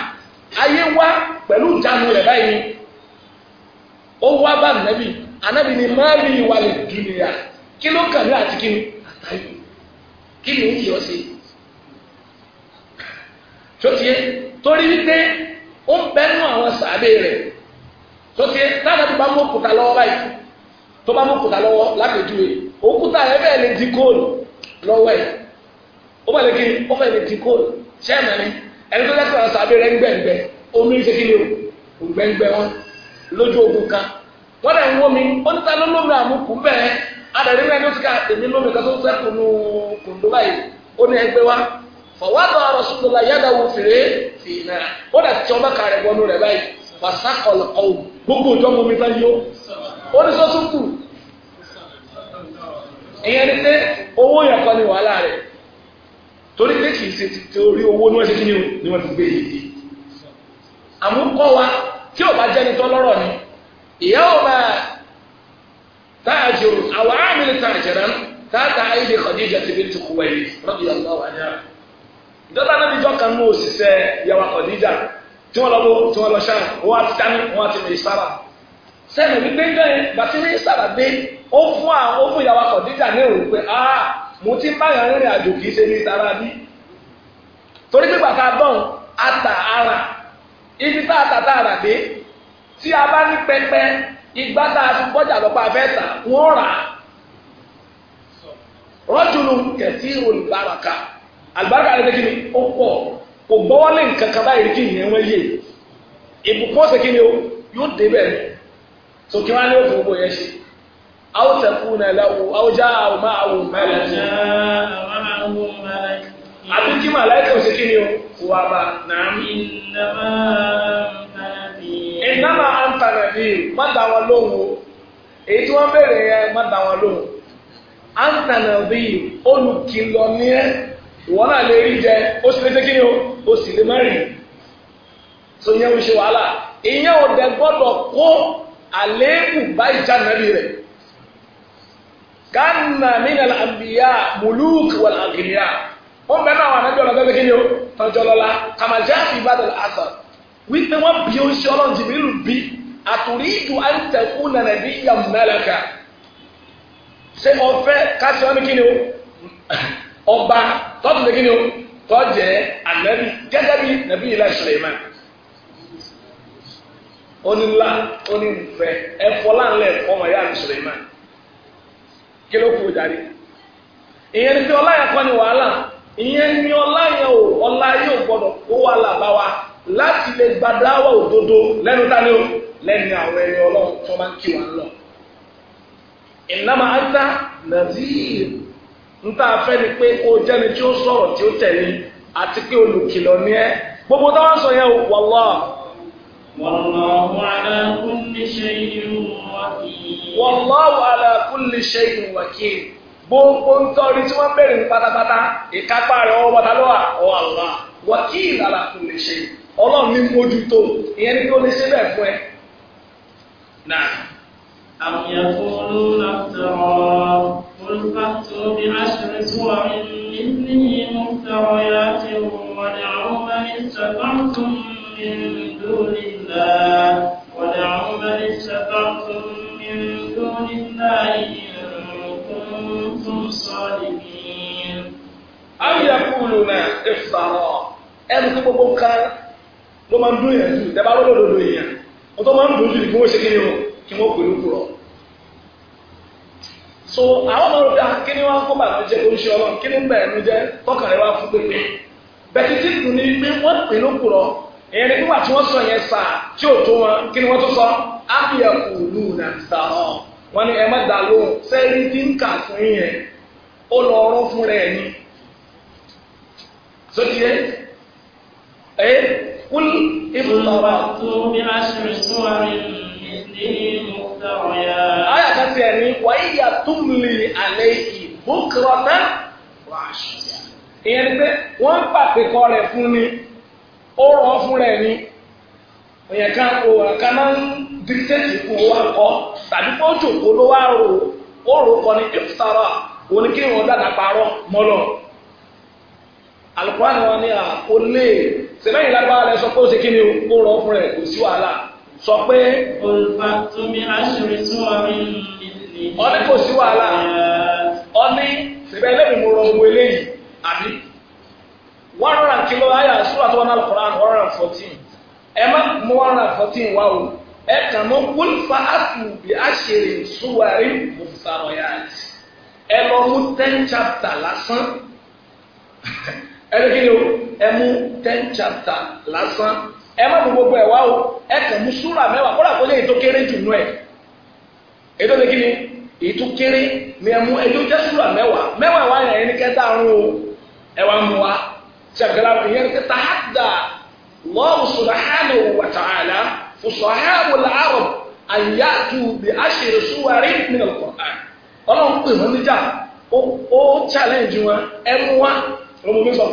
ayé wá pẹ̀lú ìjánu rẹ̀ báyìí ó wá bá nẹ́bí ànábì ni má rí ìwà lè dúnìyà kí ló kàn ní àti kíni àtàyè kí ni ó yọ sí sotie torí wípé ó ń bẹnu àwọn sotie táwọn tó bá mú òkúta lọ́wọ́ ẹ̀ ó bá lè kí ó fẹ́ lè di kóòlù sẹ́ẹ̀mà ni ẹni tó lẹ́kọ̀ọ́ sàbẹ̀ rẹ̀ gbẹ̀ngbẹ̀ omi ṣe kí ni o gbẹ̀ngbẹ̀ wọn lójú ogun kan wọ́n dẹ̀ ń wó mi ó ní ta ló lómi àmúkù bẹ́ẹ̀ adarí rẹ̀ ló ti ká èmi lómi kan tó sẹ́kù nù kùndú báyìí ó ní ẹgbẹ́ wa fọwọ́dọ̀ Rasulullah yàdáwó fèrè fìhìnà ó dà tí ọmọ kàrẹ̀ wọnú rẹ̀ báyìí wàsákọ̀ọ̀lọ̀ gbogbo ìjọ́ mọ́mi bá yó ó ní sọ́sùkù ìyẹn ni pé owó yẹn kọ́ ni wàhálà rẹ̀ torí pé kì í ṣe torí owó ni wọ́n ṣe kí ni wọ́n ti gbé yìí àmúkọ́ wa tí ò bá jẹ́ni tó lọ́rọ̀ ni ìyá ò bá tààjìrù àwọn àmìlì tààjìrà tààtà ayédè Khadija bint Khuwaylid radiyallahu anha ìjọba náà níjọ́ kan ní òṣìṣẹ́ yàwá Khadija tí wọ́n lọ bó tí wọ́n lọ ṣáà wọ́n ti dání wọ́n á ti mè sára sẹ́mi gbígbé ń dán gbàtí rí sàlàdé ó fún àwọn ó fún ìyàwó àkọ́díjà ní òun pé ah mo ti ń bá yàn rìnrìn àjò kì ṣe ní ìtara bí torí pé bàtà bọ́ọ̀n ata ara ibi tá a tà tá a rà dé tí a bá ní pẹpẹ ìgbà tá a fi bọ́jà lọ́pàá fẹ́ tà wọ́n rà á rọ́jùlù kẹ̀sí olùbáraka àlùbáraka rẹ̀ kí ni ó pọ̀ kò gbọ́wọ́lé nǹkan kan báyìí kí ìyẹn wọ́n yé ìbùkún ọ̀sẹ̀ kí ni ó yóò débẹ̀ ni. so kima ne yau ya shi aw takuna lahu aw jaa ma'ahu malaka abin ki malaika su kine kuwa ba na. innama innama anta nabiyyu madawa lohu e to an ya madawa lohu anta nabiyyu onu kilo ni e wona le ri je o se o si le mari so nya o de gbodo ko àléébù bá ìjànàbí rẹ̀ gánà mínàlá àbíyá mùlúùkì wà àgìyá ó ń bẹ náà àwọn àdájọ́ ọ̀nà kí ni ó tọ́jọ́ lọ́la kàmájá fi ìbàdàn àtà wípé wọ́n bí ó ń ṣe ọlọ́run jìbìrì lù bí àtúrí ìdù àǹtẹ̀kù nànàbí yàmùnálàkà ṣé ọ̀fẹ́ káṣí wọn ní kí ọba tọ́tù ní kí ni ànábì gẹ́gẹ́ bí nàbí ilẹ̀ Suleiman. onila onífẹ́ ẹ̀fọ́ láńlẹ̀ ẹ̀fọ́ ọmọ ìyá mi Suleiman ihe ìyẹn ní fi ọlá yẹn kọ́ ni wàhálà ìyẹn ní ọlá o ọlá yóò gbọdọ̀ kó wà lábá wa láti lè òdodo o lẹ́nu àwọn ẹni ọlọ́run tó máa wa ń lọ. ata ni pé kó tí ó tí ó tẹ̀lé àti gbogbo táwọn والله على كل شيء وكيل والله على كل شيء وكيل gbogbo ntọ́rí tí wọ́n bẹ̀rẹ̀ ní pátápátá ìkápá rẹ̀ ọwọ́ bàtà lọ́wọ́ ọwọ́ àlọ́ wákìlì alákùn lè ṣe ọlọ́run ní mójútó ìyẹn ní kí ó lè ṣe bẹ́ẹ̀ fún ẹ. àmì ẹ̀fọ́ olóòlà tẹ̀rọ olùkàtó bí aṣèré tí wọ́n ní ní mú tẹ̀rọ yá ti wọ́n ní àwọn ọmọ ìṣẹ̀gbọ́n tó ń من دون الله ودعوا من استطعتم من دون الله إن كنتم صادقين أم يقولون افترى ẹnu tó gbogbo ká ló máa ń dún yẹn jù dábàá lọ́dọ̀dọ̀ èèyàn wọ́n tó máa ń dùn jù kí wọ́n ṣe kí ni o kí wọ́n pè lóko rọ̀. so àwọn ọmọ rẹ̀ kí ni wọ́n kó bàtà jẹ́ oṣù ọlọ́run kí ni ń bẹ̀rẹ̀ nu jẹ́ tọkàn rẹ̀ wá fún pépé bẹ̀kì tí dùn ní pé wọ́n pè lóko rọ̀ ẹ̀rí nígbà tí wọ́n sọ yẹn sà tí ò tó wọn kí ni wọ́n tún sọ ábíyẹ̀kù lù nà sàmọ́ wọn ni ẹ má dà lóhùn sẹ́rí tí ń kà fún yẹn ó lọ ọrọ́ fún rẹ̀ a ṣe ní ya yà ni. ó rọ fún rẹ̀ ni èèyàn kan òwò kan náà ń dírísẹ́tì kù ó wá kọ́ tàbí pé ó jòkó ló wá rò ó rò kọ́ ní ìfúsàrà òun ni kí wọn dàda parọ́ mọ́lọ̀ alukóhánì wọn ni à ó lè sẹ́lẹ̀yìn lágbára rẹ̀ sọ pé ó ṣe kí ni ó rọ fún rẹ̀ kò sí wàhálà sọ pé. olùfà tómi aṣèrè tí wọn rí ní. ọ ní kò sí wàhálà ọ ní síbẹ̀ lẹ́nu mo rọ ohun eléyìí àbí one hundred and kilo ayà sura tó wà hundred fourteen ẹ má mú fourteen wá o ẹ kàn mọ́ wúlùfà àtùbí àṣírí suwari mùsàrọ̀ yá ẹ lọ ten chapter lásán ẹ ten chapter lásán ẹ má mú gbogbo ẹ wá o ẹ kàn mú sura mẹ́wàá kó làkó lè tó kéré jù nù ẹ ètò lè kí ni ètò kéré ni ẹ mú ẹjọ jẹ sura mẹ́wàá mẹ́wàá ẹ wá mú wa. شغالة هي تتحدى الله سبحانه وتعالى فصحاء العرب أن يأتوا بعشر سور من القرآن ọlọ́run pè wọ́n níjà ó challenge wọn ẹnu wá ọmọ mi sọ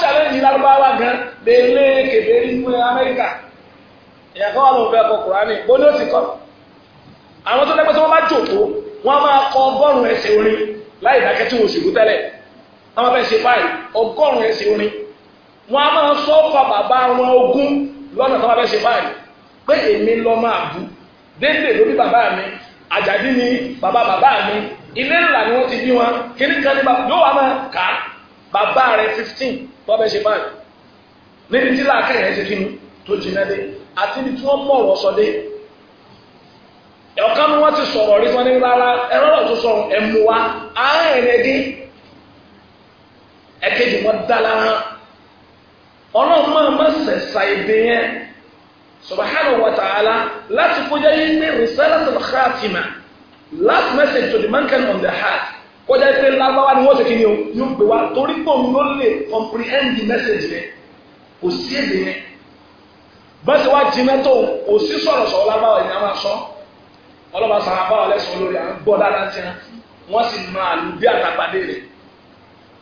challenge lárúbáwá gan lélẹ́ kébé nínú amẹ́ríkà ìyá kan wà lóun fẹ́ ti orin táwọn fẹ́ ṣe báyìí ọgọ́rùn-ún ẹsẹ̀ orin wọn a máa sọ fa bàbá wọn ogún lọ́nà táwọn fẹ́ ṣe báyìí pé èmi lọ máa bu déédéé lórí bàbá mi àjàdí ni bàbá bàbá mi ilé ńlá ni wọ́n ti bí wọn kíní kan ní bàbá yóò wá máa kà á bàbá rẹ̀ fifteen táwọn fẹ́ ṣe báyìí níbi tí láàkẹ́ yẹn ti kí ni tó jiná dé àti ibi tí wọ́n mọ̀ ọ̀rọ̀ sọ dé ọ̀kan ni wọ́n ti sọ̀rọ̀ rí ẹ̀kejì wọn dára hàn ọlọ́run máa ma sẹ̀sà èdè yẹn subhanahu wa ta'ala láti kọjá yín pé risalatul khatima last message to the mankind on the heart kọjá pé lágbáwá ni wọ́n ṣe kíni o ní o pè wá torí pé òun ló lè comprehend the message rẹ kò sí èdè yẹn bẹ́sẹ̀ wá jiná tó kò sí sọ̀rọ̀ sọ̀rọ̀ lágbáwá yìí ni a máa sọ ọlọ́ba sàrà báwa lẹ́sọ̀ọ́ lórí à ń gbọ́ dáadáa tiẹ̀ wọ́n sì máa lù bí àtàgbàdé rẹ̀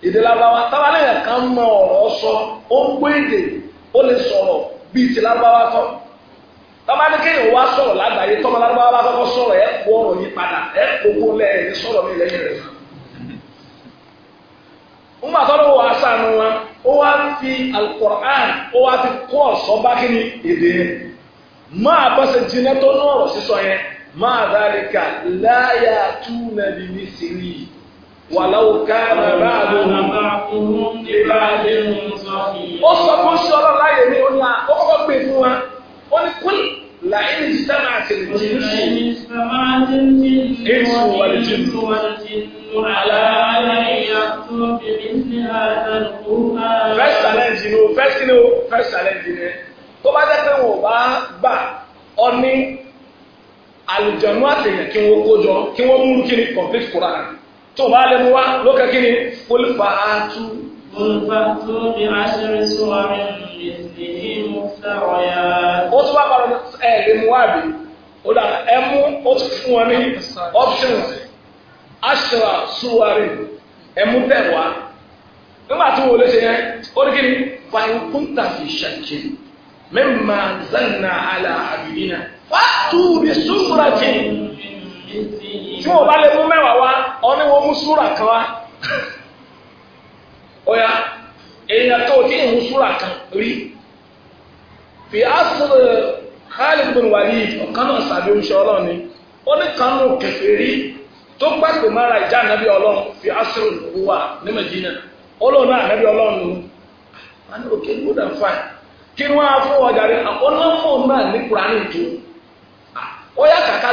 èdè lábáwá tábàlẹ́yìn kan mọ ọ̀rọ̀ sọ ó ń gbé èdè ó lè sọ̀rọ̀ bíi ti lábáwá tán tọ́mọdé kéèyàn wá sọ̀rọ̀ lágbàáyé tọ́mọ lárúbáwá bá kọ́kọ́ sọ̀rọ̀ ẹ̀ kó ọ̀rọ̀ yìí padà ẹ̀ kó kó lẹ́yìn sọ̀rọ̀ mi lẹ́yìn rẹ̀. Nígbà tọ́lọ́ wọ aṣáánu wa, ó wá fi Al-Qur'an, ó wá fi kó ọ̀sọ́ bá kí ni èdè yẹn. Máa bọ́sẹ̀ jiná tó ní ọ̀rọ̀ sísọ yẹn, máa dhalika la ya'tuna bi mislihi wàláwò káàmà báàbò ó sọ fún sọlọ láyé mi ó ní àkọ́kọ́ pè fún wa ó ní kúl làyín ìsìlámà àti ìjìnlẹ̀ èso wàlìjìnlẹ̀ aláàlàyé tó bèbí ní àdàlù first challenge ni o first ni o first challenge ni tó bá jẹ́ pé wọn bá gbà ọ ní àlùjọ̀nú àtẹ̀yìn kí wọ́n kó jọ kí wọ́n mú kiri complete Quran tó bá lè mú wá ló kẹ́kí ni ó lè fa àtú. ó tún wá parọ́ ẹ̀ lè mú wá bí ó dà ẹ mú ó tún fún wọn ní options aṣọra suwari ẹ mú bẹ́ẹ̀ wá nígbà tí wọ́n lè ṣe yẹn ó ní kí ni fàìkúntà fi ṣàkíyè mẹ́mà zanna àlà àbìlínà fàtúbi sùfúrà jẹ́. tí wọ́n bá lè mú mẹ́wàá wá ọ ní mú kan wá ọ̀yà èèyàn tó kí ì mú kan rí fi asr Khalid bin Walid náà sàbí oúnjẹ ọlọ́run ni ó tó gbàgbé ìjà ànábì fi ní náà ànábì nù òkè kí á ọjà rí fún kàkà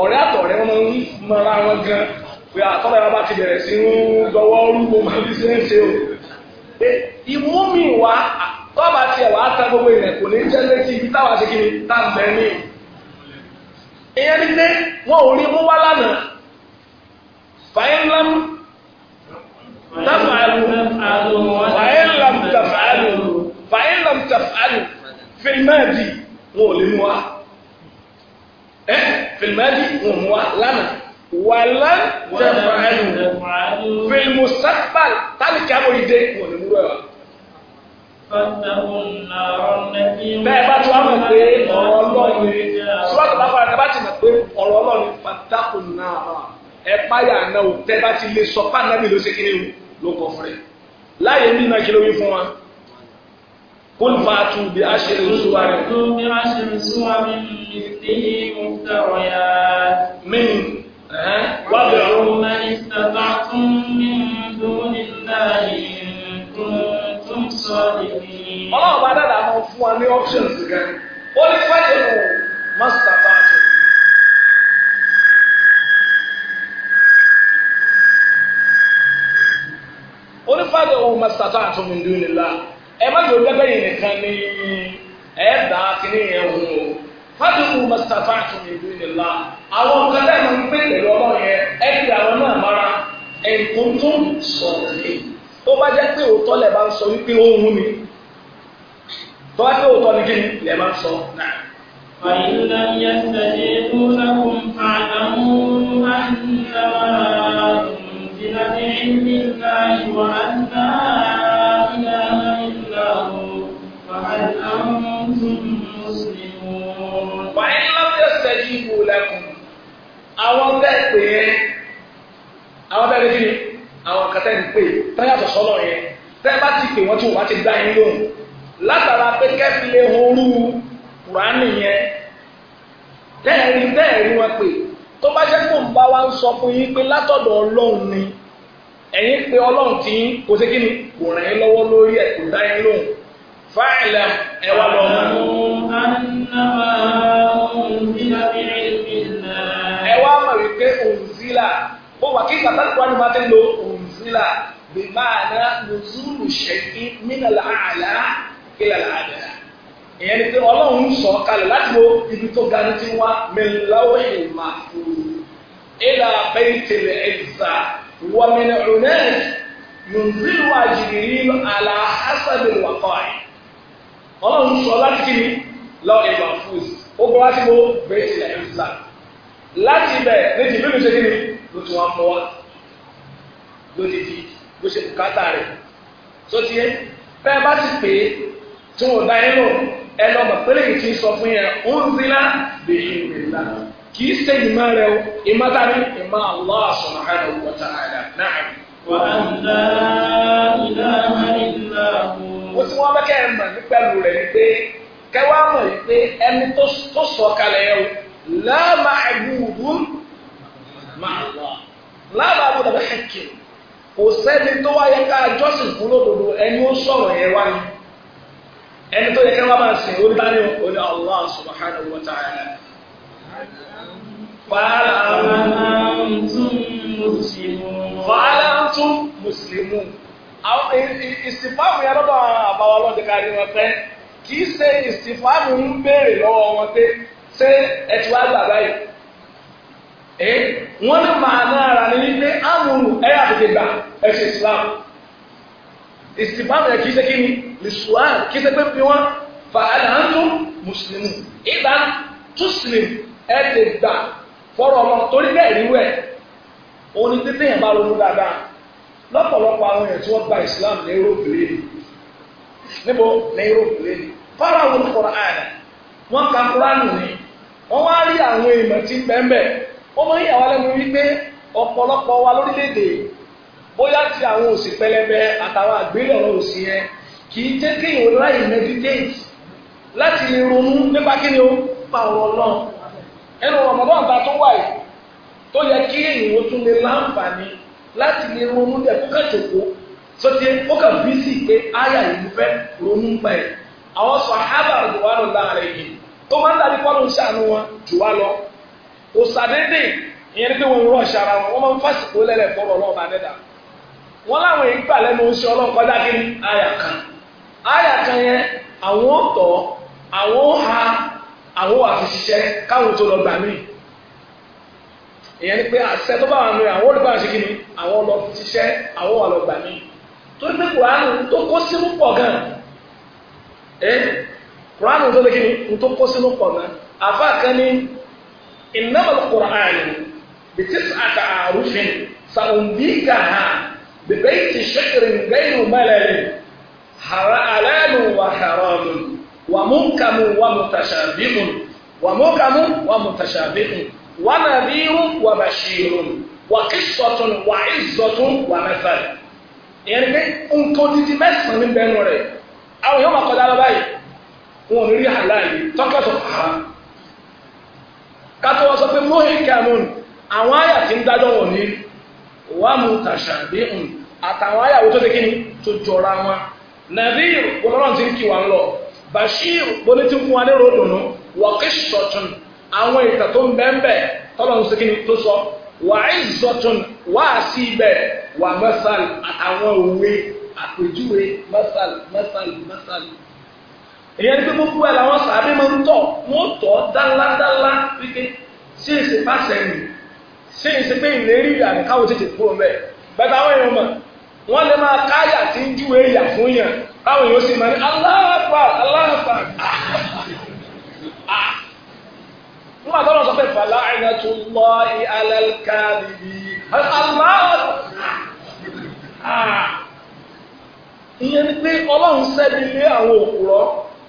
ọ̀rẹ́ àtọ̀rẹ́ wọn ń mọra wọn gan pé àtọ́rẹ́ wọn bá ti bẹ̀rẹ̀ sí ń gbọ́wọ́ rúgbó máa fi ṣe é ṣe o. ìmú mi wá tọ́ba tiẹ̀ wá ta gbogbo ilẹ̀ kò ní jẹ́ létí ibi táwa ṣe kiri tá n bẹ̀ ní. ìyẹn ni pé wọn ò rí mú wá lánàá fàyínlám tàfàlù fàyínlám tàfàlù fìlmáàdì wọn ò lè mú wa ẹ fìlìmọ́lì wọn mú wa lánàá wàlá tẹ̀fà ẹnu fìlìmù sábà tálíkì amòlídé wọn ni wúrọ ẹ wa. bẹ́ẹ̀ bá tún wà mọ̀ pé ọ̀rọ̀ ọlọ́run ni sọ́ọ́tù bá fara kaba ti mọ̀ pé ọ̀rọ̀ ọlọ́run pàtàkùn náà ẹ páyà náà tẹ́ bá ti lè sọ pàǹdàmì ló ṣe kí ni ló fún ẹ láyé nínú akílówí fún wa. قل فاتوا بعشر سور مثله مفتريات من وادعوا من استطعتم من دون الله إن كنتم صادقين. ọlọ́run bá dáadáa máa fún wa ní options gan. ó ní fẹ́ẹ̀lì mọ́sítà báàtì. ó ní fẹ́ẹ̀lì mọ́sítà báàtì mi dùn nílá ẹ má yóò dẹ́gbẹ́ yìí nìkan ní ẹ dà kíní yẹn wò ó fàdúkù mustapha tún ní ìlú nílá àwọn nǹkan tẹ́ ẹ̀ máa ń pè pẹ̀lú ọmọ yẹn ẹ ti àwọn náà mara ẹ̀kúntún sọ̀rọ̀ tó bá jẹ́ pé òótọ́ lẹ̀ bá ń sọ wípé ó ń mi tó bá jẹ́ òótọ́ ni kí ni bá ń sọ náà. فإن لم يستجيبوا لكم فاعلموا أنما أنزل بعلم الله وأن lẹ́kùn àwọn bẹ́ẹ̀ pè é àwọn bẹ́ẹ̀ kí àwọn kàtẹ́ ń pè yẹn bá ti pè ti yín lóhùn látara pé kẹ́fìlẹ̀ horú kùránì yẹn bẹ́ẹ̀ rí bẹ́ẹ̀ rí wọn pè tó bá jẹ́ látọ̀dọ̀ ọlọ́run ni ẹ̀yin pé ọlọ́run tí kò sí kí kò ràn yín lọ́wọ́ lórí pé ònzílà ó wà kí kàtàkùn àni máa fi lo ònzílà bí máa ná nùzúlù ṣẹ́yìn mínà làálà kílà làálà ìyẹn ni pé ọlọ́run ń sọ kalẹ̀ láti wo ibi tó ga ní ti wá mẹ́láwé ìmàfó ìlà bẹ́ẹ̀tẹ̀lẹ̀ ẹ̀zà wọ́mìnà ọ̀nẹ́ nùzílù àjìrìrì àlà hasabi wàkọ́ẹ̀ ọlọ́run sọ láti kí ni lọ́ọ̀ ó bọ́ láti wo bẹ́ẹ̀tẹ̀lẹ̀ ẹ̀zà láti ibẹ̀ ní jìbìlù ṣe kíni ló ti wọn mọ wá lódìdí bó ṣe bùkátà rẹ̀ tó ti yẹ bẹ́ẹ̀ bá ti pè é tí wọn dá yín lò ẹ lọ mọ̀ pé lèyìn tí ń sọ fún yẹn ó ń zilá lèyìn rẹ̀ lá kì í ṣe ìmọ̀ rẹ̀ o ìmọ̀ tàbí ìmọ̀ Allah subhanahu wa ta'ala na'am. wà á ń ìlà ìlà wò. ó ti wọ́n bá kẹ́ ẹ̀ mọ̀ nípa ẹ̀rù rẹ̀ ni pé kẹ́wàá mọ̀ wípé ẹni tó sọ̀ kalẹ̀ yẹn o. لا معبود مع الله لا معبود بحق kò sẹ́ni ka wáyé ká jọ́sìn fún lódodo ẹni ó sọ̀rọ̀ yẹn wáyé ẹni tó yẹ kí wọ́n máa sìn ó dání ní Allah subhanahu wa ta'ala. fàálà antum muslimun. fàálà antum muslimun. àwọn yẹn lọ́dọ̀ àbáwọ̀ ọlọ́dẹ wọn pẹ́ kì í ṣe ìsìnfàmù ń béèrè lọ́wọ́ wọn pé ṣé ẹ ti wá ẹ wọn ní màá náà rà ní wípé amúlù ẹ yà tètè gbà ẹ ṣe islam ìsìnbámu yẹn kì í ṣe kí ni lisuwan kì í ṣe pé fi wọn fa mùsùlùmù ìgbà tùsùlùm ẹ gbà ọmọ torí bẹ́ẹ̀ rí wẹ̀ òun ni yẹn bá ronú dáadáa àwọn tí gba islam ní europe lẹ́nu níbo ní europe wọ́n wá rí àwọn èèmọ̀ tí ń bẹ́ẹ̀ bẹ́ẹ̀ ó mọ ìyàwó alẹ́mu wípé ọ̀pọ̀lọpọ̀ wa lórílẹ̀‐èdè bóyá ti àwọn òsì pẹlẹbẹ àtàwọn àgbélé ọ̀rọ̀ òsì yẹn kì í jẹ́ kéèyàn láì meditate láti lè ronú nípa kí ni ó pa ọ̀rọ̀ náà ẹnu Ramadan ta tó wà yìí tó yẹ kí tún lè láǹfààní láti lè ronú dẹ̀ kó kà jòkó sọtí ó kà bí sí pé áyà ìlú fẹ́ ronú tó máa ń dàbí kọ́lù ń ṣàánú wọn jù wá lọ kò sàdédé ìyẹn ní pé wọn ń rọ̀ ṣara wọn wọn máa ń fásitì lẹ́lẹ̀ fọ́rọ̀ ọlọ́ọ̀bà dẹ́dà wọn láwọn èyí gbà lẹ́nu oṣù ọlọ́ọ̀kọ́dá kí ni àyà kan àyà kan yẹn àwọn ò tọ̀ àwọn ò ha àwọn àfi ṣiṣẹ́ káwọn tó lọ gbà mí ìyẹn ni pé àṣẹ tó bá wà nù àwọn olùgbà ṣe kí ni àwọn lọ ṣiṣẹ́ àwọn wà lọ gbà mí torí pé kùránù tó kó sínú pọ̀ gan Kùránì tó lé kíni n tó kó sínú pọ̀ náà àfa kan ní innamal Kùránì bi tis'ati a'rufin sa'unbikaha bi bayti shakrin ghayri malalin halalun wa haramun wa munkamun wa mutashabihun wa munkamun wa mutashabihun wa nadhirun wa bashirun wa qissatun wa 'izzatun wa mathal. ìyẹn ni pé nǹkan odidi mẹ́sàn-án ní bẹ́ẹ̀ nù rẹ̀ àwọn yóò máa kọjá lọ báyìí wọn ò ní rí àláàyè tọ́kẹ́tọ̀ àrà kátó wọn sọ pé mohin kẹmún àwọn àyà tí ń dájọ́ wọn ní wà mú tàṣà bí n àtàwọn àyà wo tó ti kíni tó jọra wọn nàbíyìr gbọmọlọ́n ti ń kí wọn lọ bashir gbóni ti ń fún wa ní ròdùnú wọ́kíṣ tọ̀tún àwọn ìtà tó ń bẹ́ẹ̀ tọ́lọ̀ ń sikini tó sọ wàáyí zọ̀tún wàá sí ibẹ̀ wà mẹ́sàl àtàwọn òwe àpèjúwe mẹ́sàl mẹ́sàl mẹ́sàl. èyí ẹni pé gbogbo ẹ̀ làwọn sàbí máa ń tọ̀ wọ́n tọ̀ dáńláńlá wípé ṣé èsì bá sẹ́yìn ṣé pé ìlérí ìyàrá káwọn tètè kúrò mẹ́ẹ̀ bẹ́ẹ̀ táwọn èèyàn mọ̀ wọ́n lè máa káyà tí ń júwe ìyà fún yàn káwọn èèyàn sì máa ní aláàbà aláàbà fàlà tó lọ aláàbà ìyẹn ni pé lé àwọn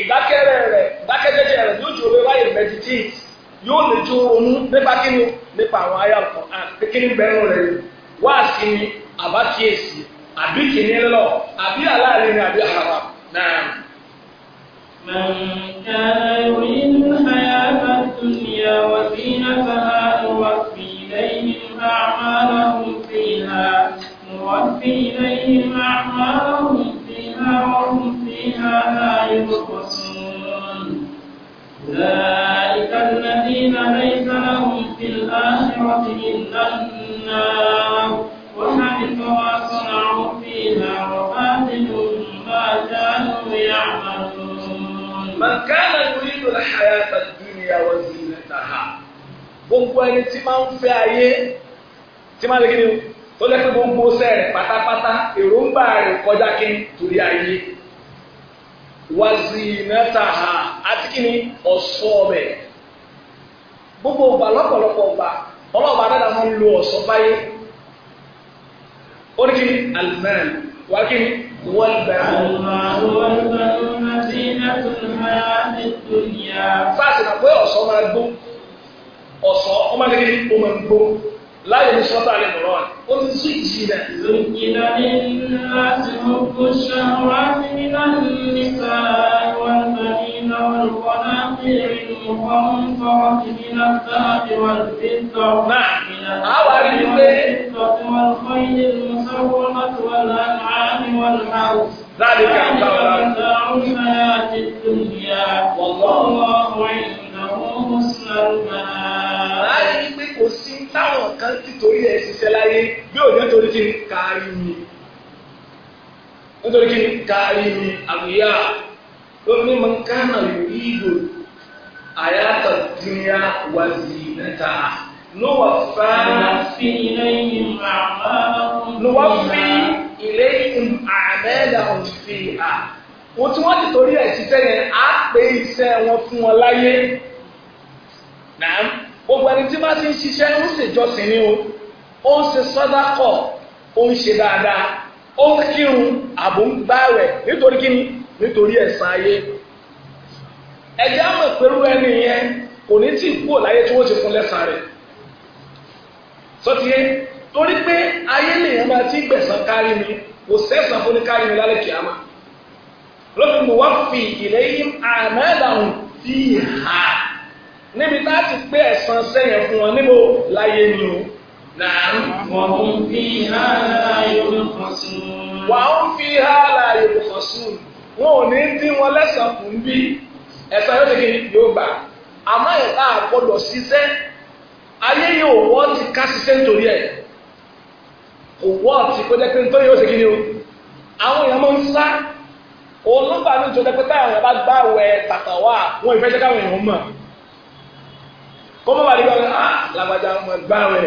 ìdákẹ́rẹ́ rẹ̀ ìdákẹ́jẹ́jẹ́ rẹ̀ yóò jò wíwá yìí meditate yóò lè jó ronú nípa kíni nípa àwọn ayé ọ̀kan kékeré bẹ́ẹ̀rù rẹ̀ wá sí ni àbá kíyèsí àbí kìnìún lọ àbí aláàrin ni àbí àràwà náà. من كان يريد الحياة الدنيا وزينتها نوفي إليهم أعمالهم فيها نوفي إليهم أعمالهم وهم فيها لا يبخسون أولئك الذين ليس لهم في الآخرة إلا النار وحبط ما صنعوا فيها وباطل ما كانوا يعملون من كان يريد الحياة الدنيا وزينتها gbogbo ẹni tí máa ń fẹ́ ayé tí máa lè kí ni tó lẹ́pẹ́ gbogbo sẹ́rẹ̀ pátápátá èròǹgbà rẹ̀ kọjá kí n torí ayé wazinataha àti kí ni ọ̀ṣọ́ rẹ̀ gbogbo ọgbà lọ́pọ̀lọpọ̀ ọgbà ọlọ́ọ̀bà dáadáa máa ń lo ọ̀ṣọ́ báyé ó ní kí ni alimẹ́rin wá kí ni wọ́n gbà. sáà sì máa pé ọ̀ṣọ́ máa gbó ọ̀ṣọ́ ọmọdé kí ni ó máa gbó láyé ní sọ́tà lè mọ̀rọ̀ rẹ̀ ó ti sí ìsì rẹ̀. Zùkìlà ní láti mú ṣàwá sí ní láti ní sáà wà ní lọ́wọ́ lọ́wọ́ náà ní ìrìn tọ́ sí ní láti wà sí tọ́. Náà àwa rí i pé. ذلك أنبأ nítorí kí kárí mi àbúyá lórí mọ̀ kánà yìí ìdò àyàtọ̀ dúnyá wà sí mẹ́ta. Lọ́wọ́ fà fi lẹ́yìn àmàlùmọ́. Lọ́wọ́ fi ìlẹ́yìn àmàlùmọ́ fi à. Wọ́n tí wọ́n ti torí ẹ̀ ṣiṣẹ́ yẹn á pé iṣẹ́ wọn fún wọn láyé. Nàá gbogbo ẹni tí bá ti ń ṣiṣẹ́ ń ṣèjọsìn ni o. Ó ń ṣe sọ́dákọ̀, ó ń ṣe dáadáa ó ń kírun àbò ń gbààwẹ̀ nítorí kíni nítorí ẹ̀san ayé ẹ̀jẹ̀ àmọ̀ pẹ̀lú ẹni yẹn kò ní tí kúrò láyé tí wọ́n ti fún lẹ́san rẹ̀ sọtí torí pé ayé lèèyàn máa ti gbẹ̀san kárí mi kò sẹ́sàn fún ní kárí mi lálẹ́ kìámà lóbi mo wá fi ìlẹ́yìn àmẹ́làhùn fi hà níbi tá a ti pé ẹ̀san sẹ́yìn fún wọn níbo láyé ni o. وهم فيها لا يبخسون وهم فيها لا يبخسون wọn ò ní dín wọn lẹ́sàn-án kù ń bí ẹ̀sán yóò ṣèké yóò gbà àmọ́ ìta àgbọ̀dọ̀ ṣiṣẹ́ ayé yóò wọ́ ti ká ṣiṣẹ́ nítorí ẹ̀ kò wọ́ ti kó jẹ́ pé nítorí yóò ṣèké ni o àwọn èèyàn máa ń sá olùgbà ní ìjọba pé táwọn èèyàn bá gbà wẹ tàtàwà wọn ìfẹ́ káwọn èèyàn mọ̀ kó mọ̀ wà nígbà wọn á làbàjá wọn gbà wẹ̀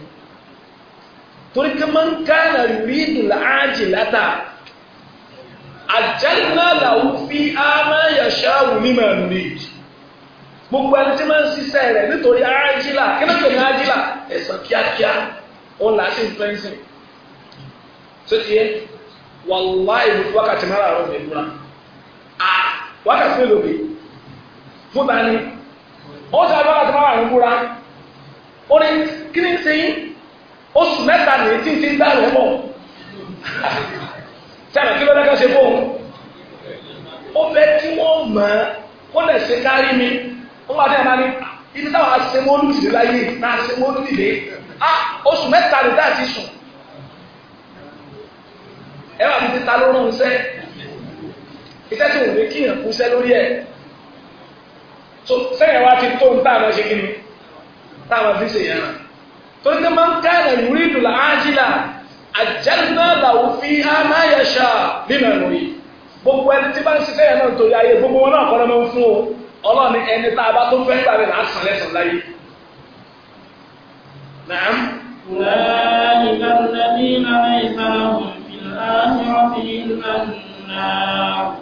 torí ká máa ń ká nà rí ìdùnnà ájì látà àjálùmá làwọn fi ámá yàṣá wùlí màá nì gbogbo ẹni tí máa ń ṣiṣẹ́ rẹ̀ nítorí ájílà kí ló tẹ̀lé ájílà ẹ̀sán kíákíá òun là á sì ń pẹ́ ń sìn tó ti yẹ wàláì wákàtí mara àrùn mi múra à wákàtí mélòó bi fún ta ni ó ti àbí wákàtí mara àrùn ó ní kí ń sẹ́yìn oṣù mẹ́ta ní tí ti ń dá rẹ̀ bọ̀ sẹ́mi kí ló dẹ́kẹ́ ṣe fóun ó fẹ́ tí wọ́n mọ̀ ẹ́ kó lè ṣe kárí mi ó wà dẹ́yà máa ní ibi táwọn aṣemọ́lù dìde láyé náà aṣemọ́lù dìde oṣù mẹ́ta ní dá ti sùn ẹ wà ní ta ló rán un sẹ́ iṣẹ́ tí òun lè kíyàn kú sẹ́ lórí ẹ̀ sẹ́yìn wa ti tó ń tá àwọn ṣe kí ni táwọn fi ṣèyàn náà torí pé máa ń ká ẹ̀ lórí ìdùlà ájílà àjẹ́nà làwọn fi amáyẹ̀ṣà nínú ẹ̀rọ yìí gbogbo ẹni tí bá ń ṣiṣẹ́ yẹn náà torí ayé gbogbo wọn náà kọ́ lọ́mọ fún o ọlọ́ọ̀ni ẹni tá a bá tó fẹ́ gbà bẹ́ẹ̀ lásán lẹ́sàn láyé. ليس لهم في الآخرة إلا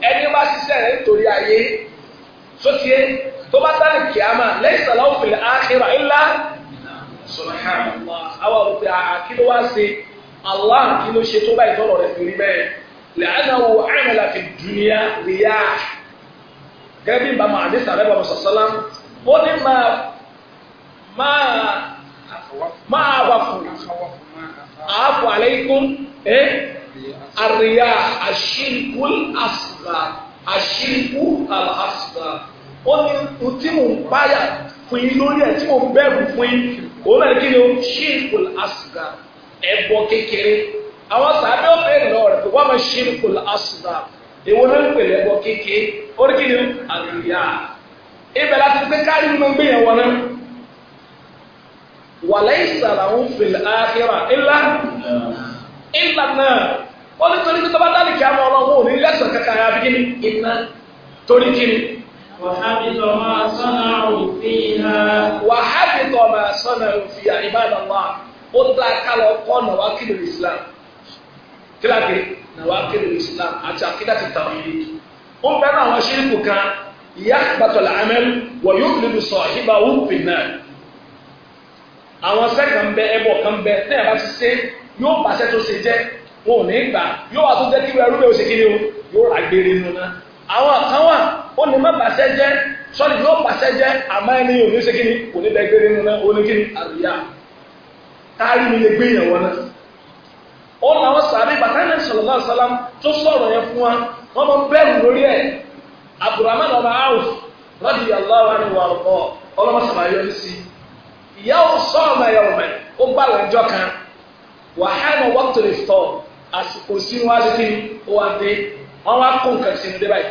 Ẹni bá ṣiṣẹ́ rẹ̀ nítorí ayé sókè tó bá dá ní subhanallah àwọn òkè àkìló wá sí allah àkìló ṣe tó báyìí tọ́lọ̀ rẹ̀ fi rí bẹ́ẹ̀ lẹ́yìnáwó àmàlà fi dùnìyà rìyà gẹ́gẹ́ bí bàmà àdìsá rẹ̀ bàmà sọ̀sọ́lá ó ní máa máa máa wà fún àáfò alaykum ẹ́ àríyá àṣírkú àṣìbà àṣírkú àṣìbà ó òun náà kí ni o ṣírkùl asùgà ẹbọ kékeré àwọn sàbẹ ọbẹrin náà rẹ pé wọn máa ṣírkùl asùgà èwo náà ń pè lẹbọ kékeré ó ní kí ni o àlùyà ibẹ̀ láti pé káyọ ló ń gbìyànjú náà wàlẹ́ ìsàlà ń fìlà ákẹ́rà ńlá ńlá náà ó ní torí pé tọ́ba dálì kí a mọ ọlọ́run ò kankan yà á bí kí ni torí kí وحبط ما صنعوا فيها وحبط ما صنعوا فيها عباد الله قد قالوا قال نواكب الإسلام كلا كي نواكب الإسلام àti عقيدة التوحيد ó bẹ́ẹ̀ náà wọ́n ṣírí kù kan يحبط العمل ويقلب صاحبه في النار àwọn sẹ́kàn bẹ ẹbọ kan bẹ náà bá ti ṣe yóò bàṣẹ tó ṣe jẹ wọn ò ní gbà yóò wá tó jẹ́ kí wọ́n ẹrú bẹ́ẹ̀ ó ṣe kí ni o yóò rà gbére nínú náà. àwọn kan wà ó ní má bàṣẹ jẹ sọ́ọ̀lì yóò bàṣẹ jẹ àmọ́ ẹni yóò ní ṣe kí ni kò ní dẹgbẹ́ nínú náà ó ní kí ni àríyá táàrí mi lè gbé ìyàwó náà ó làwọn sàbí bàtánà sọlọ́lá sálám tó sọrọ yẹn fún wa wọ́n mọ bẹ́ẹ̀rù lórí ẹ̀ abdulrahman ọba auf rọ́dì aláwa ni wà lọ́kọ́ ọlọ́mọ sàbáyọ ní sí ìyá ò sọ́ọ̀mọ ẹ̀yà ó gbà lọ́jọ́ kan wàhálà wọ́n tó lè àsìkò ó wá dé wọn wá kó nǹkan sínú dé báyìí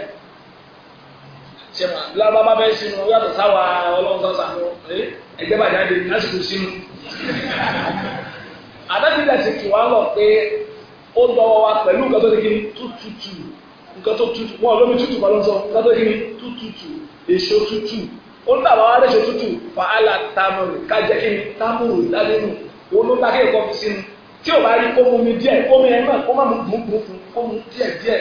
ṣe mà lábàbà bẹ sínú yàtọ̀ sáwà ọlọ́run sáwà sànú ẹgbẹ́ bàjẹ́ àdé lásìkò sínú. àdájúdà ti kì wá lọ pé ó dọwọ́ wa pẹ̀lú nǹkan tó dégé tútùtù nǹkan tó tútù wọn lómi tútù bá ló ń sọ nǹkan tó dégé tútùtù èso tútù ó ń tàbá wàá léṣo tútù fàálà tamuru kájẹ kí ni tamuru lálẹ́nu òun ló bá kéèkọ́ fi sínú tí ò bá rí kó mu mi díẹ̀ kó mi ẹ̀ náà kó má mu mú mú fún kó mu díẹ̀ díẹ̀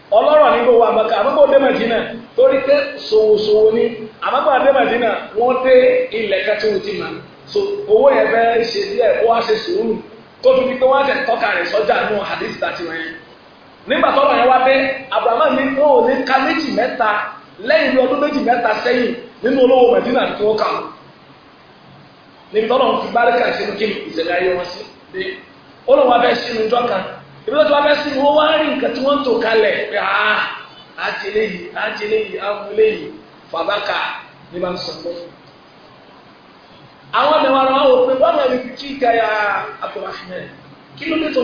ọlọ́rọ̀ ní gbogbo àgbàkà àmọ́gbà òde torí pé ṣòwòṣòwò ni àmọ́gbà òde wọ́n dé ilẹ̀ mà so owó yẹn fẹ́ ṣe díẹ̀ ó wá ṣe sùúrù tó fi wọ́n tọ́ka rẹ̀ sọ́jà nù nígbà yẹn wá dé abrahamu wọn ò ní ka méjì mẹ́ta lẹ́yìn bí ọdún méjì mẹ́ta sẹ́yìn nínú olówó tọ́lọ̀ fi ibi tó ti wá fẹ́ sí wọn wá rí nǹkan tí wọ́n ń tò pé aa ah, á ti léyìí á ti léyìí á mú léyìí fàbákà bá ń sọ àwọn ọmọ ìwà wọn kí ló dé tó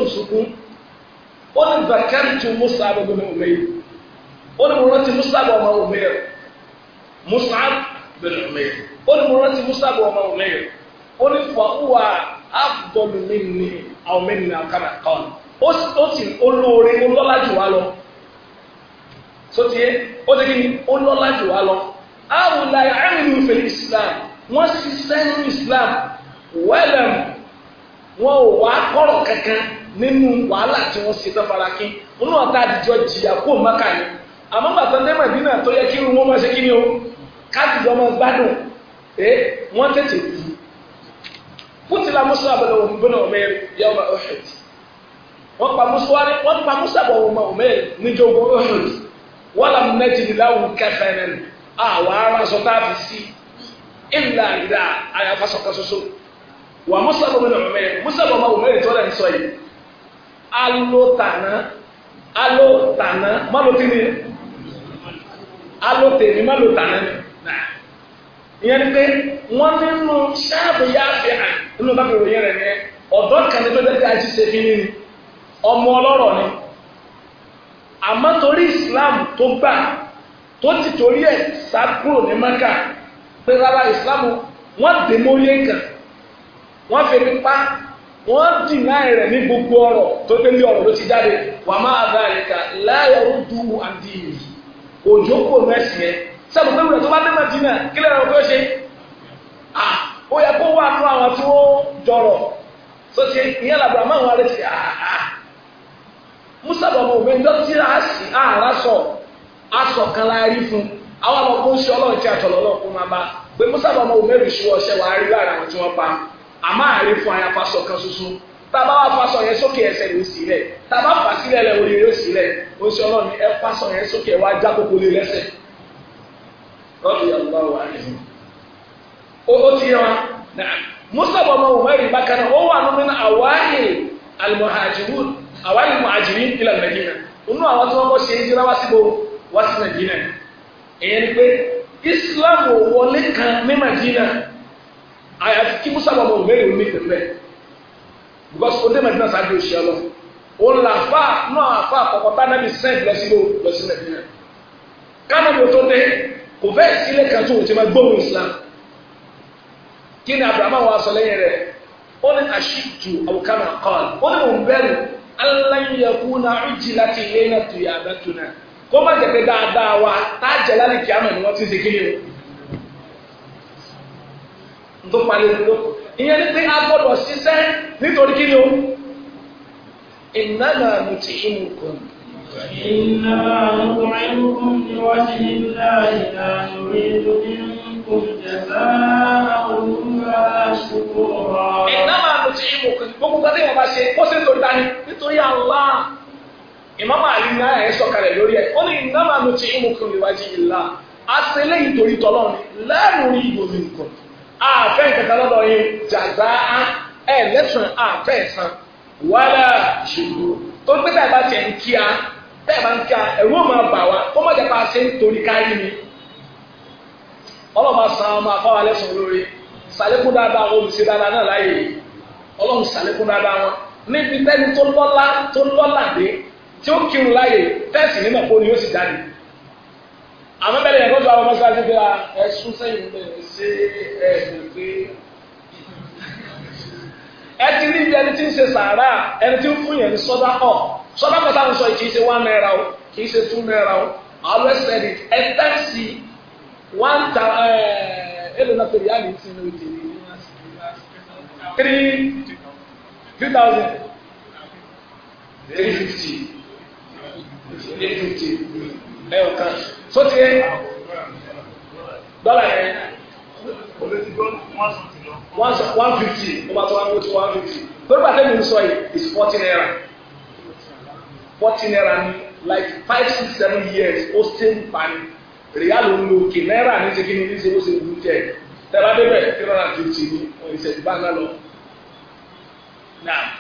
Musa gbogbo ọmọ yìí ó ní Musa ọmọ ọmọ yìí Musa bẹ̀rẹ̀ ọmọ yìí ó ní Musa ọmọ ó ní mi ní kára ó sì olóore ó jù wá lọ sóti yé ó ti kí ó jù wá lọ àwùlà àmìlú fèlè Islam wọn sì sẹ́nu Islam wẹ́lẹ̀m wọn ò wá kọ́rọ̀ kankan nínú wàhálà tí wọ́n ṣe tọ́fara kí nínú ọ̀tá àdìjọ jìyà kó mọ́kà ni àmọ́ bàtà dé Màdínà tó yẹ kí irun máa ṣe kí ni o káàdìjọ máa gbádùn ẹ wọ́n tètè kú mọ́sálà bẹ̀rẹ̀ wọ́n pa musa wani wọ́n pa musa bọ̀ wọ́n ma wọ́n mẹ́rin níjọ́ a ara sọ tá sí ìlà ìlà àyàfà soso musa bọ̀ wọ́n mọ̀ mẹ́rin musa bọ̀ wọ́n mẹ́rin tó alo tana malo ti alo tèmi malo nínú sáàbù hàn nínú rẹ̀ ní ọ̀dọ́ kan ọmọ ọlọ́rọ̀ ni àmọ́ torí Islam tó gbà tó ti torí ẹ̀ sá kúrò ní maka pé rárá Islam wọ́n dè mórí nǹkan wọ́n fi pa wọ́n náà rẹ̀ ní gbogbo ọ̀rọ̀ tó pé ní ọ̀rọ̀ ló ti jáde wà máa bá rẹ̀ kà láyọ̀ ó òjò kò mẹ́sì sábà pé wúlò tó bá dé ṣe ó yẹ kó wà àwọn tí wọ́n jọrọ̀ ìyẹn musa lọ́mọ òwe ńjọ́ tí a ara sọ asọ kan fún àwọn ọmọ kó ń àtọ̀ lọ́lọ́ musa lọ́mọ òwe rí ṣu ọṣẹ wàá rí lára àwọn tí wọ́n pa àmọ́ kan ṣoṣo tàbá wà fasọ yẹn sókè ẹsẹ̀ ló sì lẹ̀ tàbá fà sì ó ẹ fasọ yẹn sókè wá já kókó lé lẹ́sẹ̀ musa àwa yìí mọ àjìrí ìlà nàìjíríà nínú àwọn tí wọ́n kọ́ ṣe ìjírá wá síbo wá sí nàìjíríà èyàn ni pé islam ò wọlé kan ní nàìjíríà àyàfi kí musa bàbá òun mẹ́rin òun ní ìpínlẹ̀ because ó dé nàìjíríà sáájú òṣìṣẹ́ lọ òun là fà náà fà àkọ́kọ́ tánàbí sẹ́ẹ̀d lọ síbo lọ sí nàìjíríà kánàbí tó dé kò fẹ́ sílé kan tó ti máa gbóhùn islam kí ni abrahamu wa sọ lẹ́yìn rẹ̀ ó ní àṣìjù àwòkánà kan ó ní mò ń aláǹyẹ̀kú náà ọ̀jì láti ilé náà tó yà bá tó náà kó má jẹ́ pé dáadáa wa tá a jẹ́ lálẹ́ kí á mọ̀ ti ṣe kí o. n tó parí ló ìyẹn ni pé a gbọ́dọ̀ ṣiṣẹ́ nítorí kí ni o. ìnáná mo ti ṣe mo kọ́ mi. إِنَّمَا نُطْعِمُكُمْ لِوَجْهِ اللَّهِ لَا نُرِيدُ مِنكُمْ جَزَاءً وَلَا ìmọ̀ gbogbo gbàdé yẹn bá ṣe ó ṣe nítorí dání nítorí Allah Imam Ali ní àyà ẹ̀ sọ̀kalẹ̀ lórí ẹ̀ ó ní ìnáma ló ti ìmọ̀ kan níwájú ìlà àṣẹ lẹ́yìn torí tọ́lọ́ ni lẹ́rùn rí ìbò mi nǹkan àfẹ́ ìkẹta lọ́dọ̀ yẹn jàgbá ẹ̀ lẹ́sàn àfẹ́ ẹ̀sán wàhálà ṣòro tó ń pẹ́tà ìbá tiẹ̀ ń kíá tẹ́ẹ̀ bá ń kíá ẹ̀rú ò máa bà wá kó má jẹ́ pa ṣe ń torí kárí mi ọlọ́ba san ọmọ afáwa lẹ́sàn lórí sàlékún dáadáa olùsí náà láyè yìí ọlọ́run ṣàlékún dáadáa wọn níbi tẹ́ni tó lọ́lá tó lọ́lá dé tí ó kírun láàyè tẹ́sì nínú ọ̀pọ̀ ni ó sì jáde àmọ́ bẹ́ẹ̀ yẹn lọ́jọ́ àwọn mọ́ṣáláṣí bí wa ẹ sẹ́yìn bẹ́ẹ̀ ṣe ẹ pé ẹ ti rí ẹni tí ń ṣe sàárà ẹni tí ń fún yẹn ní sọ́dá ọ̀ sọ́dá kọ́tà ń sọ kì í ṣe one naira o kì í ṣe two naira o I always said ẹ tẹ́sì one ta ẹ ẹ lè yá ni tí ń lò dé three two thousand three fifty eight fifty lẹ́yìn kan sóti yẹ dọ́là yẹn one one fifty ó bá tó wá ló ti one fifty lórí bàtẹ́ mi sọ yìí is forty naira forty naira ni like five six seven years ó ṣe ń pa ni rìálù ń lo òkè náírà ní ṣe kí ni ní ṣe ó ṣe ń lu jẹ tẹ́lá débẹ̀ three hundred and fifty ni ìṣẹ̀dí bá ń lọ náà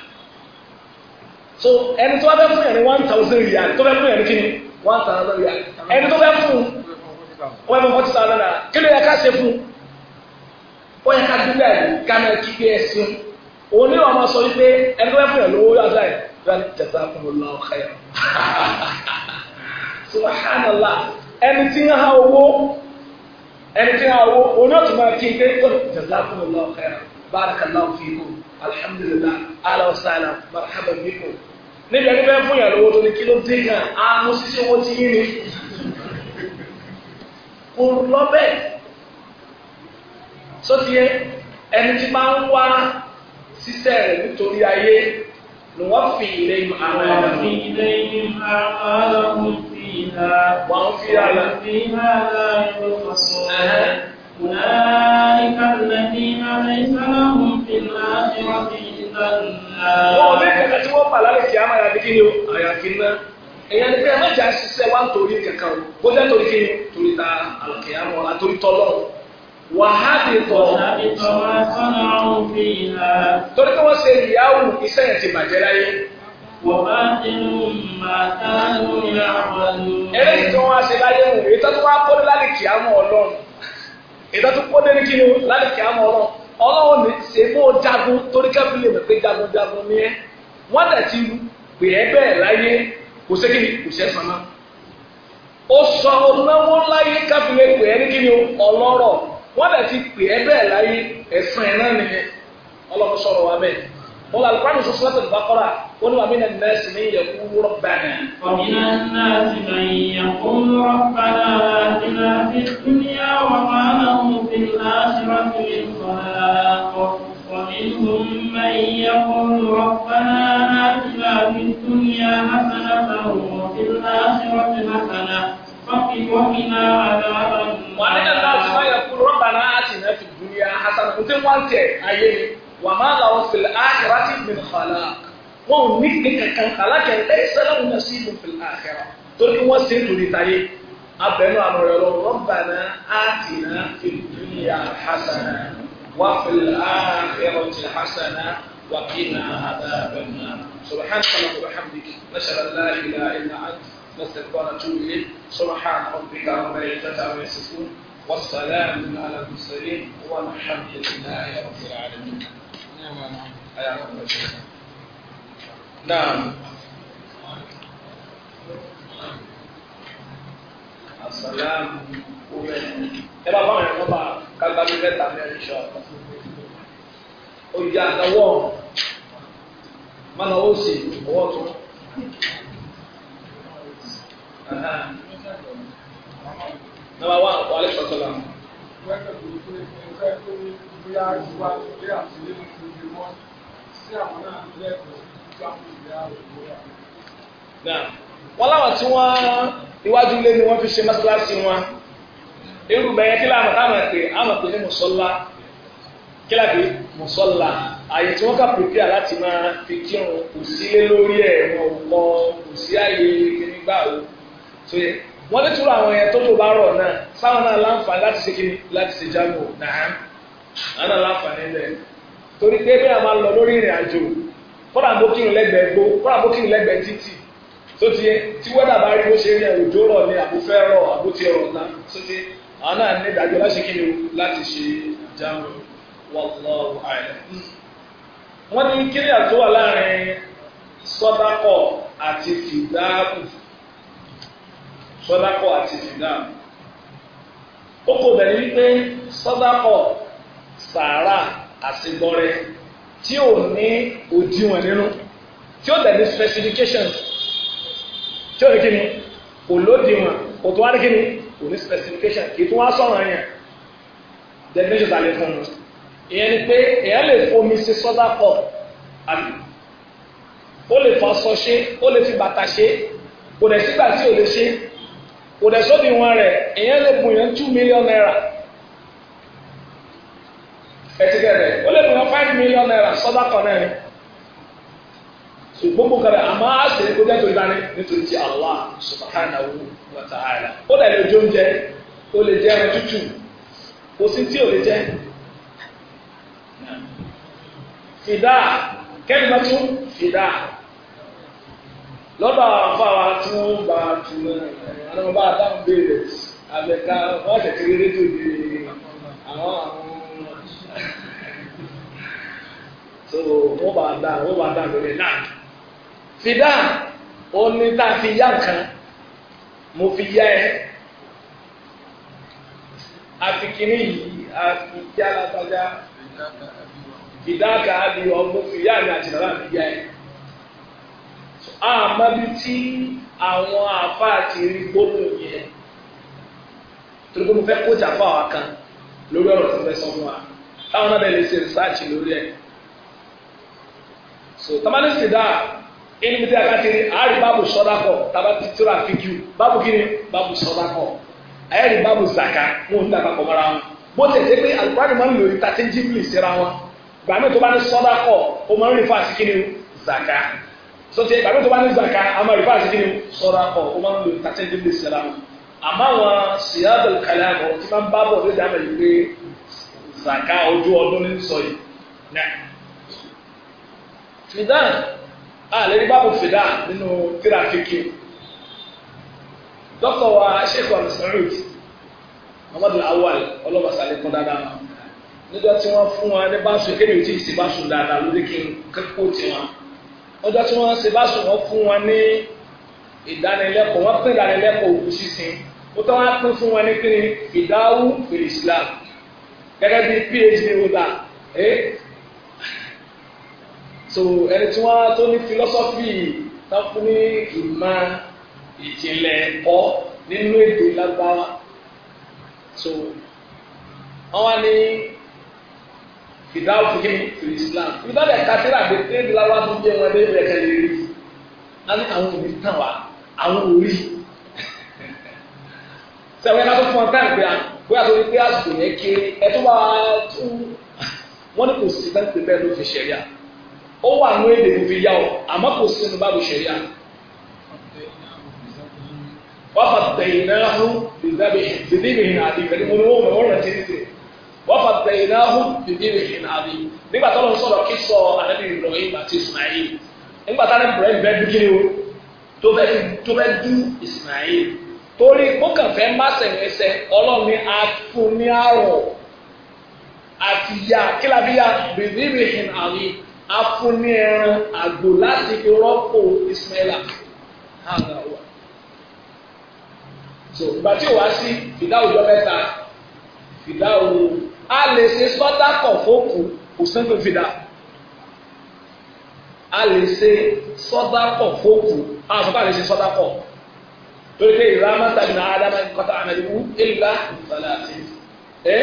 so ẹni tó bá fẹ́ fún yẹn ní one thousand riyal tó fẹ́ fún yẹn ní kíni one thousand riyal ẹni tó fẹ́ fún ó fẹ́ fún forty thousand naira kí ló yẹ ká ṣe fún ó yẹ ká dúró ẹ̀ gánà kí bí ẹ sí òun ní ọmọ sọ wípé ẹni tó fẹ́ fún yẹn lówó yóò àtàyè yóò jẹta fún mi lọ ọkẹyà subahánàlá ẹni tí ń ha owó ẹni tí ń ha owó òun yóò tún máa kí pé jẹta fún mi lọ ọkẹyà barakallahu fikum alhamdulilah ala wa sala marhaban bikum níbi ẹni bẹ́ẹ̀ fún yàrá owó tó ní kí ló dé kan àánú sísé owó tí yín ni kò lọ bẹ́ẹ̀ sọ́tìyẹ ẹni tí máa ń wá sísẹ́ rẹ̀ nítorí ayé ni wọ́n fi ilé àwọn ẹ̀rọ fi ilé àwọn ọmọ fi wọ́n fi hà lọ. أولئك الذين ليس لهم في الآخرة إلا النار. Wọ́n ní kẹ̀kẹ́ tí wọ́n bà lálẹ́ kí á máa yàgbé kí ni o, àyàfi náà. Èèyàn ní pé ẹ má jà ṣiṣẹ́ wá nítorí kankan o, kó jẹ́ torí kí ni? Torí ta àlùkè á mọ̀ àtòrí tọ́lọ̀. Wàhálì tọ̀. Wàhálì tọ̀ wá sọ́nà òun fi hà. Torí pé wọ́n ṣe ìyáwó iṣẹ́ yẹn ti bàjẹ́ láyé. Wọ̀bá ìdájọ́ pọ́ dé kí o kí á mọ ọlọ́run ọlọ́run ní jagun torí lè jagun jagun ni ẹ́ wọ́n ti pè e bẹ́ẹ̀ láyé kò sé kí ni kò sẹ́ sàn ọlọ́rọ̀ wọ́n bẹ́ẹ̀ láyé ẹ̀sán nìyẹn sọ̀rọ̀ هو القرآن في سورة البقرة قل ومن الناس من يقول ربنا ومن الناس من يقول ربنا آتنا في الدنيا وما له في الآخرة من خلاق ومنهم من يقول ربنا آتنا في الدنيا حسنة وفي الآخرة حسنة وقنا عذاب النار ومن الناس من يقول ربنا آتنا في الدنيا حسنة وفي الآخرة حسنة وما له في الآخرة من خلاق هو نيك كان خلاق ليس له نصيب في الآخرة تقول هو سيد لتاي أبنا ربنا آتنا في الدنيا حسنة وفي الآخرة حسنة وقنا عذاب النار سبحانك اللهم وبحمدك نشهد أن لا إله إلا أنت نستغفرك ونتوب إليك سبحان ربك رب العزة عما يصفون والسلام على المرسلين والحمد لله رب العالمين نعم السلام ẹ bá báwọn ẹ̀rọ bá kágbájú mẹ́ta mẹ́rin ṣọ olùyà àtàwọ̀ mọ́nà ó sì ọwọ́ tó. Nàbà wà wà wọ́n láwọn tí wọ́n iwájú ilé ni wọ́n fi ṣe mọ́ṣáláṣí wọn irú bẹ́ẹ̀ kí láwọn táwọn pè àwọn pè ní mùsọ́lá kí láti mùsọ́lá àyè tí wọ́n kà pèpè láti máa fi kírun kò sílé lórí ẹ̀ wọn ò mọ kò sí àyè kíní gbà o tó yẹ wọ́n lè túrọ̀ àwọn yẹn tó tó bá rọ̀ náà sáwọn náà láǹfààní láti ṣe kíní láti ṣe jágò náà àwọn náà láǹfààní bẹ́ẹ̀ torí pé bí a máa lọ lórí ìrìn àjò kọ́dà bó kírun lẹ́gbẹ̀ẹ́ gbó kọ́dà bó kírun lẹ́gbẹ̀ẹ́ títì tó ti yẹ tí wẹ́dà bá rí bó ṣe rí òjò rọ̀ ni àbúfẹ́ rọ̀ àbúti ọ̀rọ̀ ńlá tó ti àwọn náà ní ìdájọ́ láti kí ni láti ṣe ìjáwé wallahu a'lam. wọ́n ní kílíà tó wà láàrin sọ́dákọ̀ àti fìdáàbù sọ́dákọ̀ àti fìdáàbù. ó kò bẹ̀rẹ̀ wípé sọ́dákọ̀ sàárà àṣegbọrẹ tí ò ní òdiwọ̀n nínú tí ó tẹ̀lé specifications tí ó ní kíni kò lódiwọ̀n kò tó wá ní ni kò ní specification kì í tó wá sọ̀rọ̀ yẹn definition tàlẹ́ fún un ìyẹn ni pé èèyàn lè fomi sí sọ́dà pọ̀ àbí ó lè fọṣọ ṣe ó lè fi bàtà ṣe kò dẹ̀ sígbà tí ò lè ṣe kò dẹ̀ sódiwọ̀n rẹ̀ èèyàn lè bùn yẹn two million naira ẹtì gẹ́gẹ́ ó lè mú five million naira sọ́dá kan náà ni ṣùgbọ́n kọ́ra àmọ́ àṣẹ kó jẹ́ tó dání nítorí ti Allah subhanahu wa ta'ala ó lè lè jó oúnjẹ ó lè jẹ ẹran tútù kò sí tí ò lè jẹ fìdá kẹ́mìnà tún fìdá lọ́dọ̀ àfàwà tí wọ́n bá tu àwọn bá dáhùn béèrè àbẹ̀ká wọ́n ṣẹ̀ṣẹ̀ rédíò yìí àwọn àwọn. so wọ́n bá dá wọ́n bá dá lórí náà fìdá tá a fi yá nǹkan mo fi yá ẹ àti kìíní yìí àti kí fìdá kà á di fi yá mi àti bàbá mi yá ẹ àmọ́bí ti rí gbóhùn yẹn torí pé mo fẹ́ kó kan lórí ọ̀rọ̀ tó fẹ́ sọ fún wa táwọn náà so tamale sì dáa ẹni mi a ká ti rí àárí báàbù sọ́dákọ̀ tàbá ti tíra fíkú babu kí ni báàbù sọ́dákọ̀ àyẹ̀rí zaka wọn ò ní dàgbà kọ̀mọ́ra wọn bó tẹ̀ ṣe pé alukóra ni máa ń lò ní thirteen jíbìlì síra wọn gbàmí tó bá ní sọ́dákọ̀ ó máa ń rìn fún ni zaka sọtí ìgbàgbọ́ tó bá ní zaka àmọ́ ìfá àti kí ni sọ́ra ọ̀ ó máa ń lo tàtẹ́ ìdílé sẹ́la mu àmọ́ àwọn síyáàbẹ̀ kàlẹ́ àbọ̀ tí máa ń zaka ojú ọdún ní sọ yìí náà fidan àlẹ́rí bábù fidan nínú tirafiki dókítà wa sheikh wa Saud muhammadu awal ọlọ́mọsá lẹ́kọ́ dáadáa nígbà tí wọ́n fún wa ní báṣu kí ni o ti ṣe báṣu dáadáa lórí kí n kó tiwọn ọjọ́ tí wọ́n ṣe báṣu wọ́n fún wa ní ìdánilẹ́kọ̀ọ́ wọ́n pín ìdánilẹ́kọ̀ọ́ òkú sísìn ó tọ́ wá pín fún wọn ní kí ni ìdáwó fèrè islam gẹ́gẹ́ bí phd holder so ẹni tí wọ́n tó ní philosophy tán fún ní ìmọ̀ ìjìnlẹ̀ ẹ̀kọ́ nínú èdè lágbára so wọ́n wá ní without him to islam without ẹ̀ka tí ra bẹ tẹ́lẹ̀ lára tó jẹ́ wọn lẹ́yìn ẹ̀ka lè rí láti àwọn òbí tàn wá àwọn orí sẹ́wọ́n yẹn ká tó fún ọ táyà pé bóyá tó ní pé àsìkò yẹn kéré ẹ̀ tó bá tún wọ́n ní kò sí sẹ́ńtì bẹ́ẹ̀ ló fi ṣẹ̀rí à. ó anụ ebe bụ o àmọ́ kò ya. nínú báàbò ṣẹ̀ríà. wáfà tẹ̀yìnáhù bìdíbìhìn àdì pẹ̀lú mo ní wọ́n mọ̀ wọ́n rẹ̀ tí ń sè wáfà tẹ̀yìnáhù bìdíbìhìn àdì nígbà tó lọ sọ̀rọ̀ kí sọ ànábì Ibrahim Ismail nígbà tá ànábì Ibrahim bẹ́ẹ̀ dúkìrì o tó bẹ́ẹ̀ dú Ismail torí kókànfẹ́ má ya a fún ní ẹran àgbò láti fi Ismaila hàn so ìgbà tí wàá sí fìdáwò jọ mẹ́ta fìdáwò a lè ṣe sọ́dá kọ̀ fóòkù kò sẹ́ńtò fìdá a lè ṣe sọ́dá kọ̀ fóòkù a sọ pé a lè ṣe sọ́dá kọ̀ torí pé ìlú amátàbí náà ádámà kọ́tà àmàlẹ́wù ìlú ìlà ẹ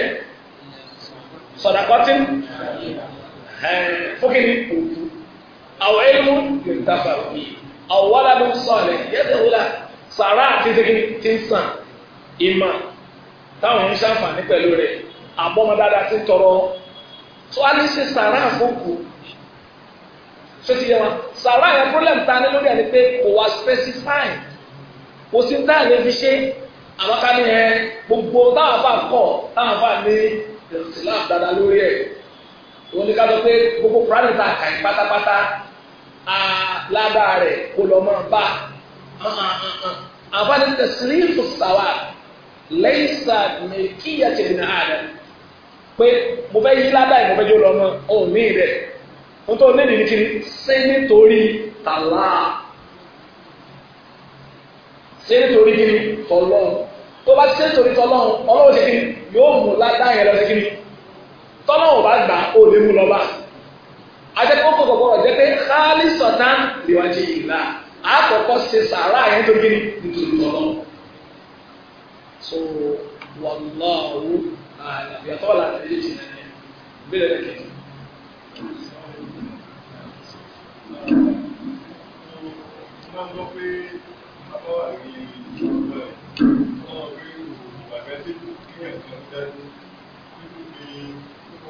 sọ̀dàkọ́tì fókè ní òkú àwọn ẹnu ìrìntàfà òbí àwọn wàlá ló ń sọ rẹ yẹtọ wọlá sàrà àti tẹkí ti ń sàn ìmà táwọn ń ṣàǹfààní pẹ̀lú rẹ àbọmọdáda ti tọrọ tó a ní ṣe sàrà àfọkù ṣé ti yẹ wa sàrà yẹn problem ta ni lórí ẹni pé kò wá specify kò sí tá a lè fi ṣe àwọn kan ní ẹ gbogbo táwọn afa kọ táwọn afa ní ìrìntìlá dáadáa lórí ẹ òun ni ká sọ pé gbogbo kúránì tá a kà yí pátápátá aládàá rẹ̀ kó lọ mọ́ bá àǹfààní tẹ̀sílì ìfòsàwà lẹ́yìn sáà mẹ́kíyà tẹ̀lé náà rẹ̀ pé mo fẹ́ yí ládàá yìí mo fẹ́ jó lọ mọ́ òun ní rẹ̀ ohun tó ní nìyí kiri ṣé nítorí tàlá ṣé nítorí kiri tọ́lọ́ tó bá ṣe nítorí tọ́lọ́ ọlọ́run ṣe kiri yóò mú ládàá yẹn kiri tọ́lọ́wọ̀n bá gbà ó lè mú lọ́ba àjẹkọ́kọ́ kọ̀kọ́rọ̀ jẹ́ pé káálí sọ̀tá lèwájú ìlà àkọ́kọ́ ṣe sàárà yẹn tó gbé nítorí ọlọ́run so wàlláhu àlàbí àtọ́wọ́ làtẹ̀ lè jìnnà ní ìbílẹ̀ rẹ̀ kẹ́kẹ́. wọ́n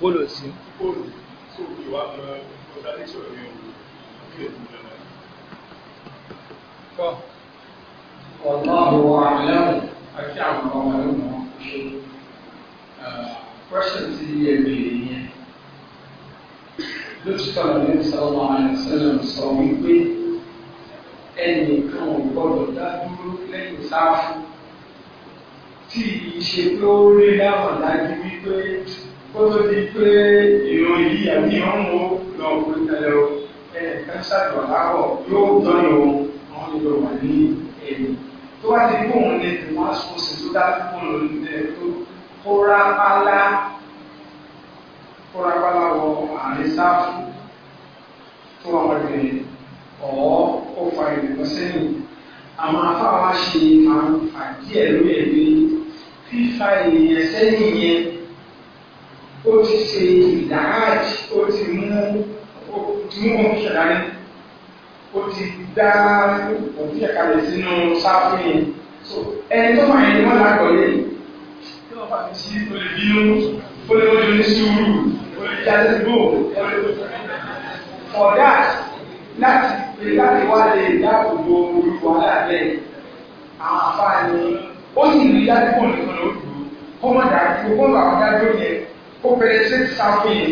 Bọ́ọ̀lù sí. Wallahu a'lam àti àwọn ọmọ ẹlẹ́mọ̀ ṣe pẹ́ṣẹ̀ tí ẹ bèèrè yẹn. Lóṣìkà ní Sọ́lọ́mọ Àìsẹ́lẹ̀ sọ wípé ẹnì kan ò gbọ́dọ̀ dá dúró lẹ́yìn sáfù tí ìṣe tó rí láwọn láti wípé ó tó di pé ìròyìn yìí àbí ìrún wo lọ kó tẹlẹ o ẹnìkan ṣàjọ láwọ yóò dọ́nà o wọn lè wà ní ẹ̀yìn tó wá ti kóhun ní ìwọ̀n àsopọ̀sẹ̀ tó dájú fún òun ní ẹ̀ tó kóra pálá kóra pálá wọ àárín sáfù tó wà wọ́n rẹ̀ ọ̀ ó fa ìrìnà àwọn afáwa ṣe máa ń fà díẹ̀ lórí ẹ̀mí fífa ènìyàn sẹ́yìn yẹn ó ti ṣe ìdáhàjì ó ti mú mú òṣèlá ní ó ti dá òbí ẹ̀ka lè sínú sáfù yẹn so ẹni tó máa yẹn wọ́n lágbọ̀ yẹn tí wọ́n bá ti ṣí olè bínú olè olè ní sùúrù olè jáde gbò olè for láti láti wá lè dáàbò bo olùkọ́ aláàbẹ̀ àwọn afáàní ó sì rí dájú kó nìkan ló dùn kó mọ̀ dájú kó mọ̀ àwọn dájú yẹn kó pẹ̀lẹ́ ṣe ti sáfù yẹn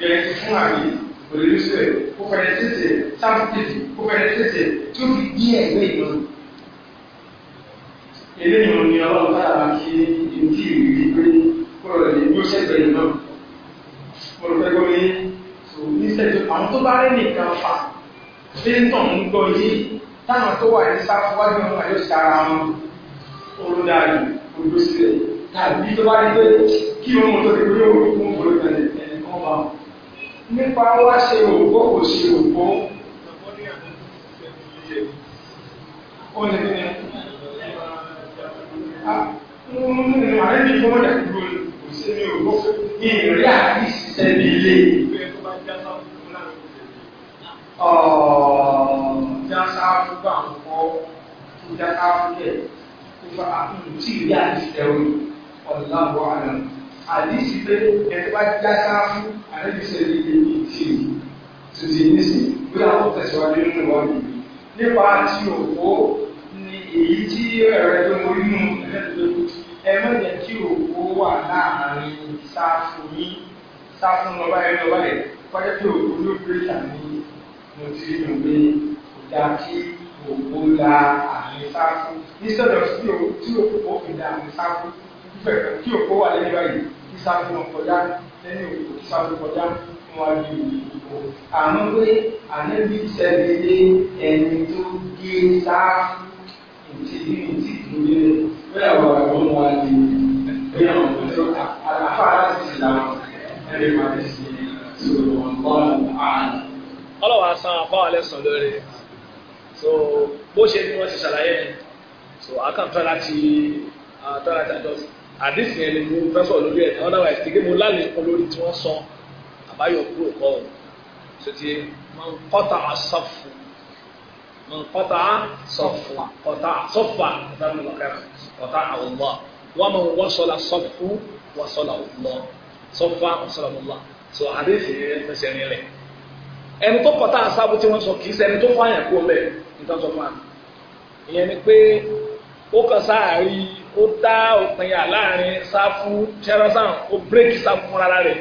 ìbẹ̀rẹ̀ ti fún àmì òrèlú sílẹ̀ kó pẹ̀lẹ́ ṣe ti sáfù tètè kó pẹ̀lẹ́ ṣe ti tí ó fi bí ẹ̀gbẹ́ ìlú. eléyìí ni ọlọ́run tára máa fi ìdí ìrírí pé kó rẹ̀ lè bí ó ṣẹ̀gbẹ́ náà mo rò pé kó ní níṣẹ́jú àwọn tó bá rẹ̀ nìkan fà ṣé ń olùdarí olùdóṣìlẹ̀ tàbí tó bá rí pé kí ọmọ tó ti gbé òun fún òun ìbẹ̀rẹ̀ ẹni kan bá wọn. nípa wá ṣe òògbó kò ṣe òògbó. ó ní kí ah, ni ààrẹ ní kí wọ́n dà dúró ní kò sí ní òògbó ní ìrírí àti ìṣiṣẹ́ ní ilé. ọ̀ọ́ jásáfù bá ń kọ́ jásáfù kẹ̀ fa àkùtì ìlú àti ẹ̀rù ọ̀làwọ̀ àlà àdìsí pé ẹ̀ka já sáfù àdìsí ẹ̀rí ẹ̀yìn tì í tòtì nísìn bí àwọn tẹ̀síwájú nínú wọn ni nípa ti òkú ni èyí tí ẹ̀rẹ́ tó mọ inú ẹ̀rẹ́dẹ́gbẹ̀rún ẹ má jẹ́ kí òkú wà láàárín sáfù yín sáfù lọ́ba ẹ̀ lọ́ba ẹ̀ kọ́jọ́ pé òkú ló gbé tàbí mo ti rí ìrùn pé kí òpó la àárín sáfù instead of tí o tí òpó fi da àárín sáfù fífẹ̀ kí òpó wà lẹ́yìn báyìí kí sáfù náà lẹ́yìn òpó kí sáfù kọjá fún wa ní òpó. àmọ́ pé ànábì sẹ́lẹ̀ lé ẹni tó gé sáfù ìtì ìtì ìdílé bẹ́ẹ̀ wà lọ́wọ́ wa ní bẹ́ẹ̀ wà lọ́wọ́ àfárá sì sì làwọn ẹ̀rí máa ń ṣe sọ̀rọ̀ ọ̀gbọ́n àná. ọlọ́wà san àpá alẹ́ lórí so bó ṣe ni wọ́n ti ṣàlàyé ni so akantọ́ láti tọ́ láti àjọsìn àdìsí yẹn ni mo fẹ́ sọ̀rọ̀ lórí ẹ̀ otherwise kìkì mo lálẹ́ kún lórí tí wọ́n sọ àbáyọ̀ kúrò kọ́ ọ̀ so ti mọ̀ nkọ́ta asọ́fù mọ̀ nkọ́ta sọ̀fù kọ́ta sọ́fà kọ́ta ló lọ́kẹ́ rẹ̀ kọ́ta àwòlọ́ wọ́n mọ̀ wọ́n sọ̀la sọ́fù wọ́n sọ̀la òlọ́ sọ́fà wọ́n sọ̀la òlọ́ so àdìsí yẹn fẹsẹ̀ rìn rẹ̀ ẹni tó kọ́ta asábù tí wọ́n sọ kì í ṣẹni tó fáyà kú ọ ìtọ́sọ fún àná ìyẹn ni pé ó kàn sáàrí ó dá òpin yà láàrin sáfù ṣẹ́rọ́sàn ó bírèkì sáfù fún rárá rẹ̀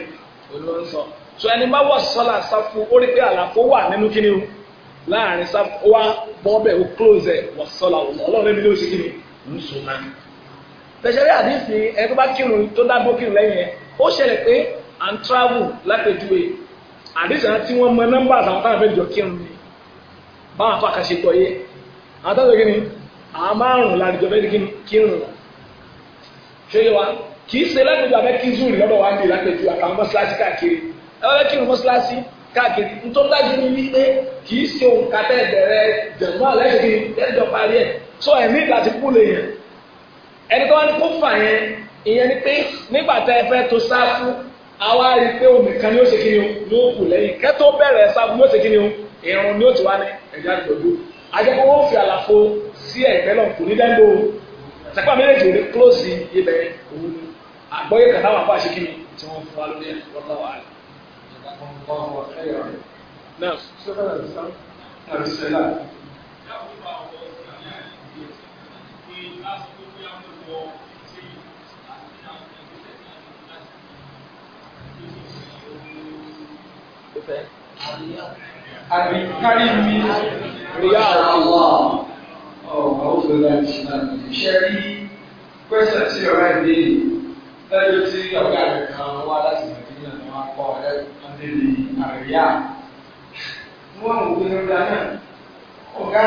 ló ń sọ so ẹni bá wọ̀ sọ́là sáfù ó rí pé àlàfo wà nínú kíni o láàrin sáfù ó wá bọ́ bẹ́ẹ̀ ó close ẹ̀ wọ̀ sọ́là ọlọ́run ẹ̀mí ló ṣe kíni ń sùn náà tẹ̀sẹ̀rí àdífi ẹni tó bá kírun tó dágbó kírun lẹ́yìn ẹ̀ ó ṣẹlẹ̀ pé à ń travel lápẹ̀júwe àdísàn tí wọ́n mọ nọ́mbà àtàwọn táwọn fẹ́ jọ kírun ni báwọn afa kan ṣe gbọ́ yé àwọn tó ń sọ kí ni àwọn márùn làdìjọ fẹ́ kí ni kírun ṣé yẹ wa kì í ṣe lágbèjọ abẹ́ kí zuri lọ́dọ̀ wa ń bè lágbèjọ àkàwọn mọ́ṣáláṣí káàkiri ẹ wá fẹ́ kírun mọ́ṣáláṣí káàkiri nítorí dájú ni wípé kì í ṣe òun kàtẹ́ ìbẹ̀rẹ̀ jẹ̀mọ́ àlẹ́ ṣe kí ni lẹ́jọ́ parí ẹ̀ sọ ẹ̀mí ìgbà ti kú lè yẹn ẹni tó wá ní kó fà yẹn ìyẹn ni pé nígbà tá ẹ fẹ́ tó sáfù àwa rí i pé òmìnkan ni ó ṣe kí o ní ó kù lẹ́yìn kẹ́tọ́ bẹ̀rẹ̀ sáfù ni ó ṣe kí o ìrùn ni ó ti wá ní ẹ̀jẹ̀ àjọ̀dú ajẹ́pọ̀ wọ́n fi àlàfo sí ẹ̀gbẹ́ náà kò ní dẹ́gbò sẹ́pà méjèèjì ò ní kílòsì ibẹ̀ òun ni àgbọ́yé kàtà wà fún àṣekí mi tí wọ́n fún wa lórí ẹ̀ lọ́tà wà á àbí kárí mi ríyá àtúwọ̀ ọ̀gá òfin láti ṣàlàyé iṣẹ́ rí pẹ́sẹ̀ tí ọ̀rẹ́ mi lẹ́yìn tí ọ̀gá rẹ̀ kan wá láti nàìjíríà ni wọ́n kọ́ ọ̀rẹ́ adélé àríyá. wọ́n ń gbé ọ̀gá náà ọ̀gá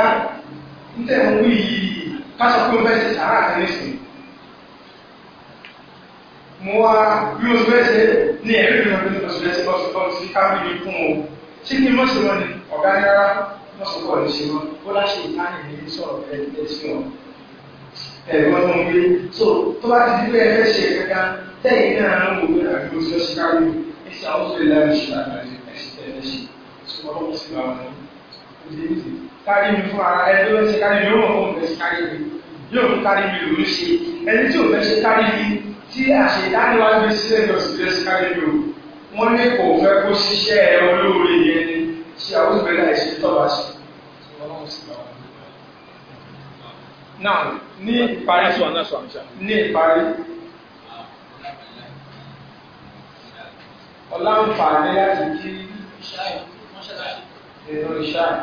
ń tẹ̀ ń wí yìí ká sọ pé ó fẹ́ ṣe sàárà kan nísìnyí mo wá bí o fẹ́ ṣe ní ẹ̀rí ìrìnàjò ìgbàsílẹ̀ sí lọ́sọ̀tọ̀ sí káfíńdì fún o ṣé kí n mọ̀ sí wọn ni ọ̀gá rárá wọ́n sọ pọ̀ lóṣè wọn ó láṣẹ ìmáàmì ní sọ̀rọ̀ ẹgbẹ́ sí wọn. ẹ̀rọ wọn ń gbé so tó bá ti di pé ẹgbẹ́ ṣe kẹta tẹ́yìn náà ń wò pé àdúgbò tí wọ́n ṣe káwé ẹ̀ṣẹ̀ àwọn tó lè lára ṣe àgbàjẹ ẹ̀ṣẹ̀ tẹ̀lé ṣe ṣùgbọ́n wọ́n sì máa wọn kárí mi fún ara ẹni tó ń ṣe kárí mi ó mọ̀ fún ọ̀gbẹ́ sí kárí mi yóò fún kárí mi lòún ṣe ẹni tí ò fẹ́ ṣe kárí mi tí àṣẹ ìdánilwájú sílẹ̀ lọ sí ilé sí kárí mi ò wọ́n ní kò fẹ́ kó ṣiṣẹ́ olóore yẹn ni ṣé àwọn ìgbẹ́ náà ṣe tọ́ba sí ọlọ́run sì bá wọn. náà ní ìparí ní ìparí ọ̀làǹfààní láti kí ìrọ̀ ìṣáà.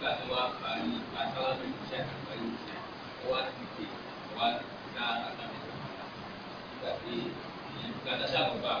Tidak ada sahabat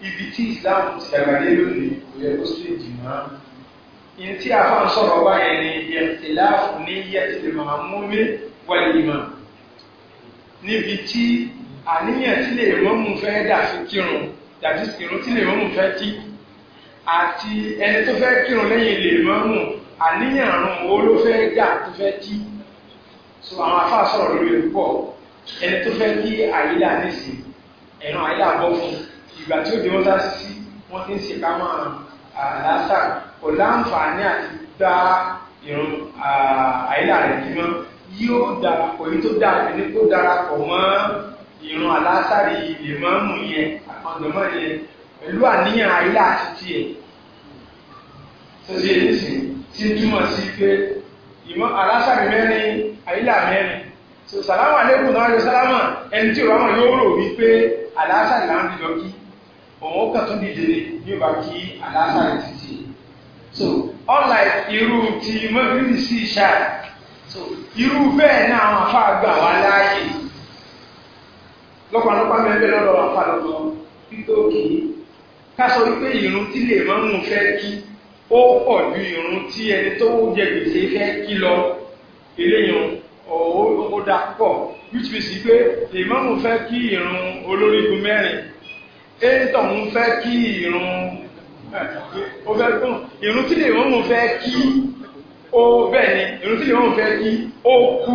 ibi tí Islam ti dàgbà dé lónìí kò yẹ kó sì jìnnà yẹn tí a fà ń sọ̀rọ̀ báyẹn ni ìyẹ̀tìláàfù ní yẹ̀tìlẹ̀ màmúmi wọlé ìmọ̀ níbi tí àníyàn tí lè mọ́mú fẹ́ dà sí kírun dàbí kírun tí lè mọ́mú fẹ́ kí àti ẹni tó fẹ́ kírun lẹ́yìn lè mọ́mú àníyàn rún owó ló fẹ́ dà tó fẹ́ kí so àwọn afá sọ̀rọ̀ lórí púpọ̀ ẹni tó fẹ́ kí àyílà nísìn ẹ̀ràn àyílà bọ́ fún un ìgbà tí ó di wọn sáà sí wọn ti ń ṣe ká máa àlásà kò láǹfààní àti gba ìrun àìlà rẹ̀ bímọ yóò darapọ̀ èyí tó darapọ̀ ní kó darapọ̀ mọ́ ìrun àlásàrí ilé mọ́mù yẹn àkàndọ̀mọ́ yẹn pẹ̀lú àníyàn àìlà àti tiẹ̀ tó ṣe èyí sìn tí ń túmọ̀ sí pé ìmọ̀ àlásàrí mẹ́rin àìlà mẹ́rin so sàlámà lẹ́kùn náà yóò sálámà ẹni tí ò bá mọ̀ yóò rò wípé àlásàrí là ń fi kí òun kàn dìde ní ìgbà kí àlàáfàá rẹ̀ títì so unlike irú ti mọ́bílì sí ìṣá so irú bẹ́ẹ̀ náà àwọn afá gbà wá láàyè lọ́pàlọ́pàá mẹ́fẹ́ lọ́dọ̀ wà fà lọ́dọ̀ títí òkè ká sọ wípé ìrun tí lè máa ń fẹ́ kí ó pọ̀ ju ìrun tí ẹni tó jẹ gbèsè fẹ́ kí lọ eléyàn ọ̀hún ó dá pọ̀ which means pé lè máa ń fẹ́ kí ìrun olórígun mẹ́rin ètò ń fẹ́ kí irun ó fẹ́ kún irun tí lè mú fẹ́ kí ó bẹ́ẹ̀ ni irun tí lè mú fẹ́ kí ó kú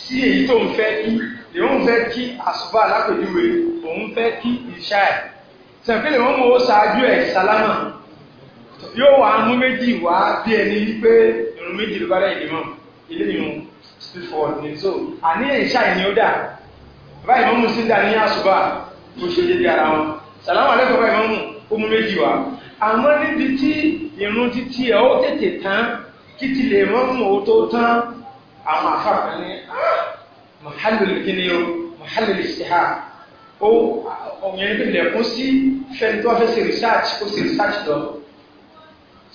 sí èyí tó ń fẹ́ kí lè mú fẹ́ kí àsùbá alápèjúwe òun fẹ́ kí ìṣá ẹ̀ sẹ̀fẹ́ lè mú ó ṣáájú ẹ̀ sálámà yóò wá mú méjì wá bí ẹni wípé irun méjì ló bá rẹ̀ ìdìmọ̀ ilé ìrun fífọ̀ ní so àníyàn ìṣá ẹ̀ ni ó dà báyìí mọ́mú sí dà ní àsùbá tó ṣe dédé ara wọn sàlámù alẹ́kọ̀ọ́ bá ìmọ̀mù ó mú méjì wá àmọ́ níbi tí irun títí ẹ̀ ó tètè tán kí ti lè mọ́mù ó tó tán àwọn àfààfẹ́ ní ah, mọ̀hálùlù kíni o mọ̀hálùlù ṣìhà ó ọ̀yàn ibi lẹ̀kún sí fẹ́ni tó wá fẹ́ ṣe research ó ṣe research lọ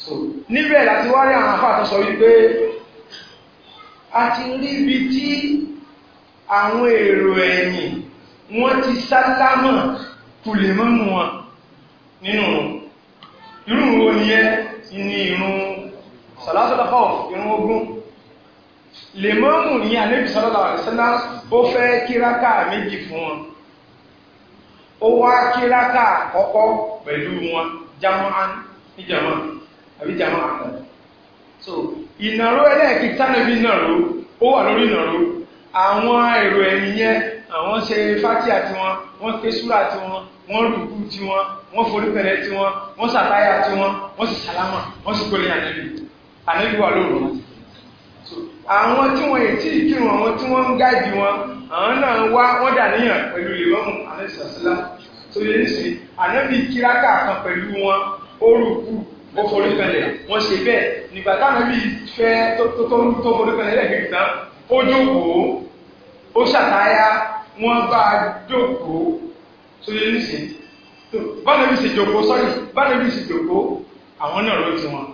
so níbẹ̀ láti wá àwọn àfààfẹ́ sọ wípé a ti rí ibi tí àwọn èrò ẹ̀yìn wọ́n ti sálámọ̀ kulè mọ́mù wọn nínú irú wo ni ẹ ni ìrun sàlásọ́lọ́fọ́ ìrun ogún lè mọ́mù ní ànẹ́bì sọ́lọ́lọ́sọ́lá ó fẹ́ kíráká méjì fún wọn ó wá kíráká àkọ́kọ́ pẹ̀lú wọn jama'an ní jama'an àbí jama'an àkọ́kọ́ so ìnàró ẹlẹ́ẹ̀kí tánàbí ìnàró ó wà lórí ìnàró àwọn èrò ẹ̀yìn yẹn àwọn ṣe fátíà tiwọn wọ́n ké súrà tiwọn wọ́n rùkú tiwọn wọ́n forí pẹ̀lẹ́ tiwọn wọ́n sàtáyà tiwọn wọ́n sì sàlámà wọ́n sì kólé ànábì ànábì wà lóru àwọn tí wọ́n ètí ìkírun àwọn tí wọ́n ń gáàdì wọn àwọn náà wá wọ́n dà níyàn pẹ̀lú ìlọ́mù ànábì sàṣílá tó yẹ ní sìn ànábì kíráàkà kan pẹ̀lú wọn ó rùkú ó forí pẹ̀lẹ́ wọ́n ṣe bẹ́ẹ̀ nígbà táwọn bí fẹ́ tó forí pẹ̀lẹ́ lẹ́gbẹ̀ẹ́ tán ó jókòó ó ṣàtáyà wọ́n bá a jókòó tó yẹ ní sè tó báwo ni sì jókòó sọ́yìn báwo ni sì jókòó àwọn náà ló ti wọn.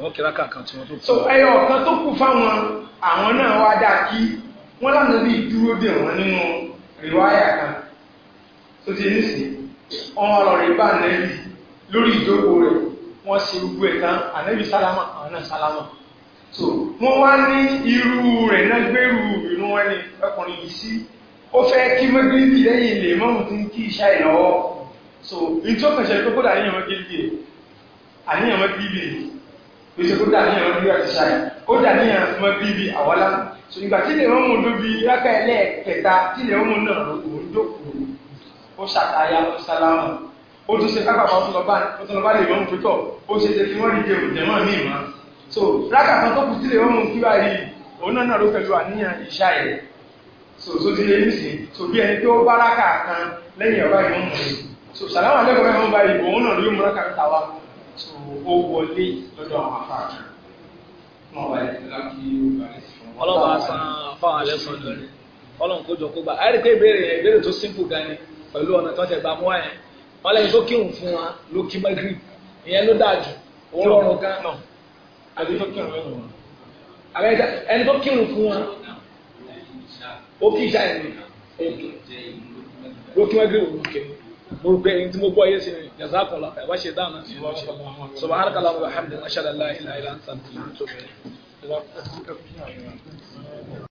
àwọn kìlá kankan tí wọ́n tó kú. so ẹyọ ọ̀kan tó kù fáwọn àwọn náà wá dáa kí wọ́n lànà bí dúró dè wọ́n nínú rìwáyà kan tó ti ní sè ọ̀hún bá nẹ́bí lórí ìjókòó rẹ̀ wọ́n ṣe gbogbo ẹ̀ tán ànẹ́bí sálámà àwọn náà sálámà so wọ́n wá ní irú rẹ̀ náà gbèrú ìrú wọn ni ọkùnrin yìí sí ó fẹ́ kí mọ́gíríbì lẹ́yìn ilé mọ́mù tí ń kí iṣẹ́ ìlọ́wọ́ so ìjọ kan ṣe kókó dàníyàn mọ́gíríbì rẹ̀ àníyàn mọ́gíríbì rẹ̀ kò ṣe kó dàníyàn mọ́gíríbì àti ṣáà ó dàníyàn mọ́gíríbì àwọ́lá so ìgbà tí ilé mọ́mù lóbi rákà ẹlẹ́ẹ̀kẹta tí ilé mọ́mù náà òun jókòó ó ṣàtàyà ó sálámù ó tún ṣe kápá so rákà kan tó kù sílẹ̀ ó mú kí wá rí òun náà náà ló pẹ̀lú àníyàn ìṣá ẹ̀ so so ti so bí ẹni tó bá rákà kan lẹ́yìn ọ̀rá ìmọ̀ mú un so sàlámà lẹ́kọ̀ọ́ mẹ́fọ́ bá ìbò òun náà ló mú rákà mẹ́ta wá so ó wọlé lọ́dọ̀ àwọn afáàkì wọn wà láti ọlọ́wọ́ asan fáwọn alẹ́ sọ lórí ọlọ́run kó jọ kó gbà á rí pé ìbéèrè yẹn ìbéèrè tó simple gan ni pẹ̀lú ọ̀nà tó ń tẹ̀ gbà mọ́ ẹ̀ wọ́n lẹ́yìn tó kírun fún wa ló kí mẹ́gírì ìyẹn ló dáa jù òun lọ́rùn gan náà àbí tó kírun lọ́nà wọn àbẹ ẹni tó kírun fún wọn ó kí ìṣá ẹni òkè lókè wọn gbé òun òkè mo rò pé ẹni tí mo gbọ́ ayé sí ni yàtọ̀ àkọlà ẹ̀ wá ṣe dáná sí wọ́n ṣe sọ wàhálà kàlà wà hàmdì náà ṣàlàyé láìláìlá ń sàmì tó bẹ̀rẹ̀.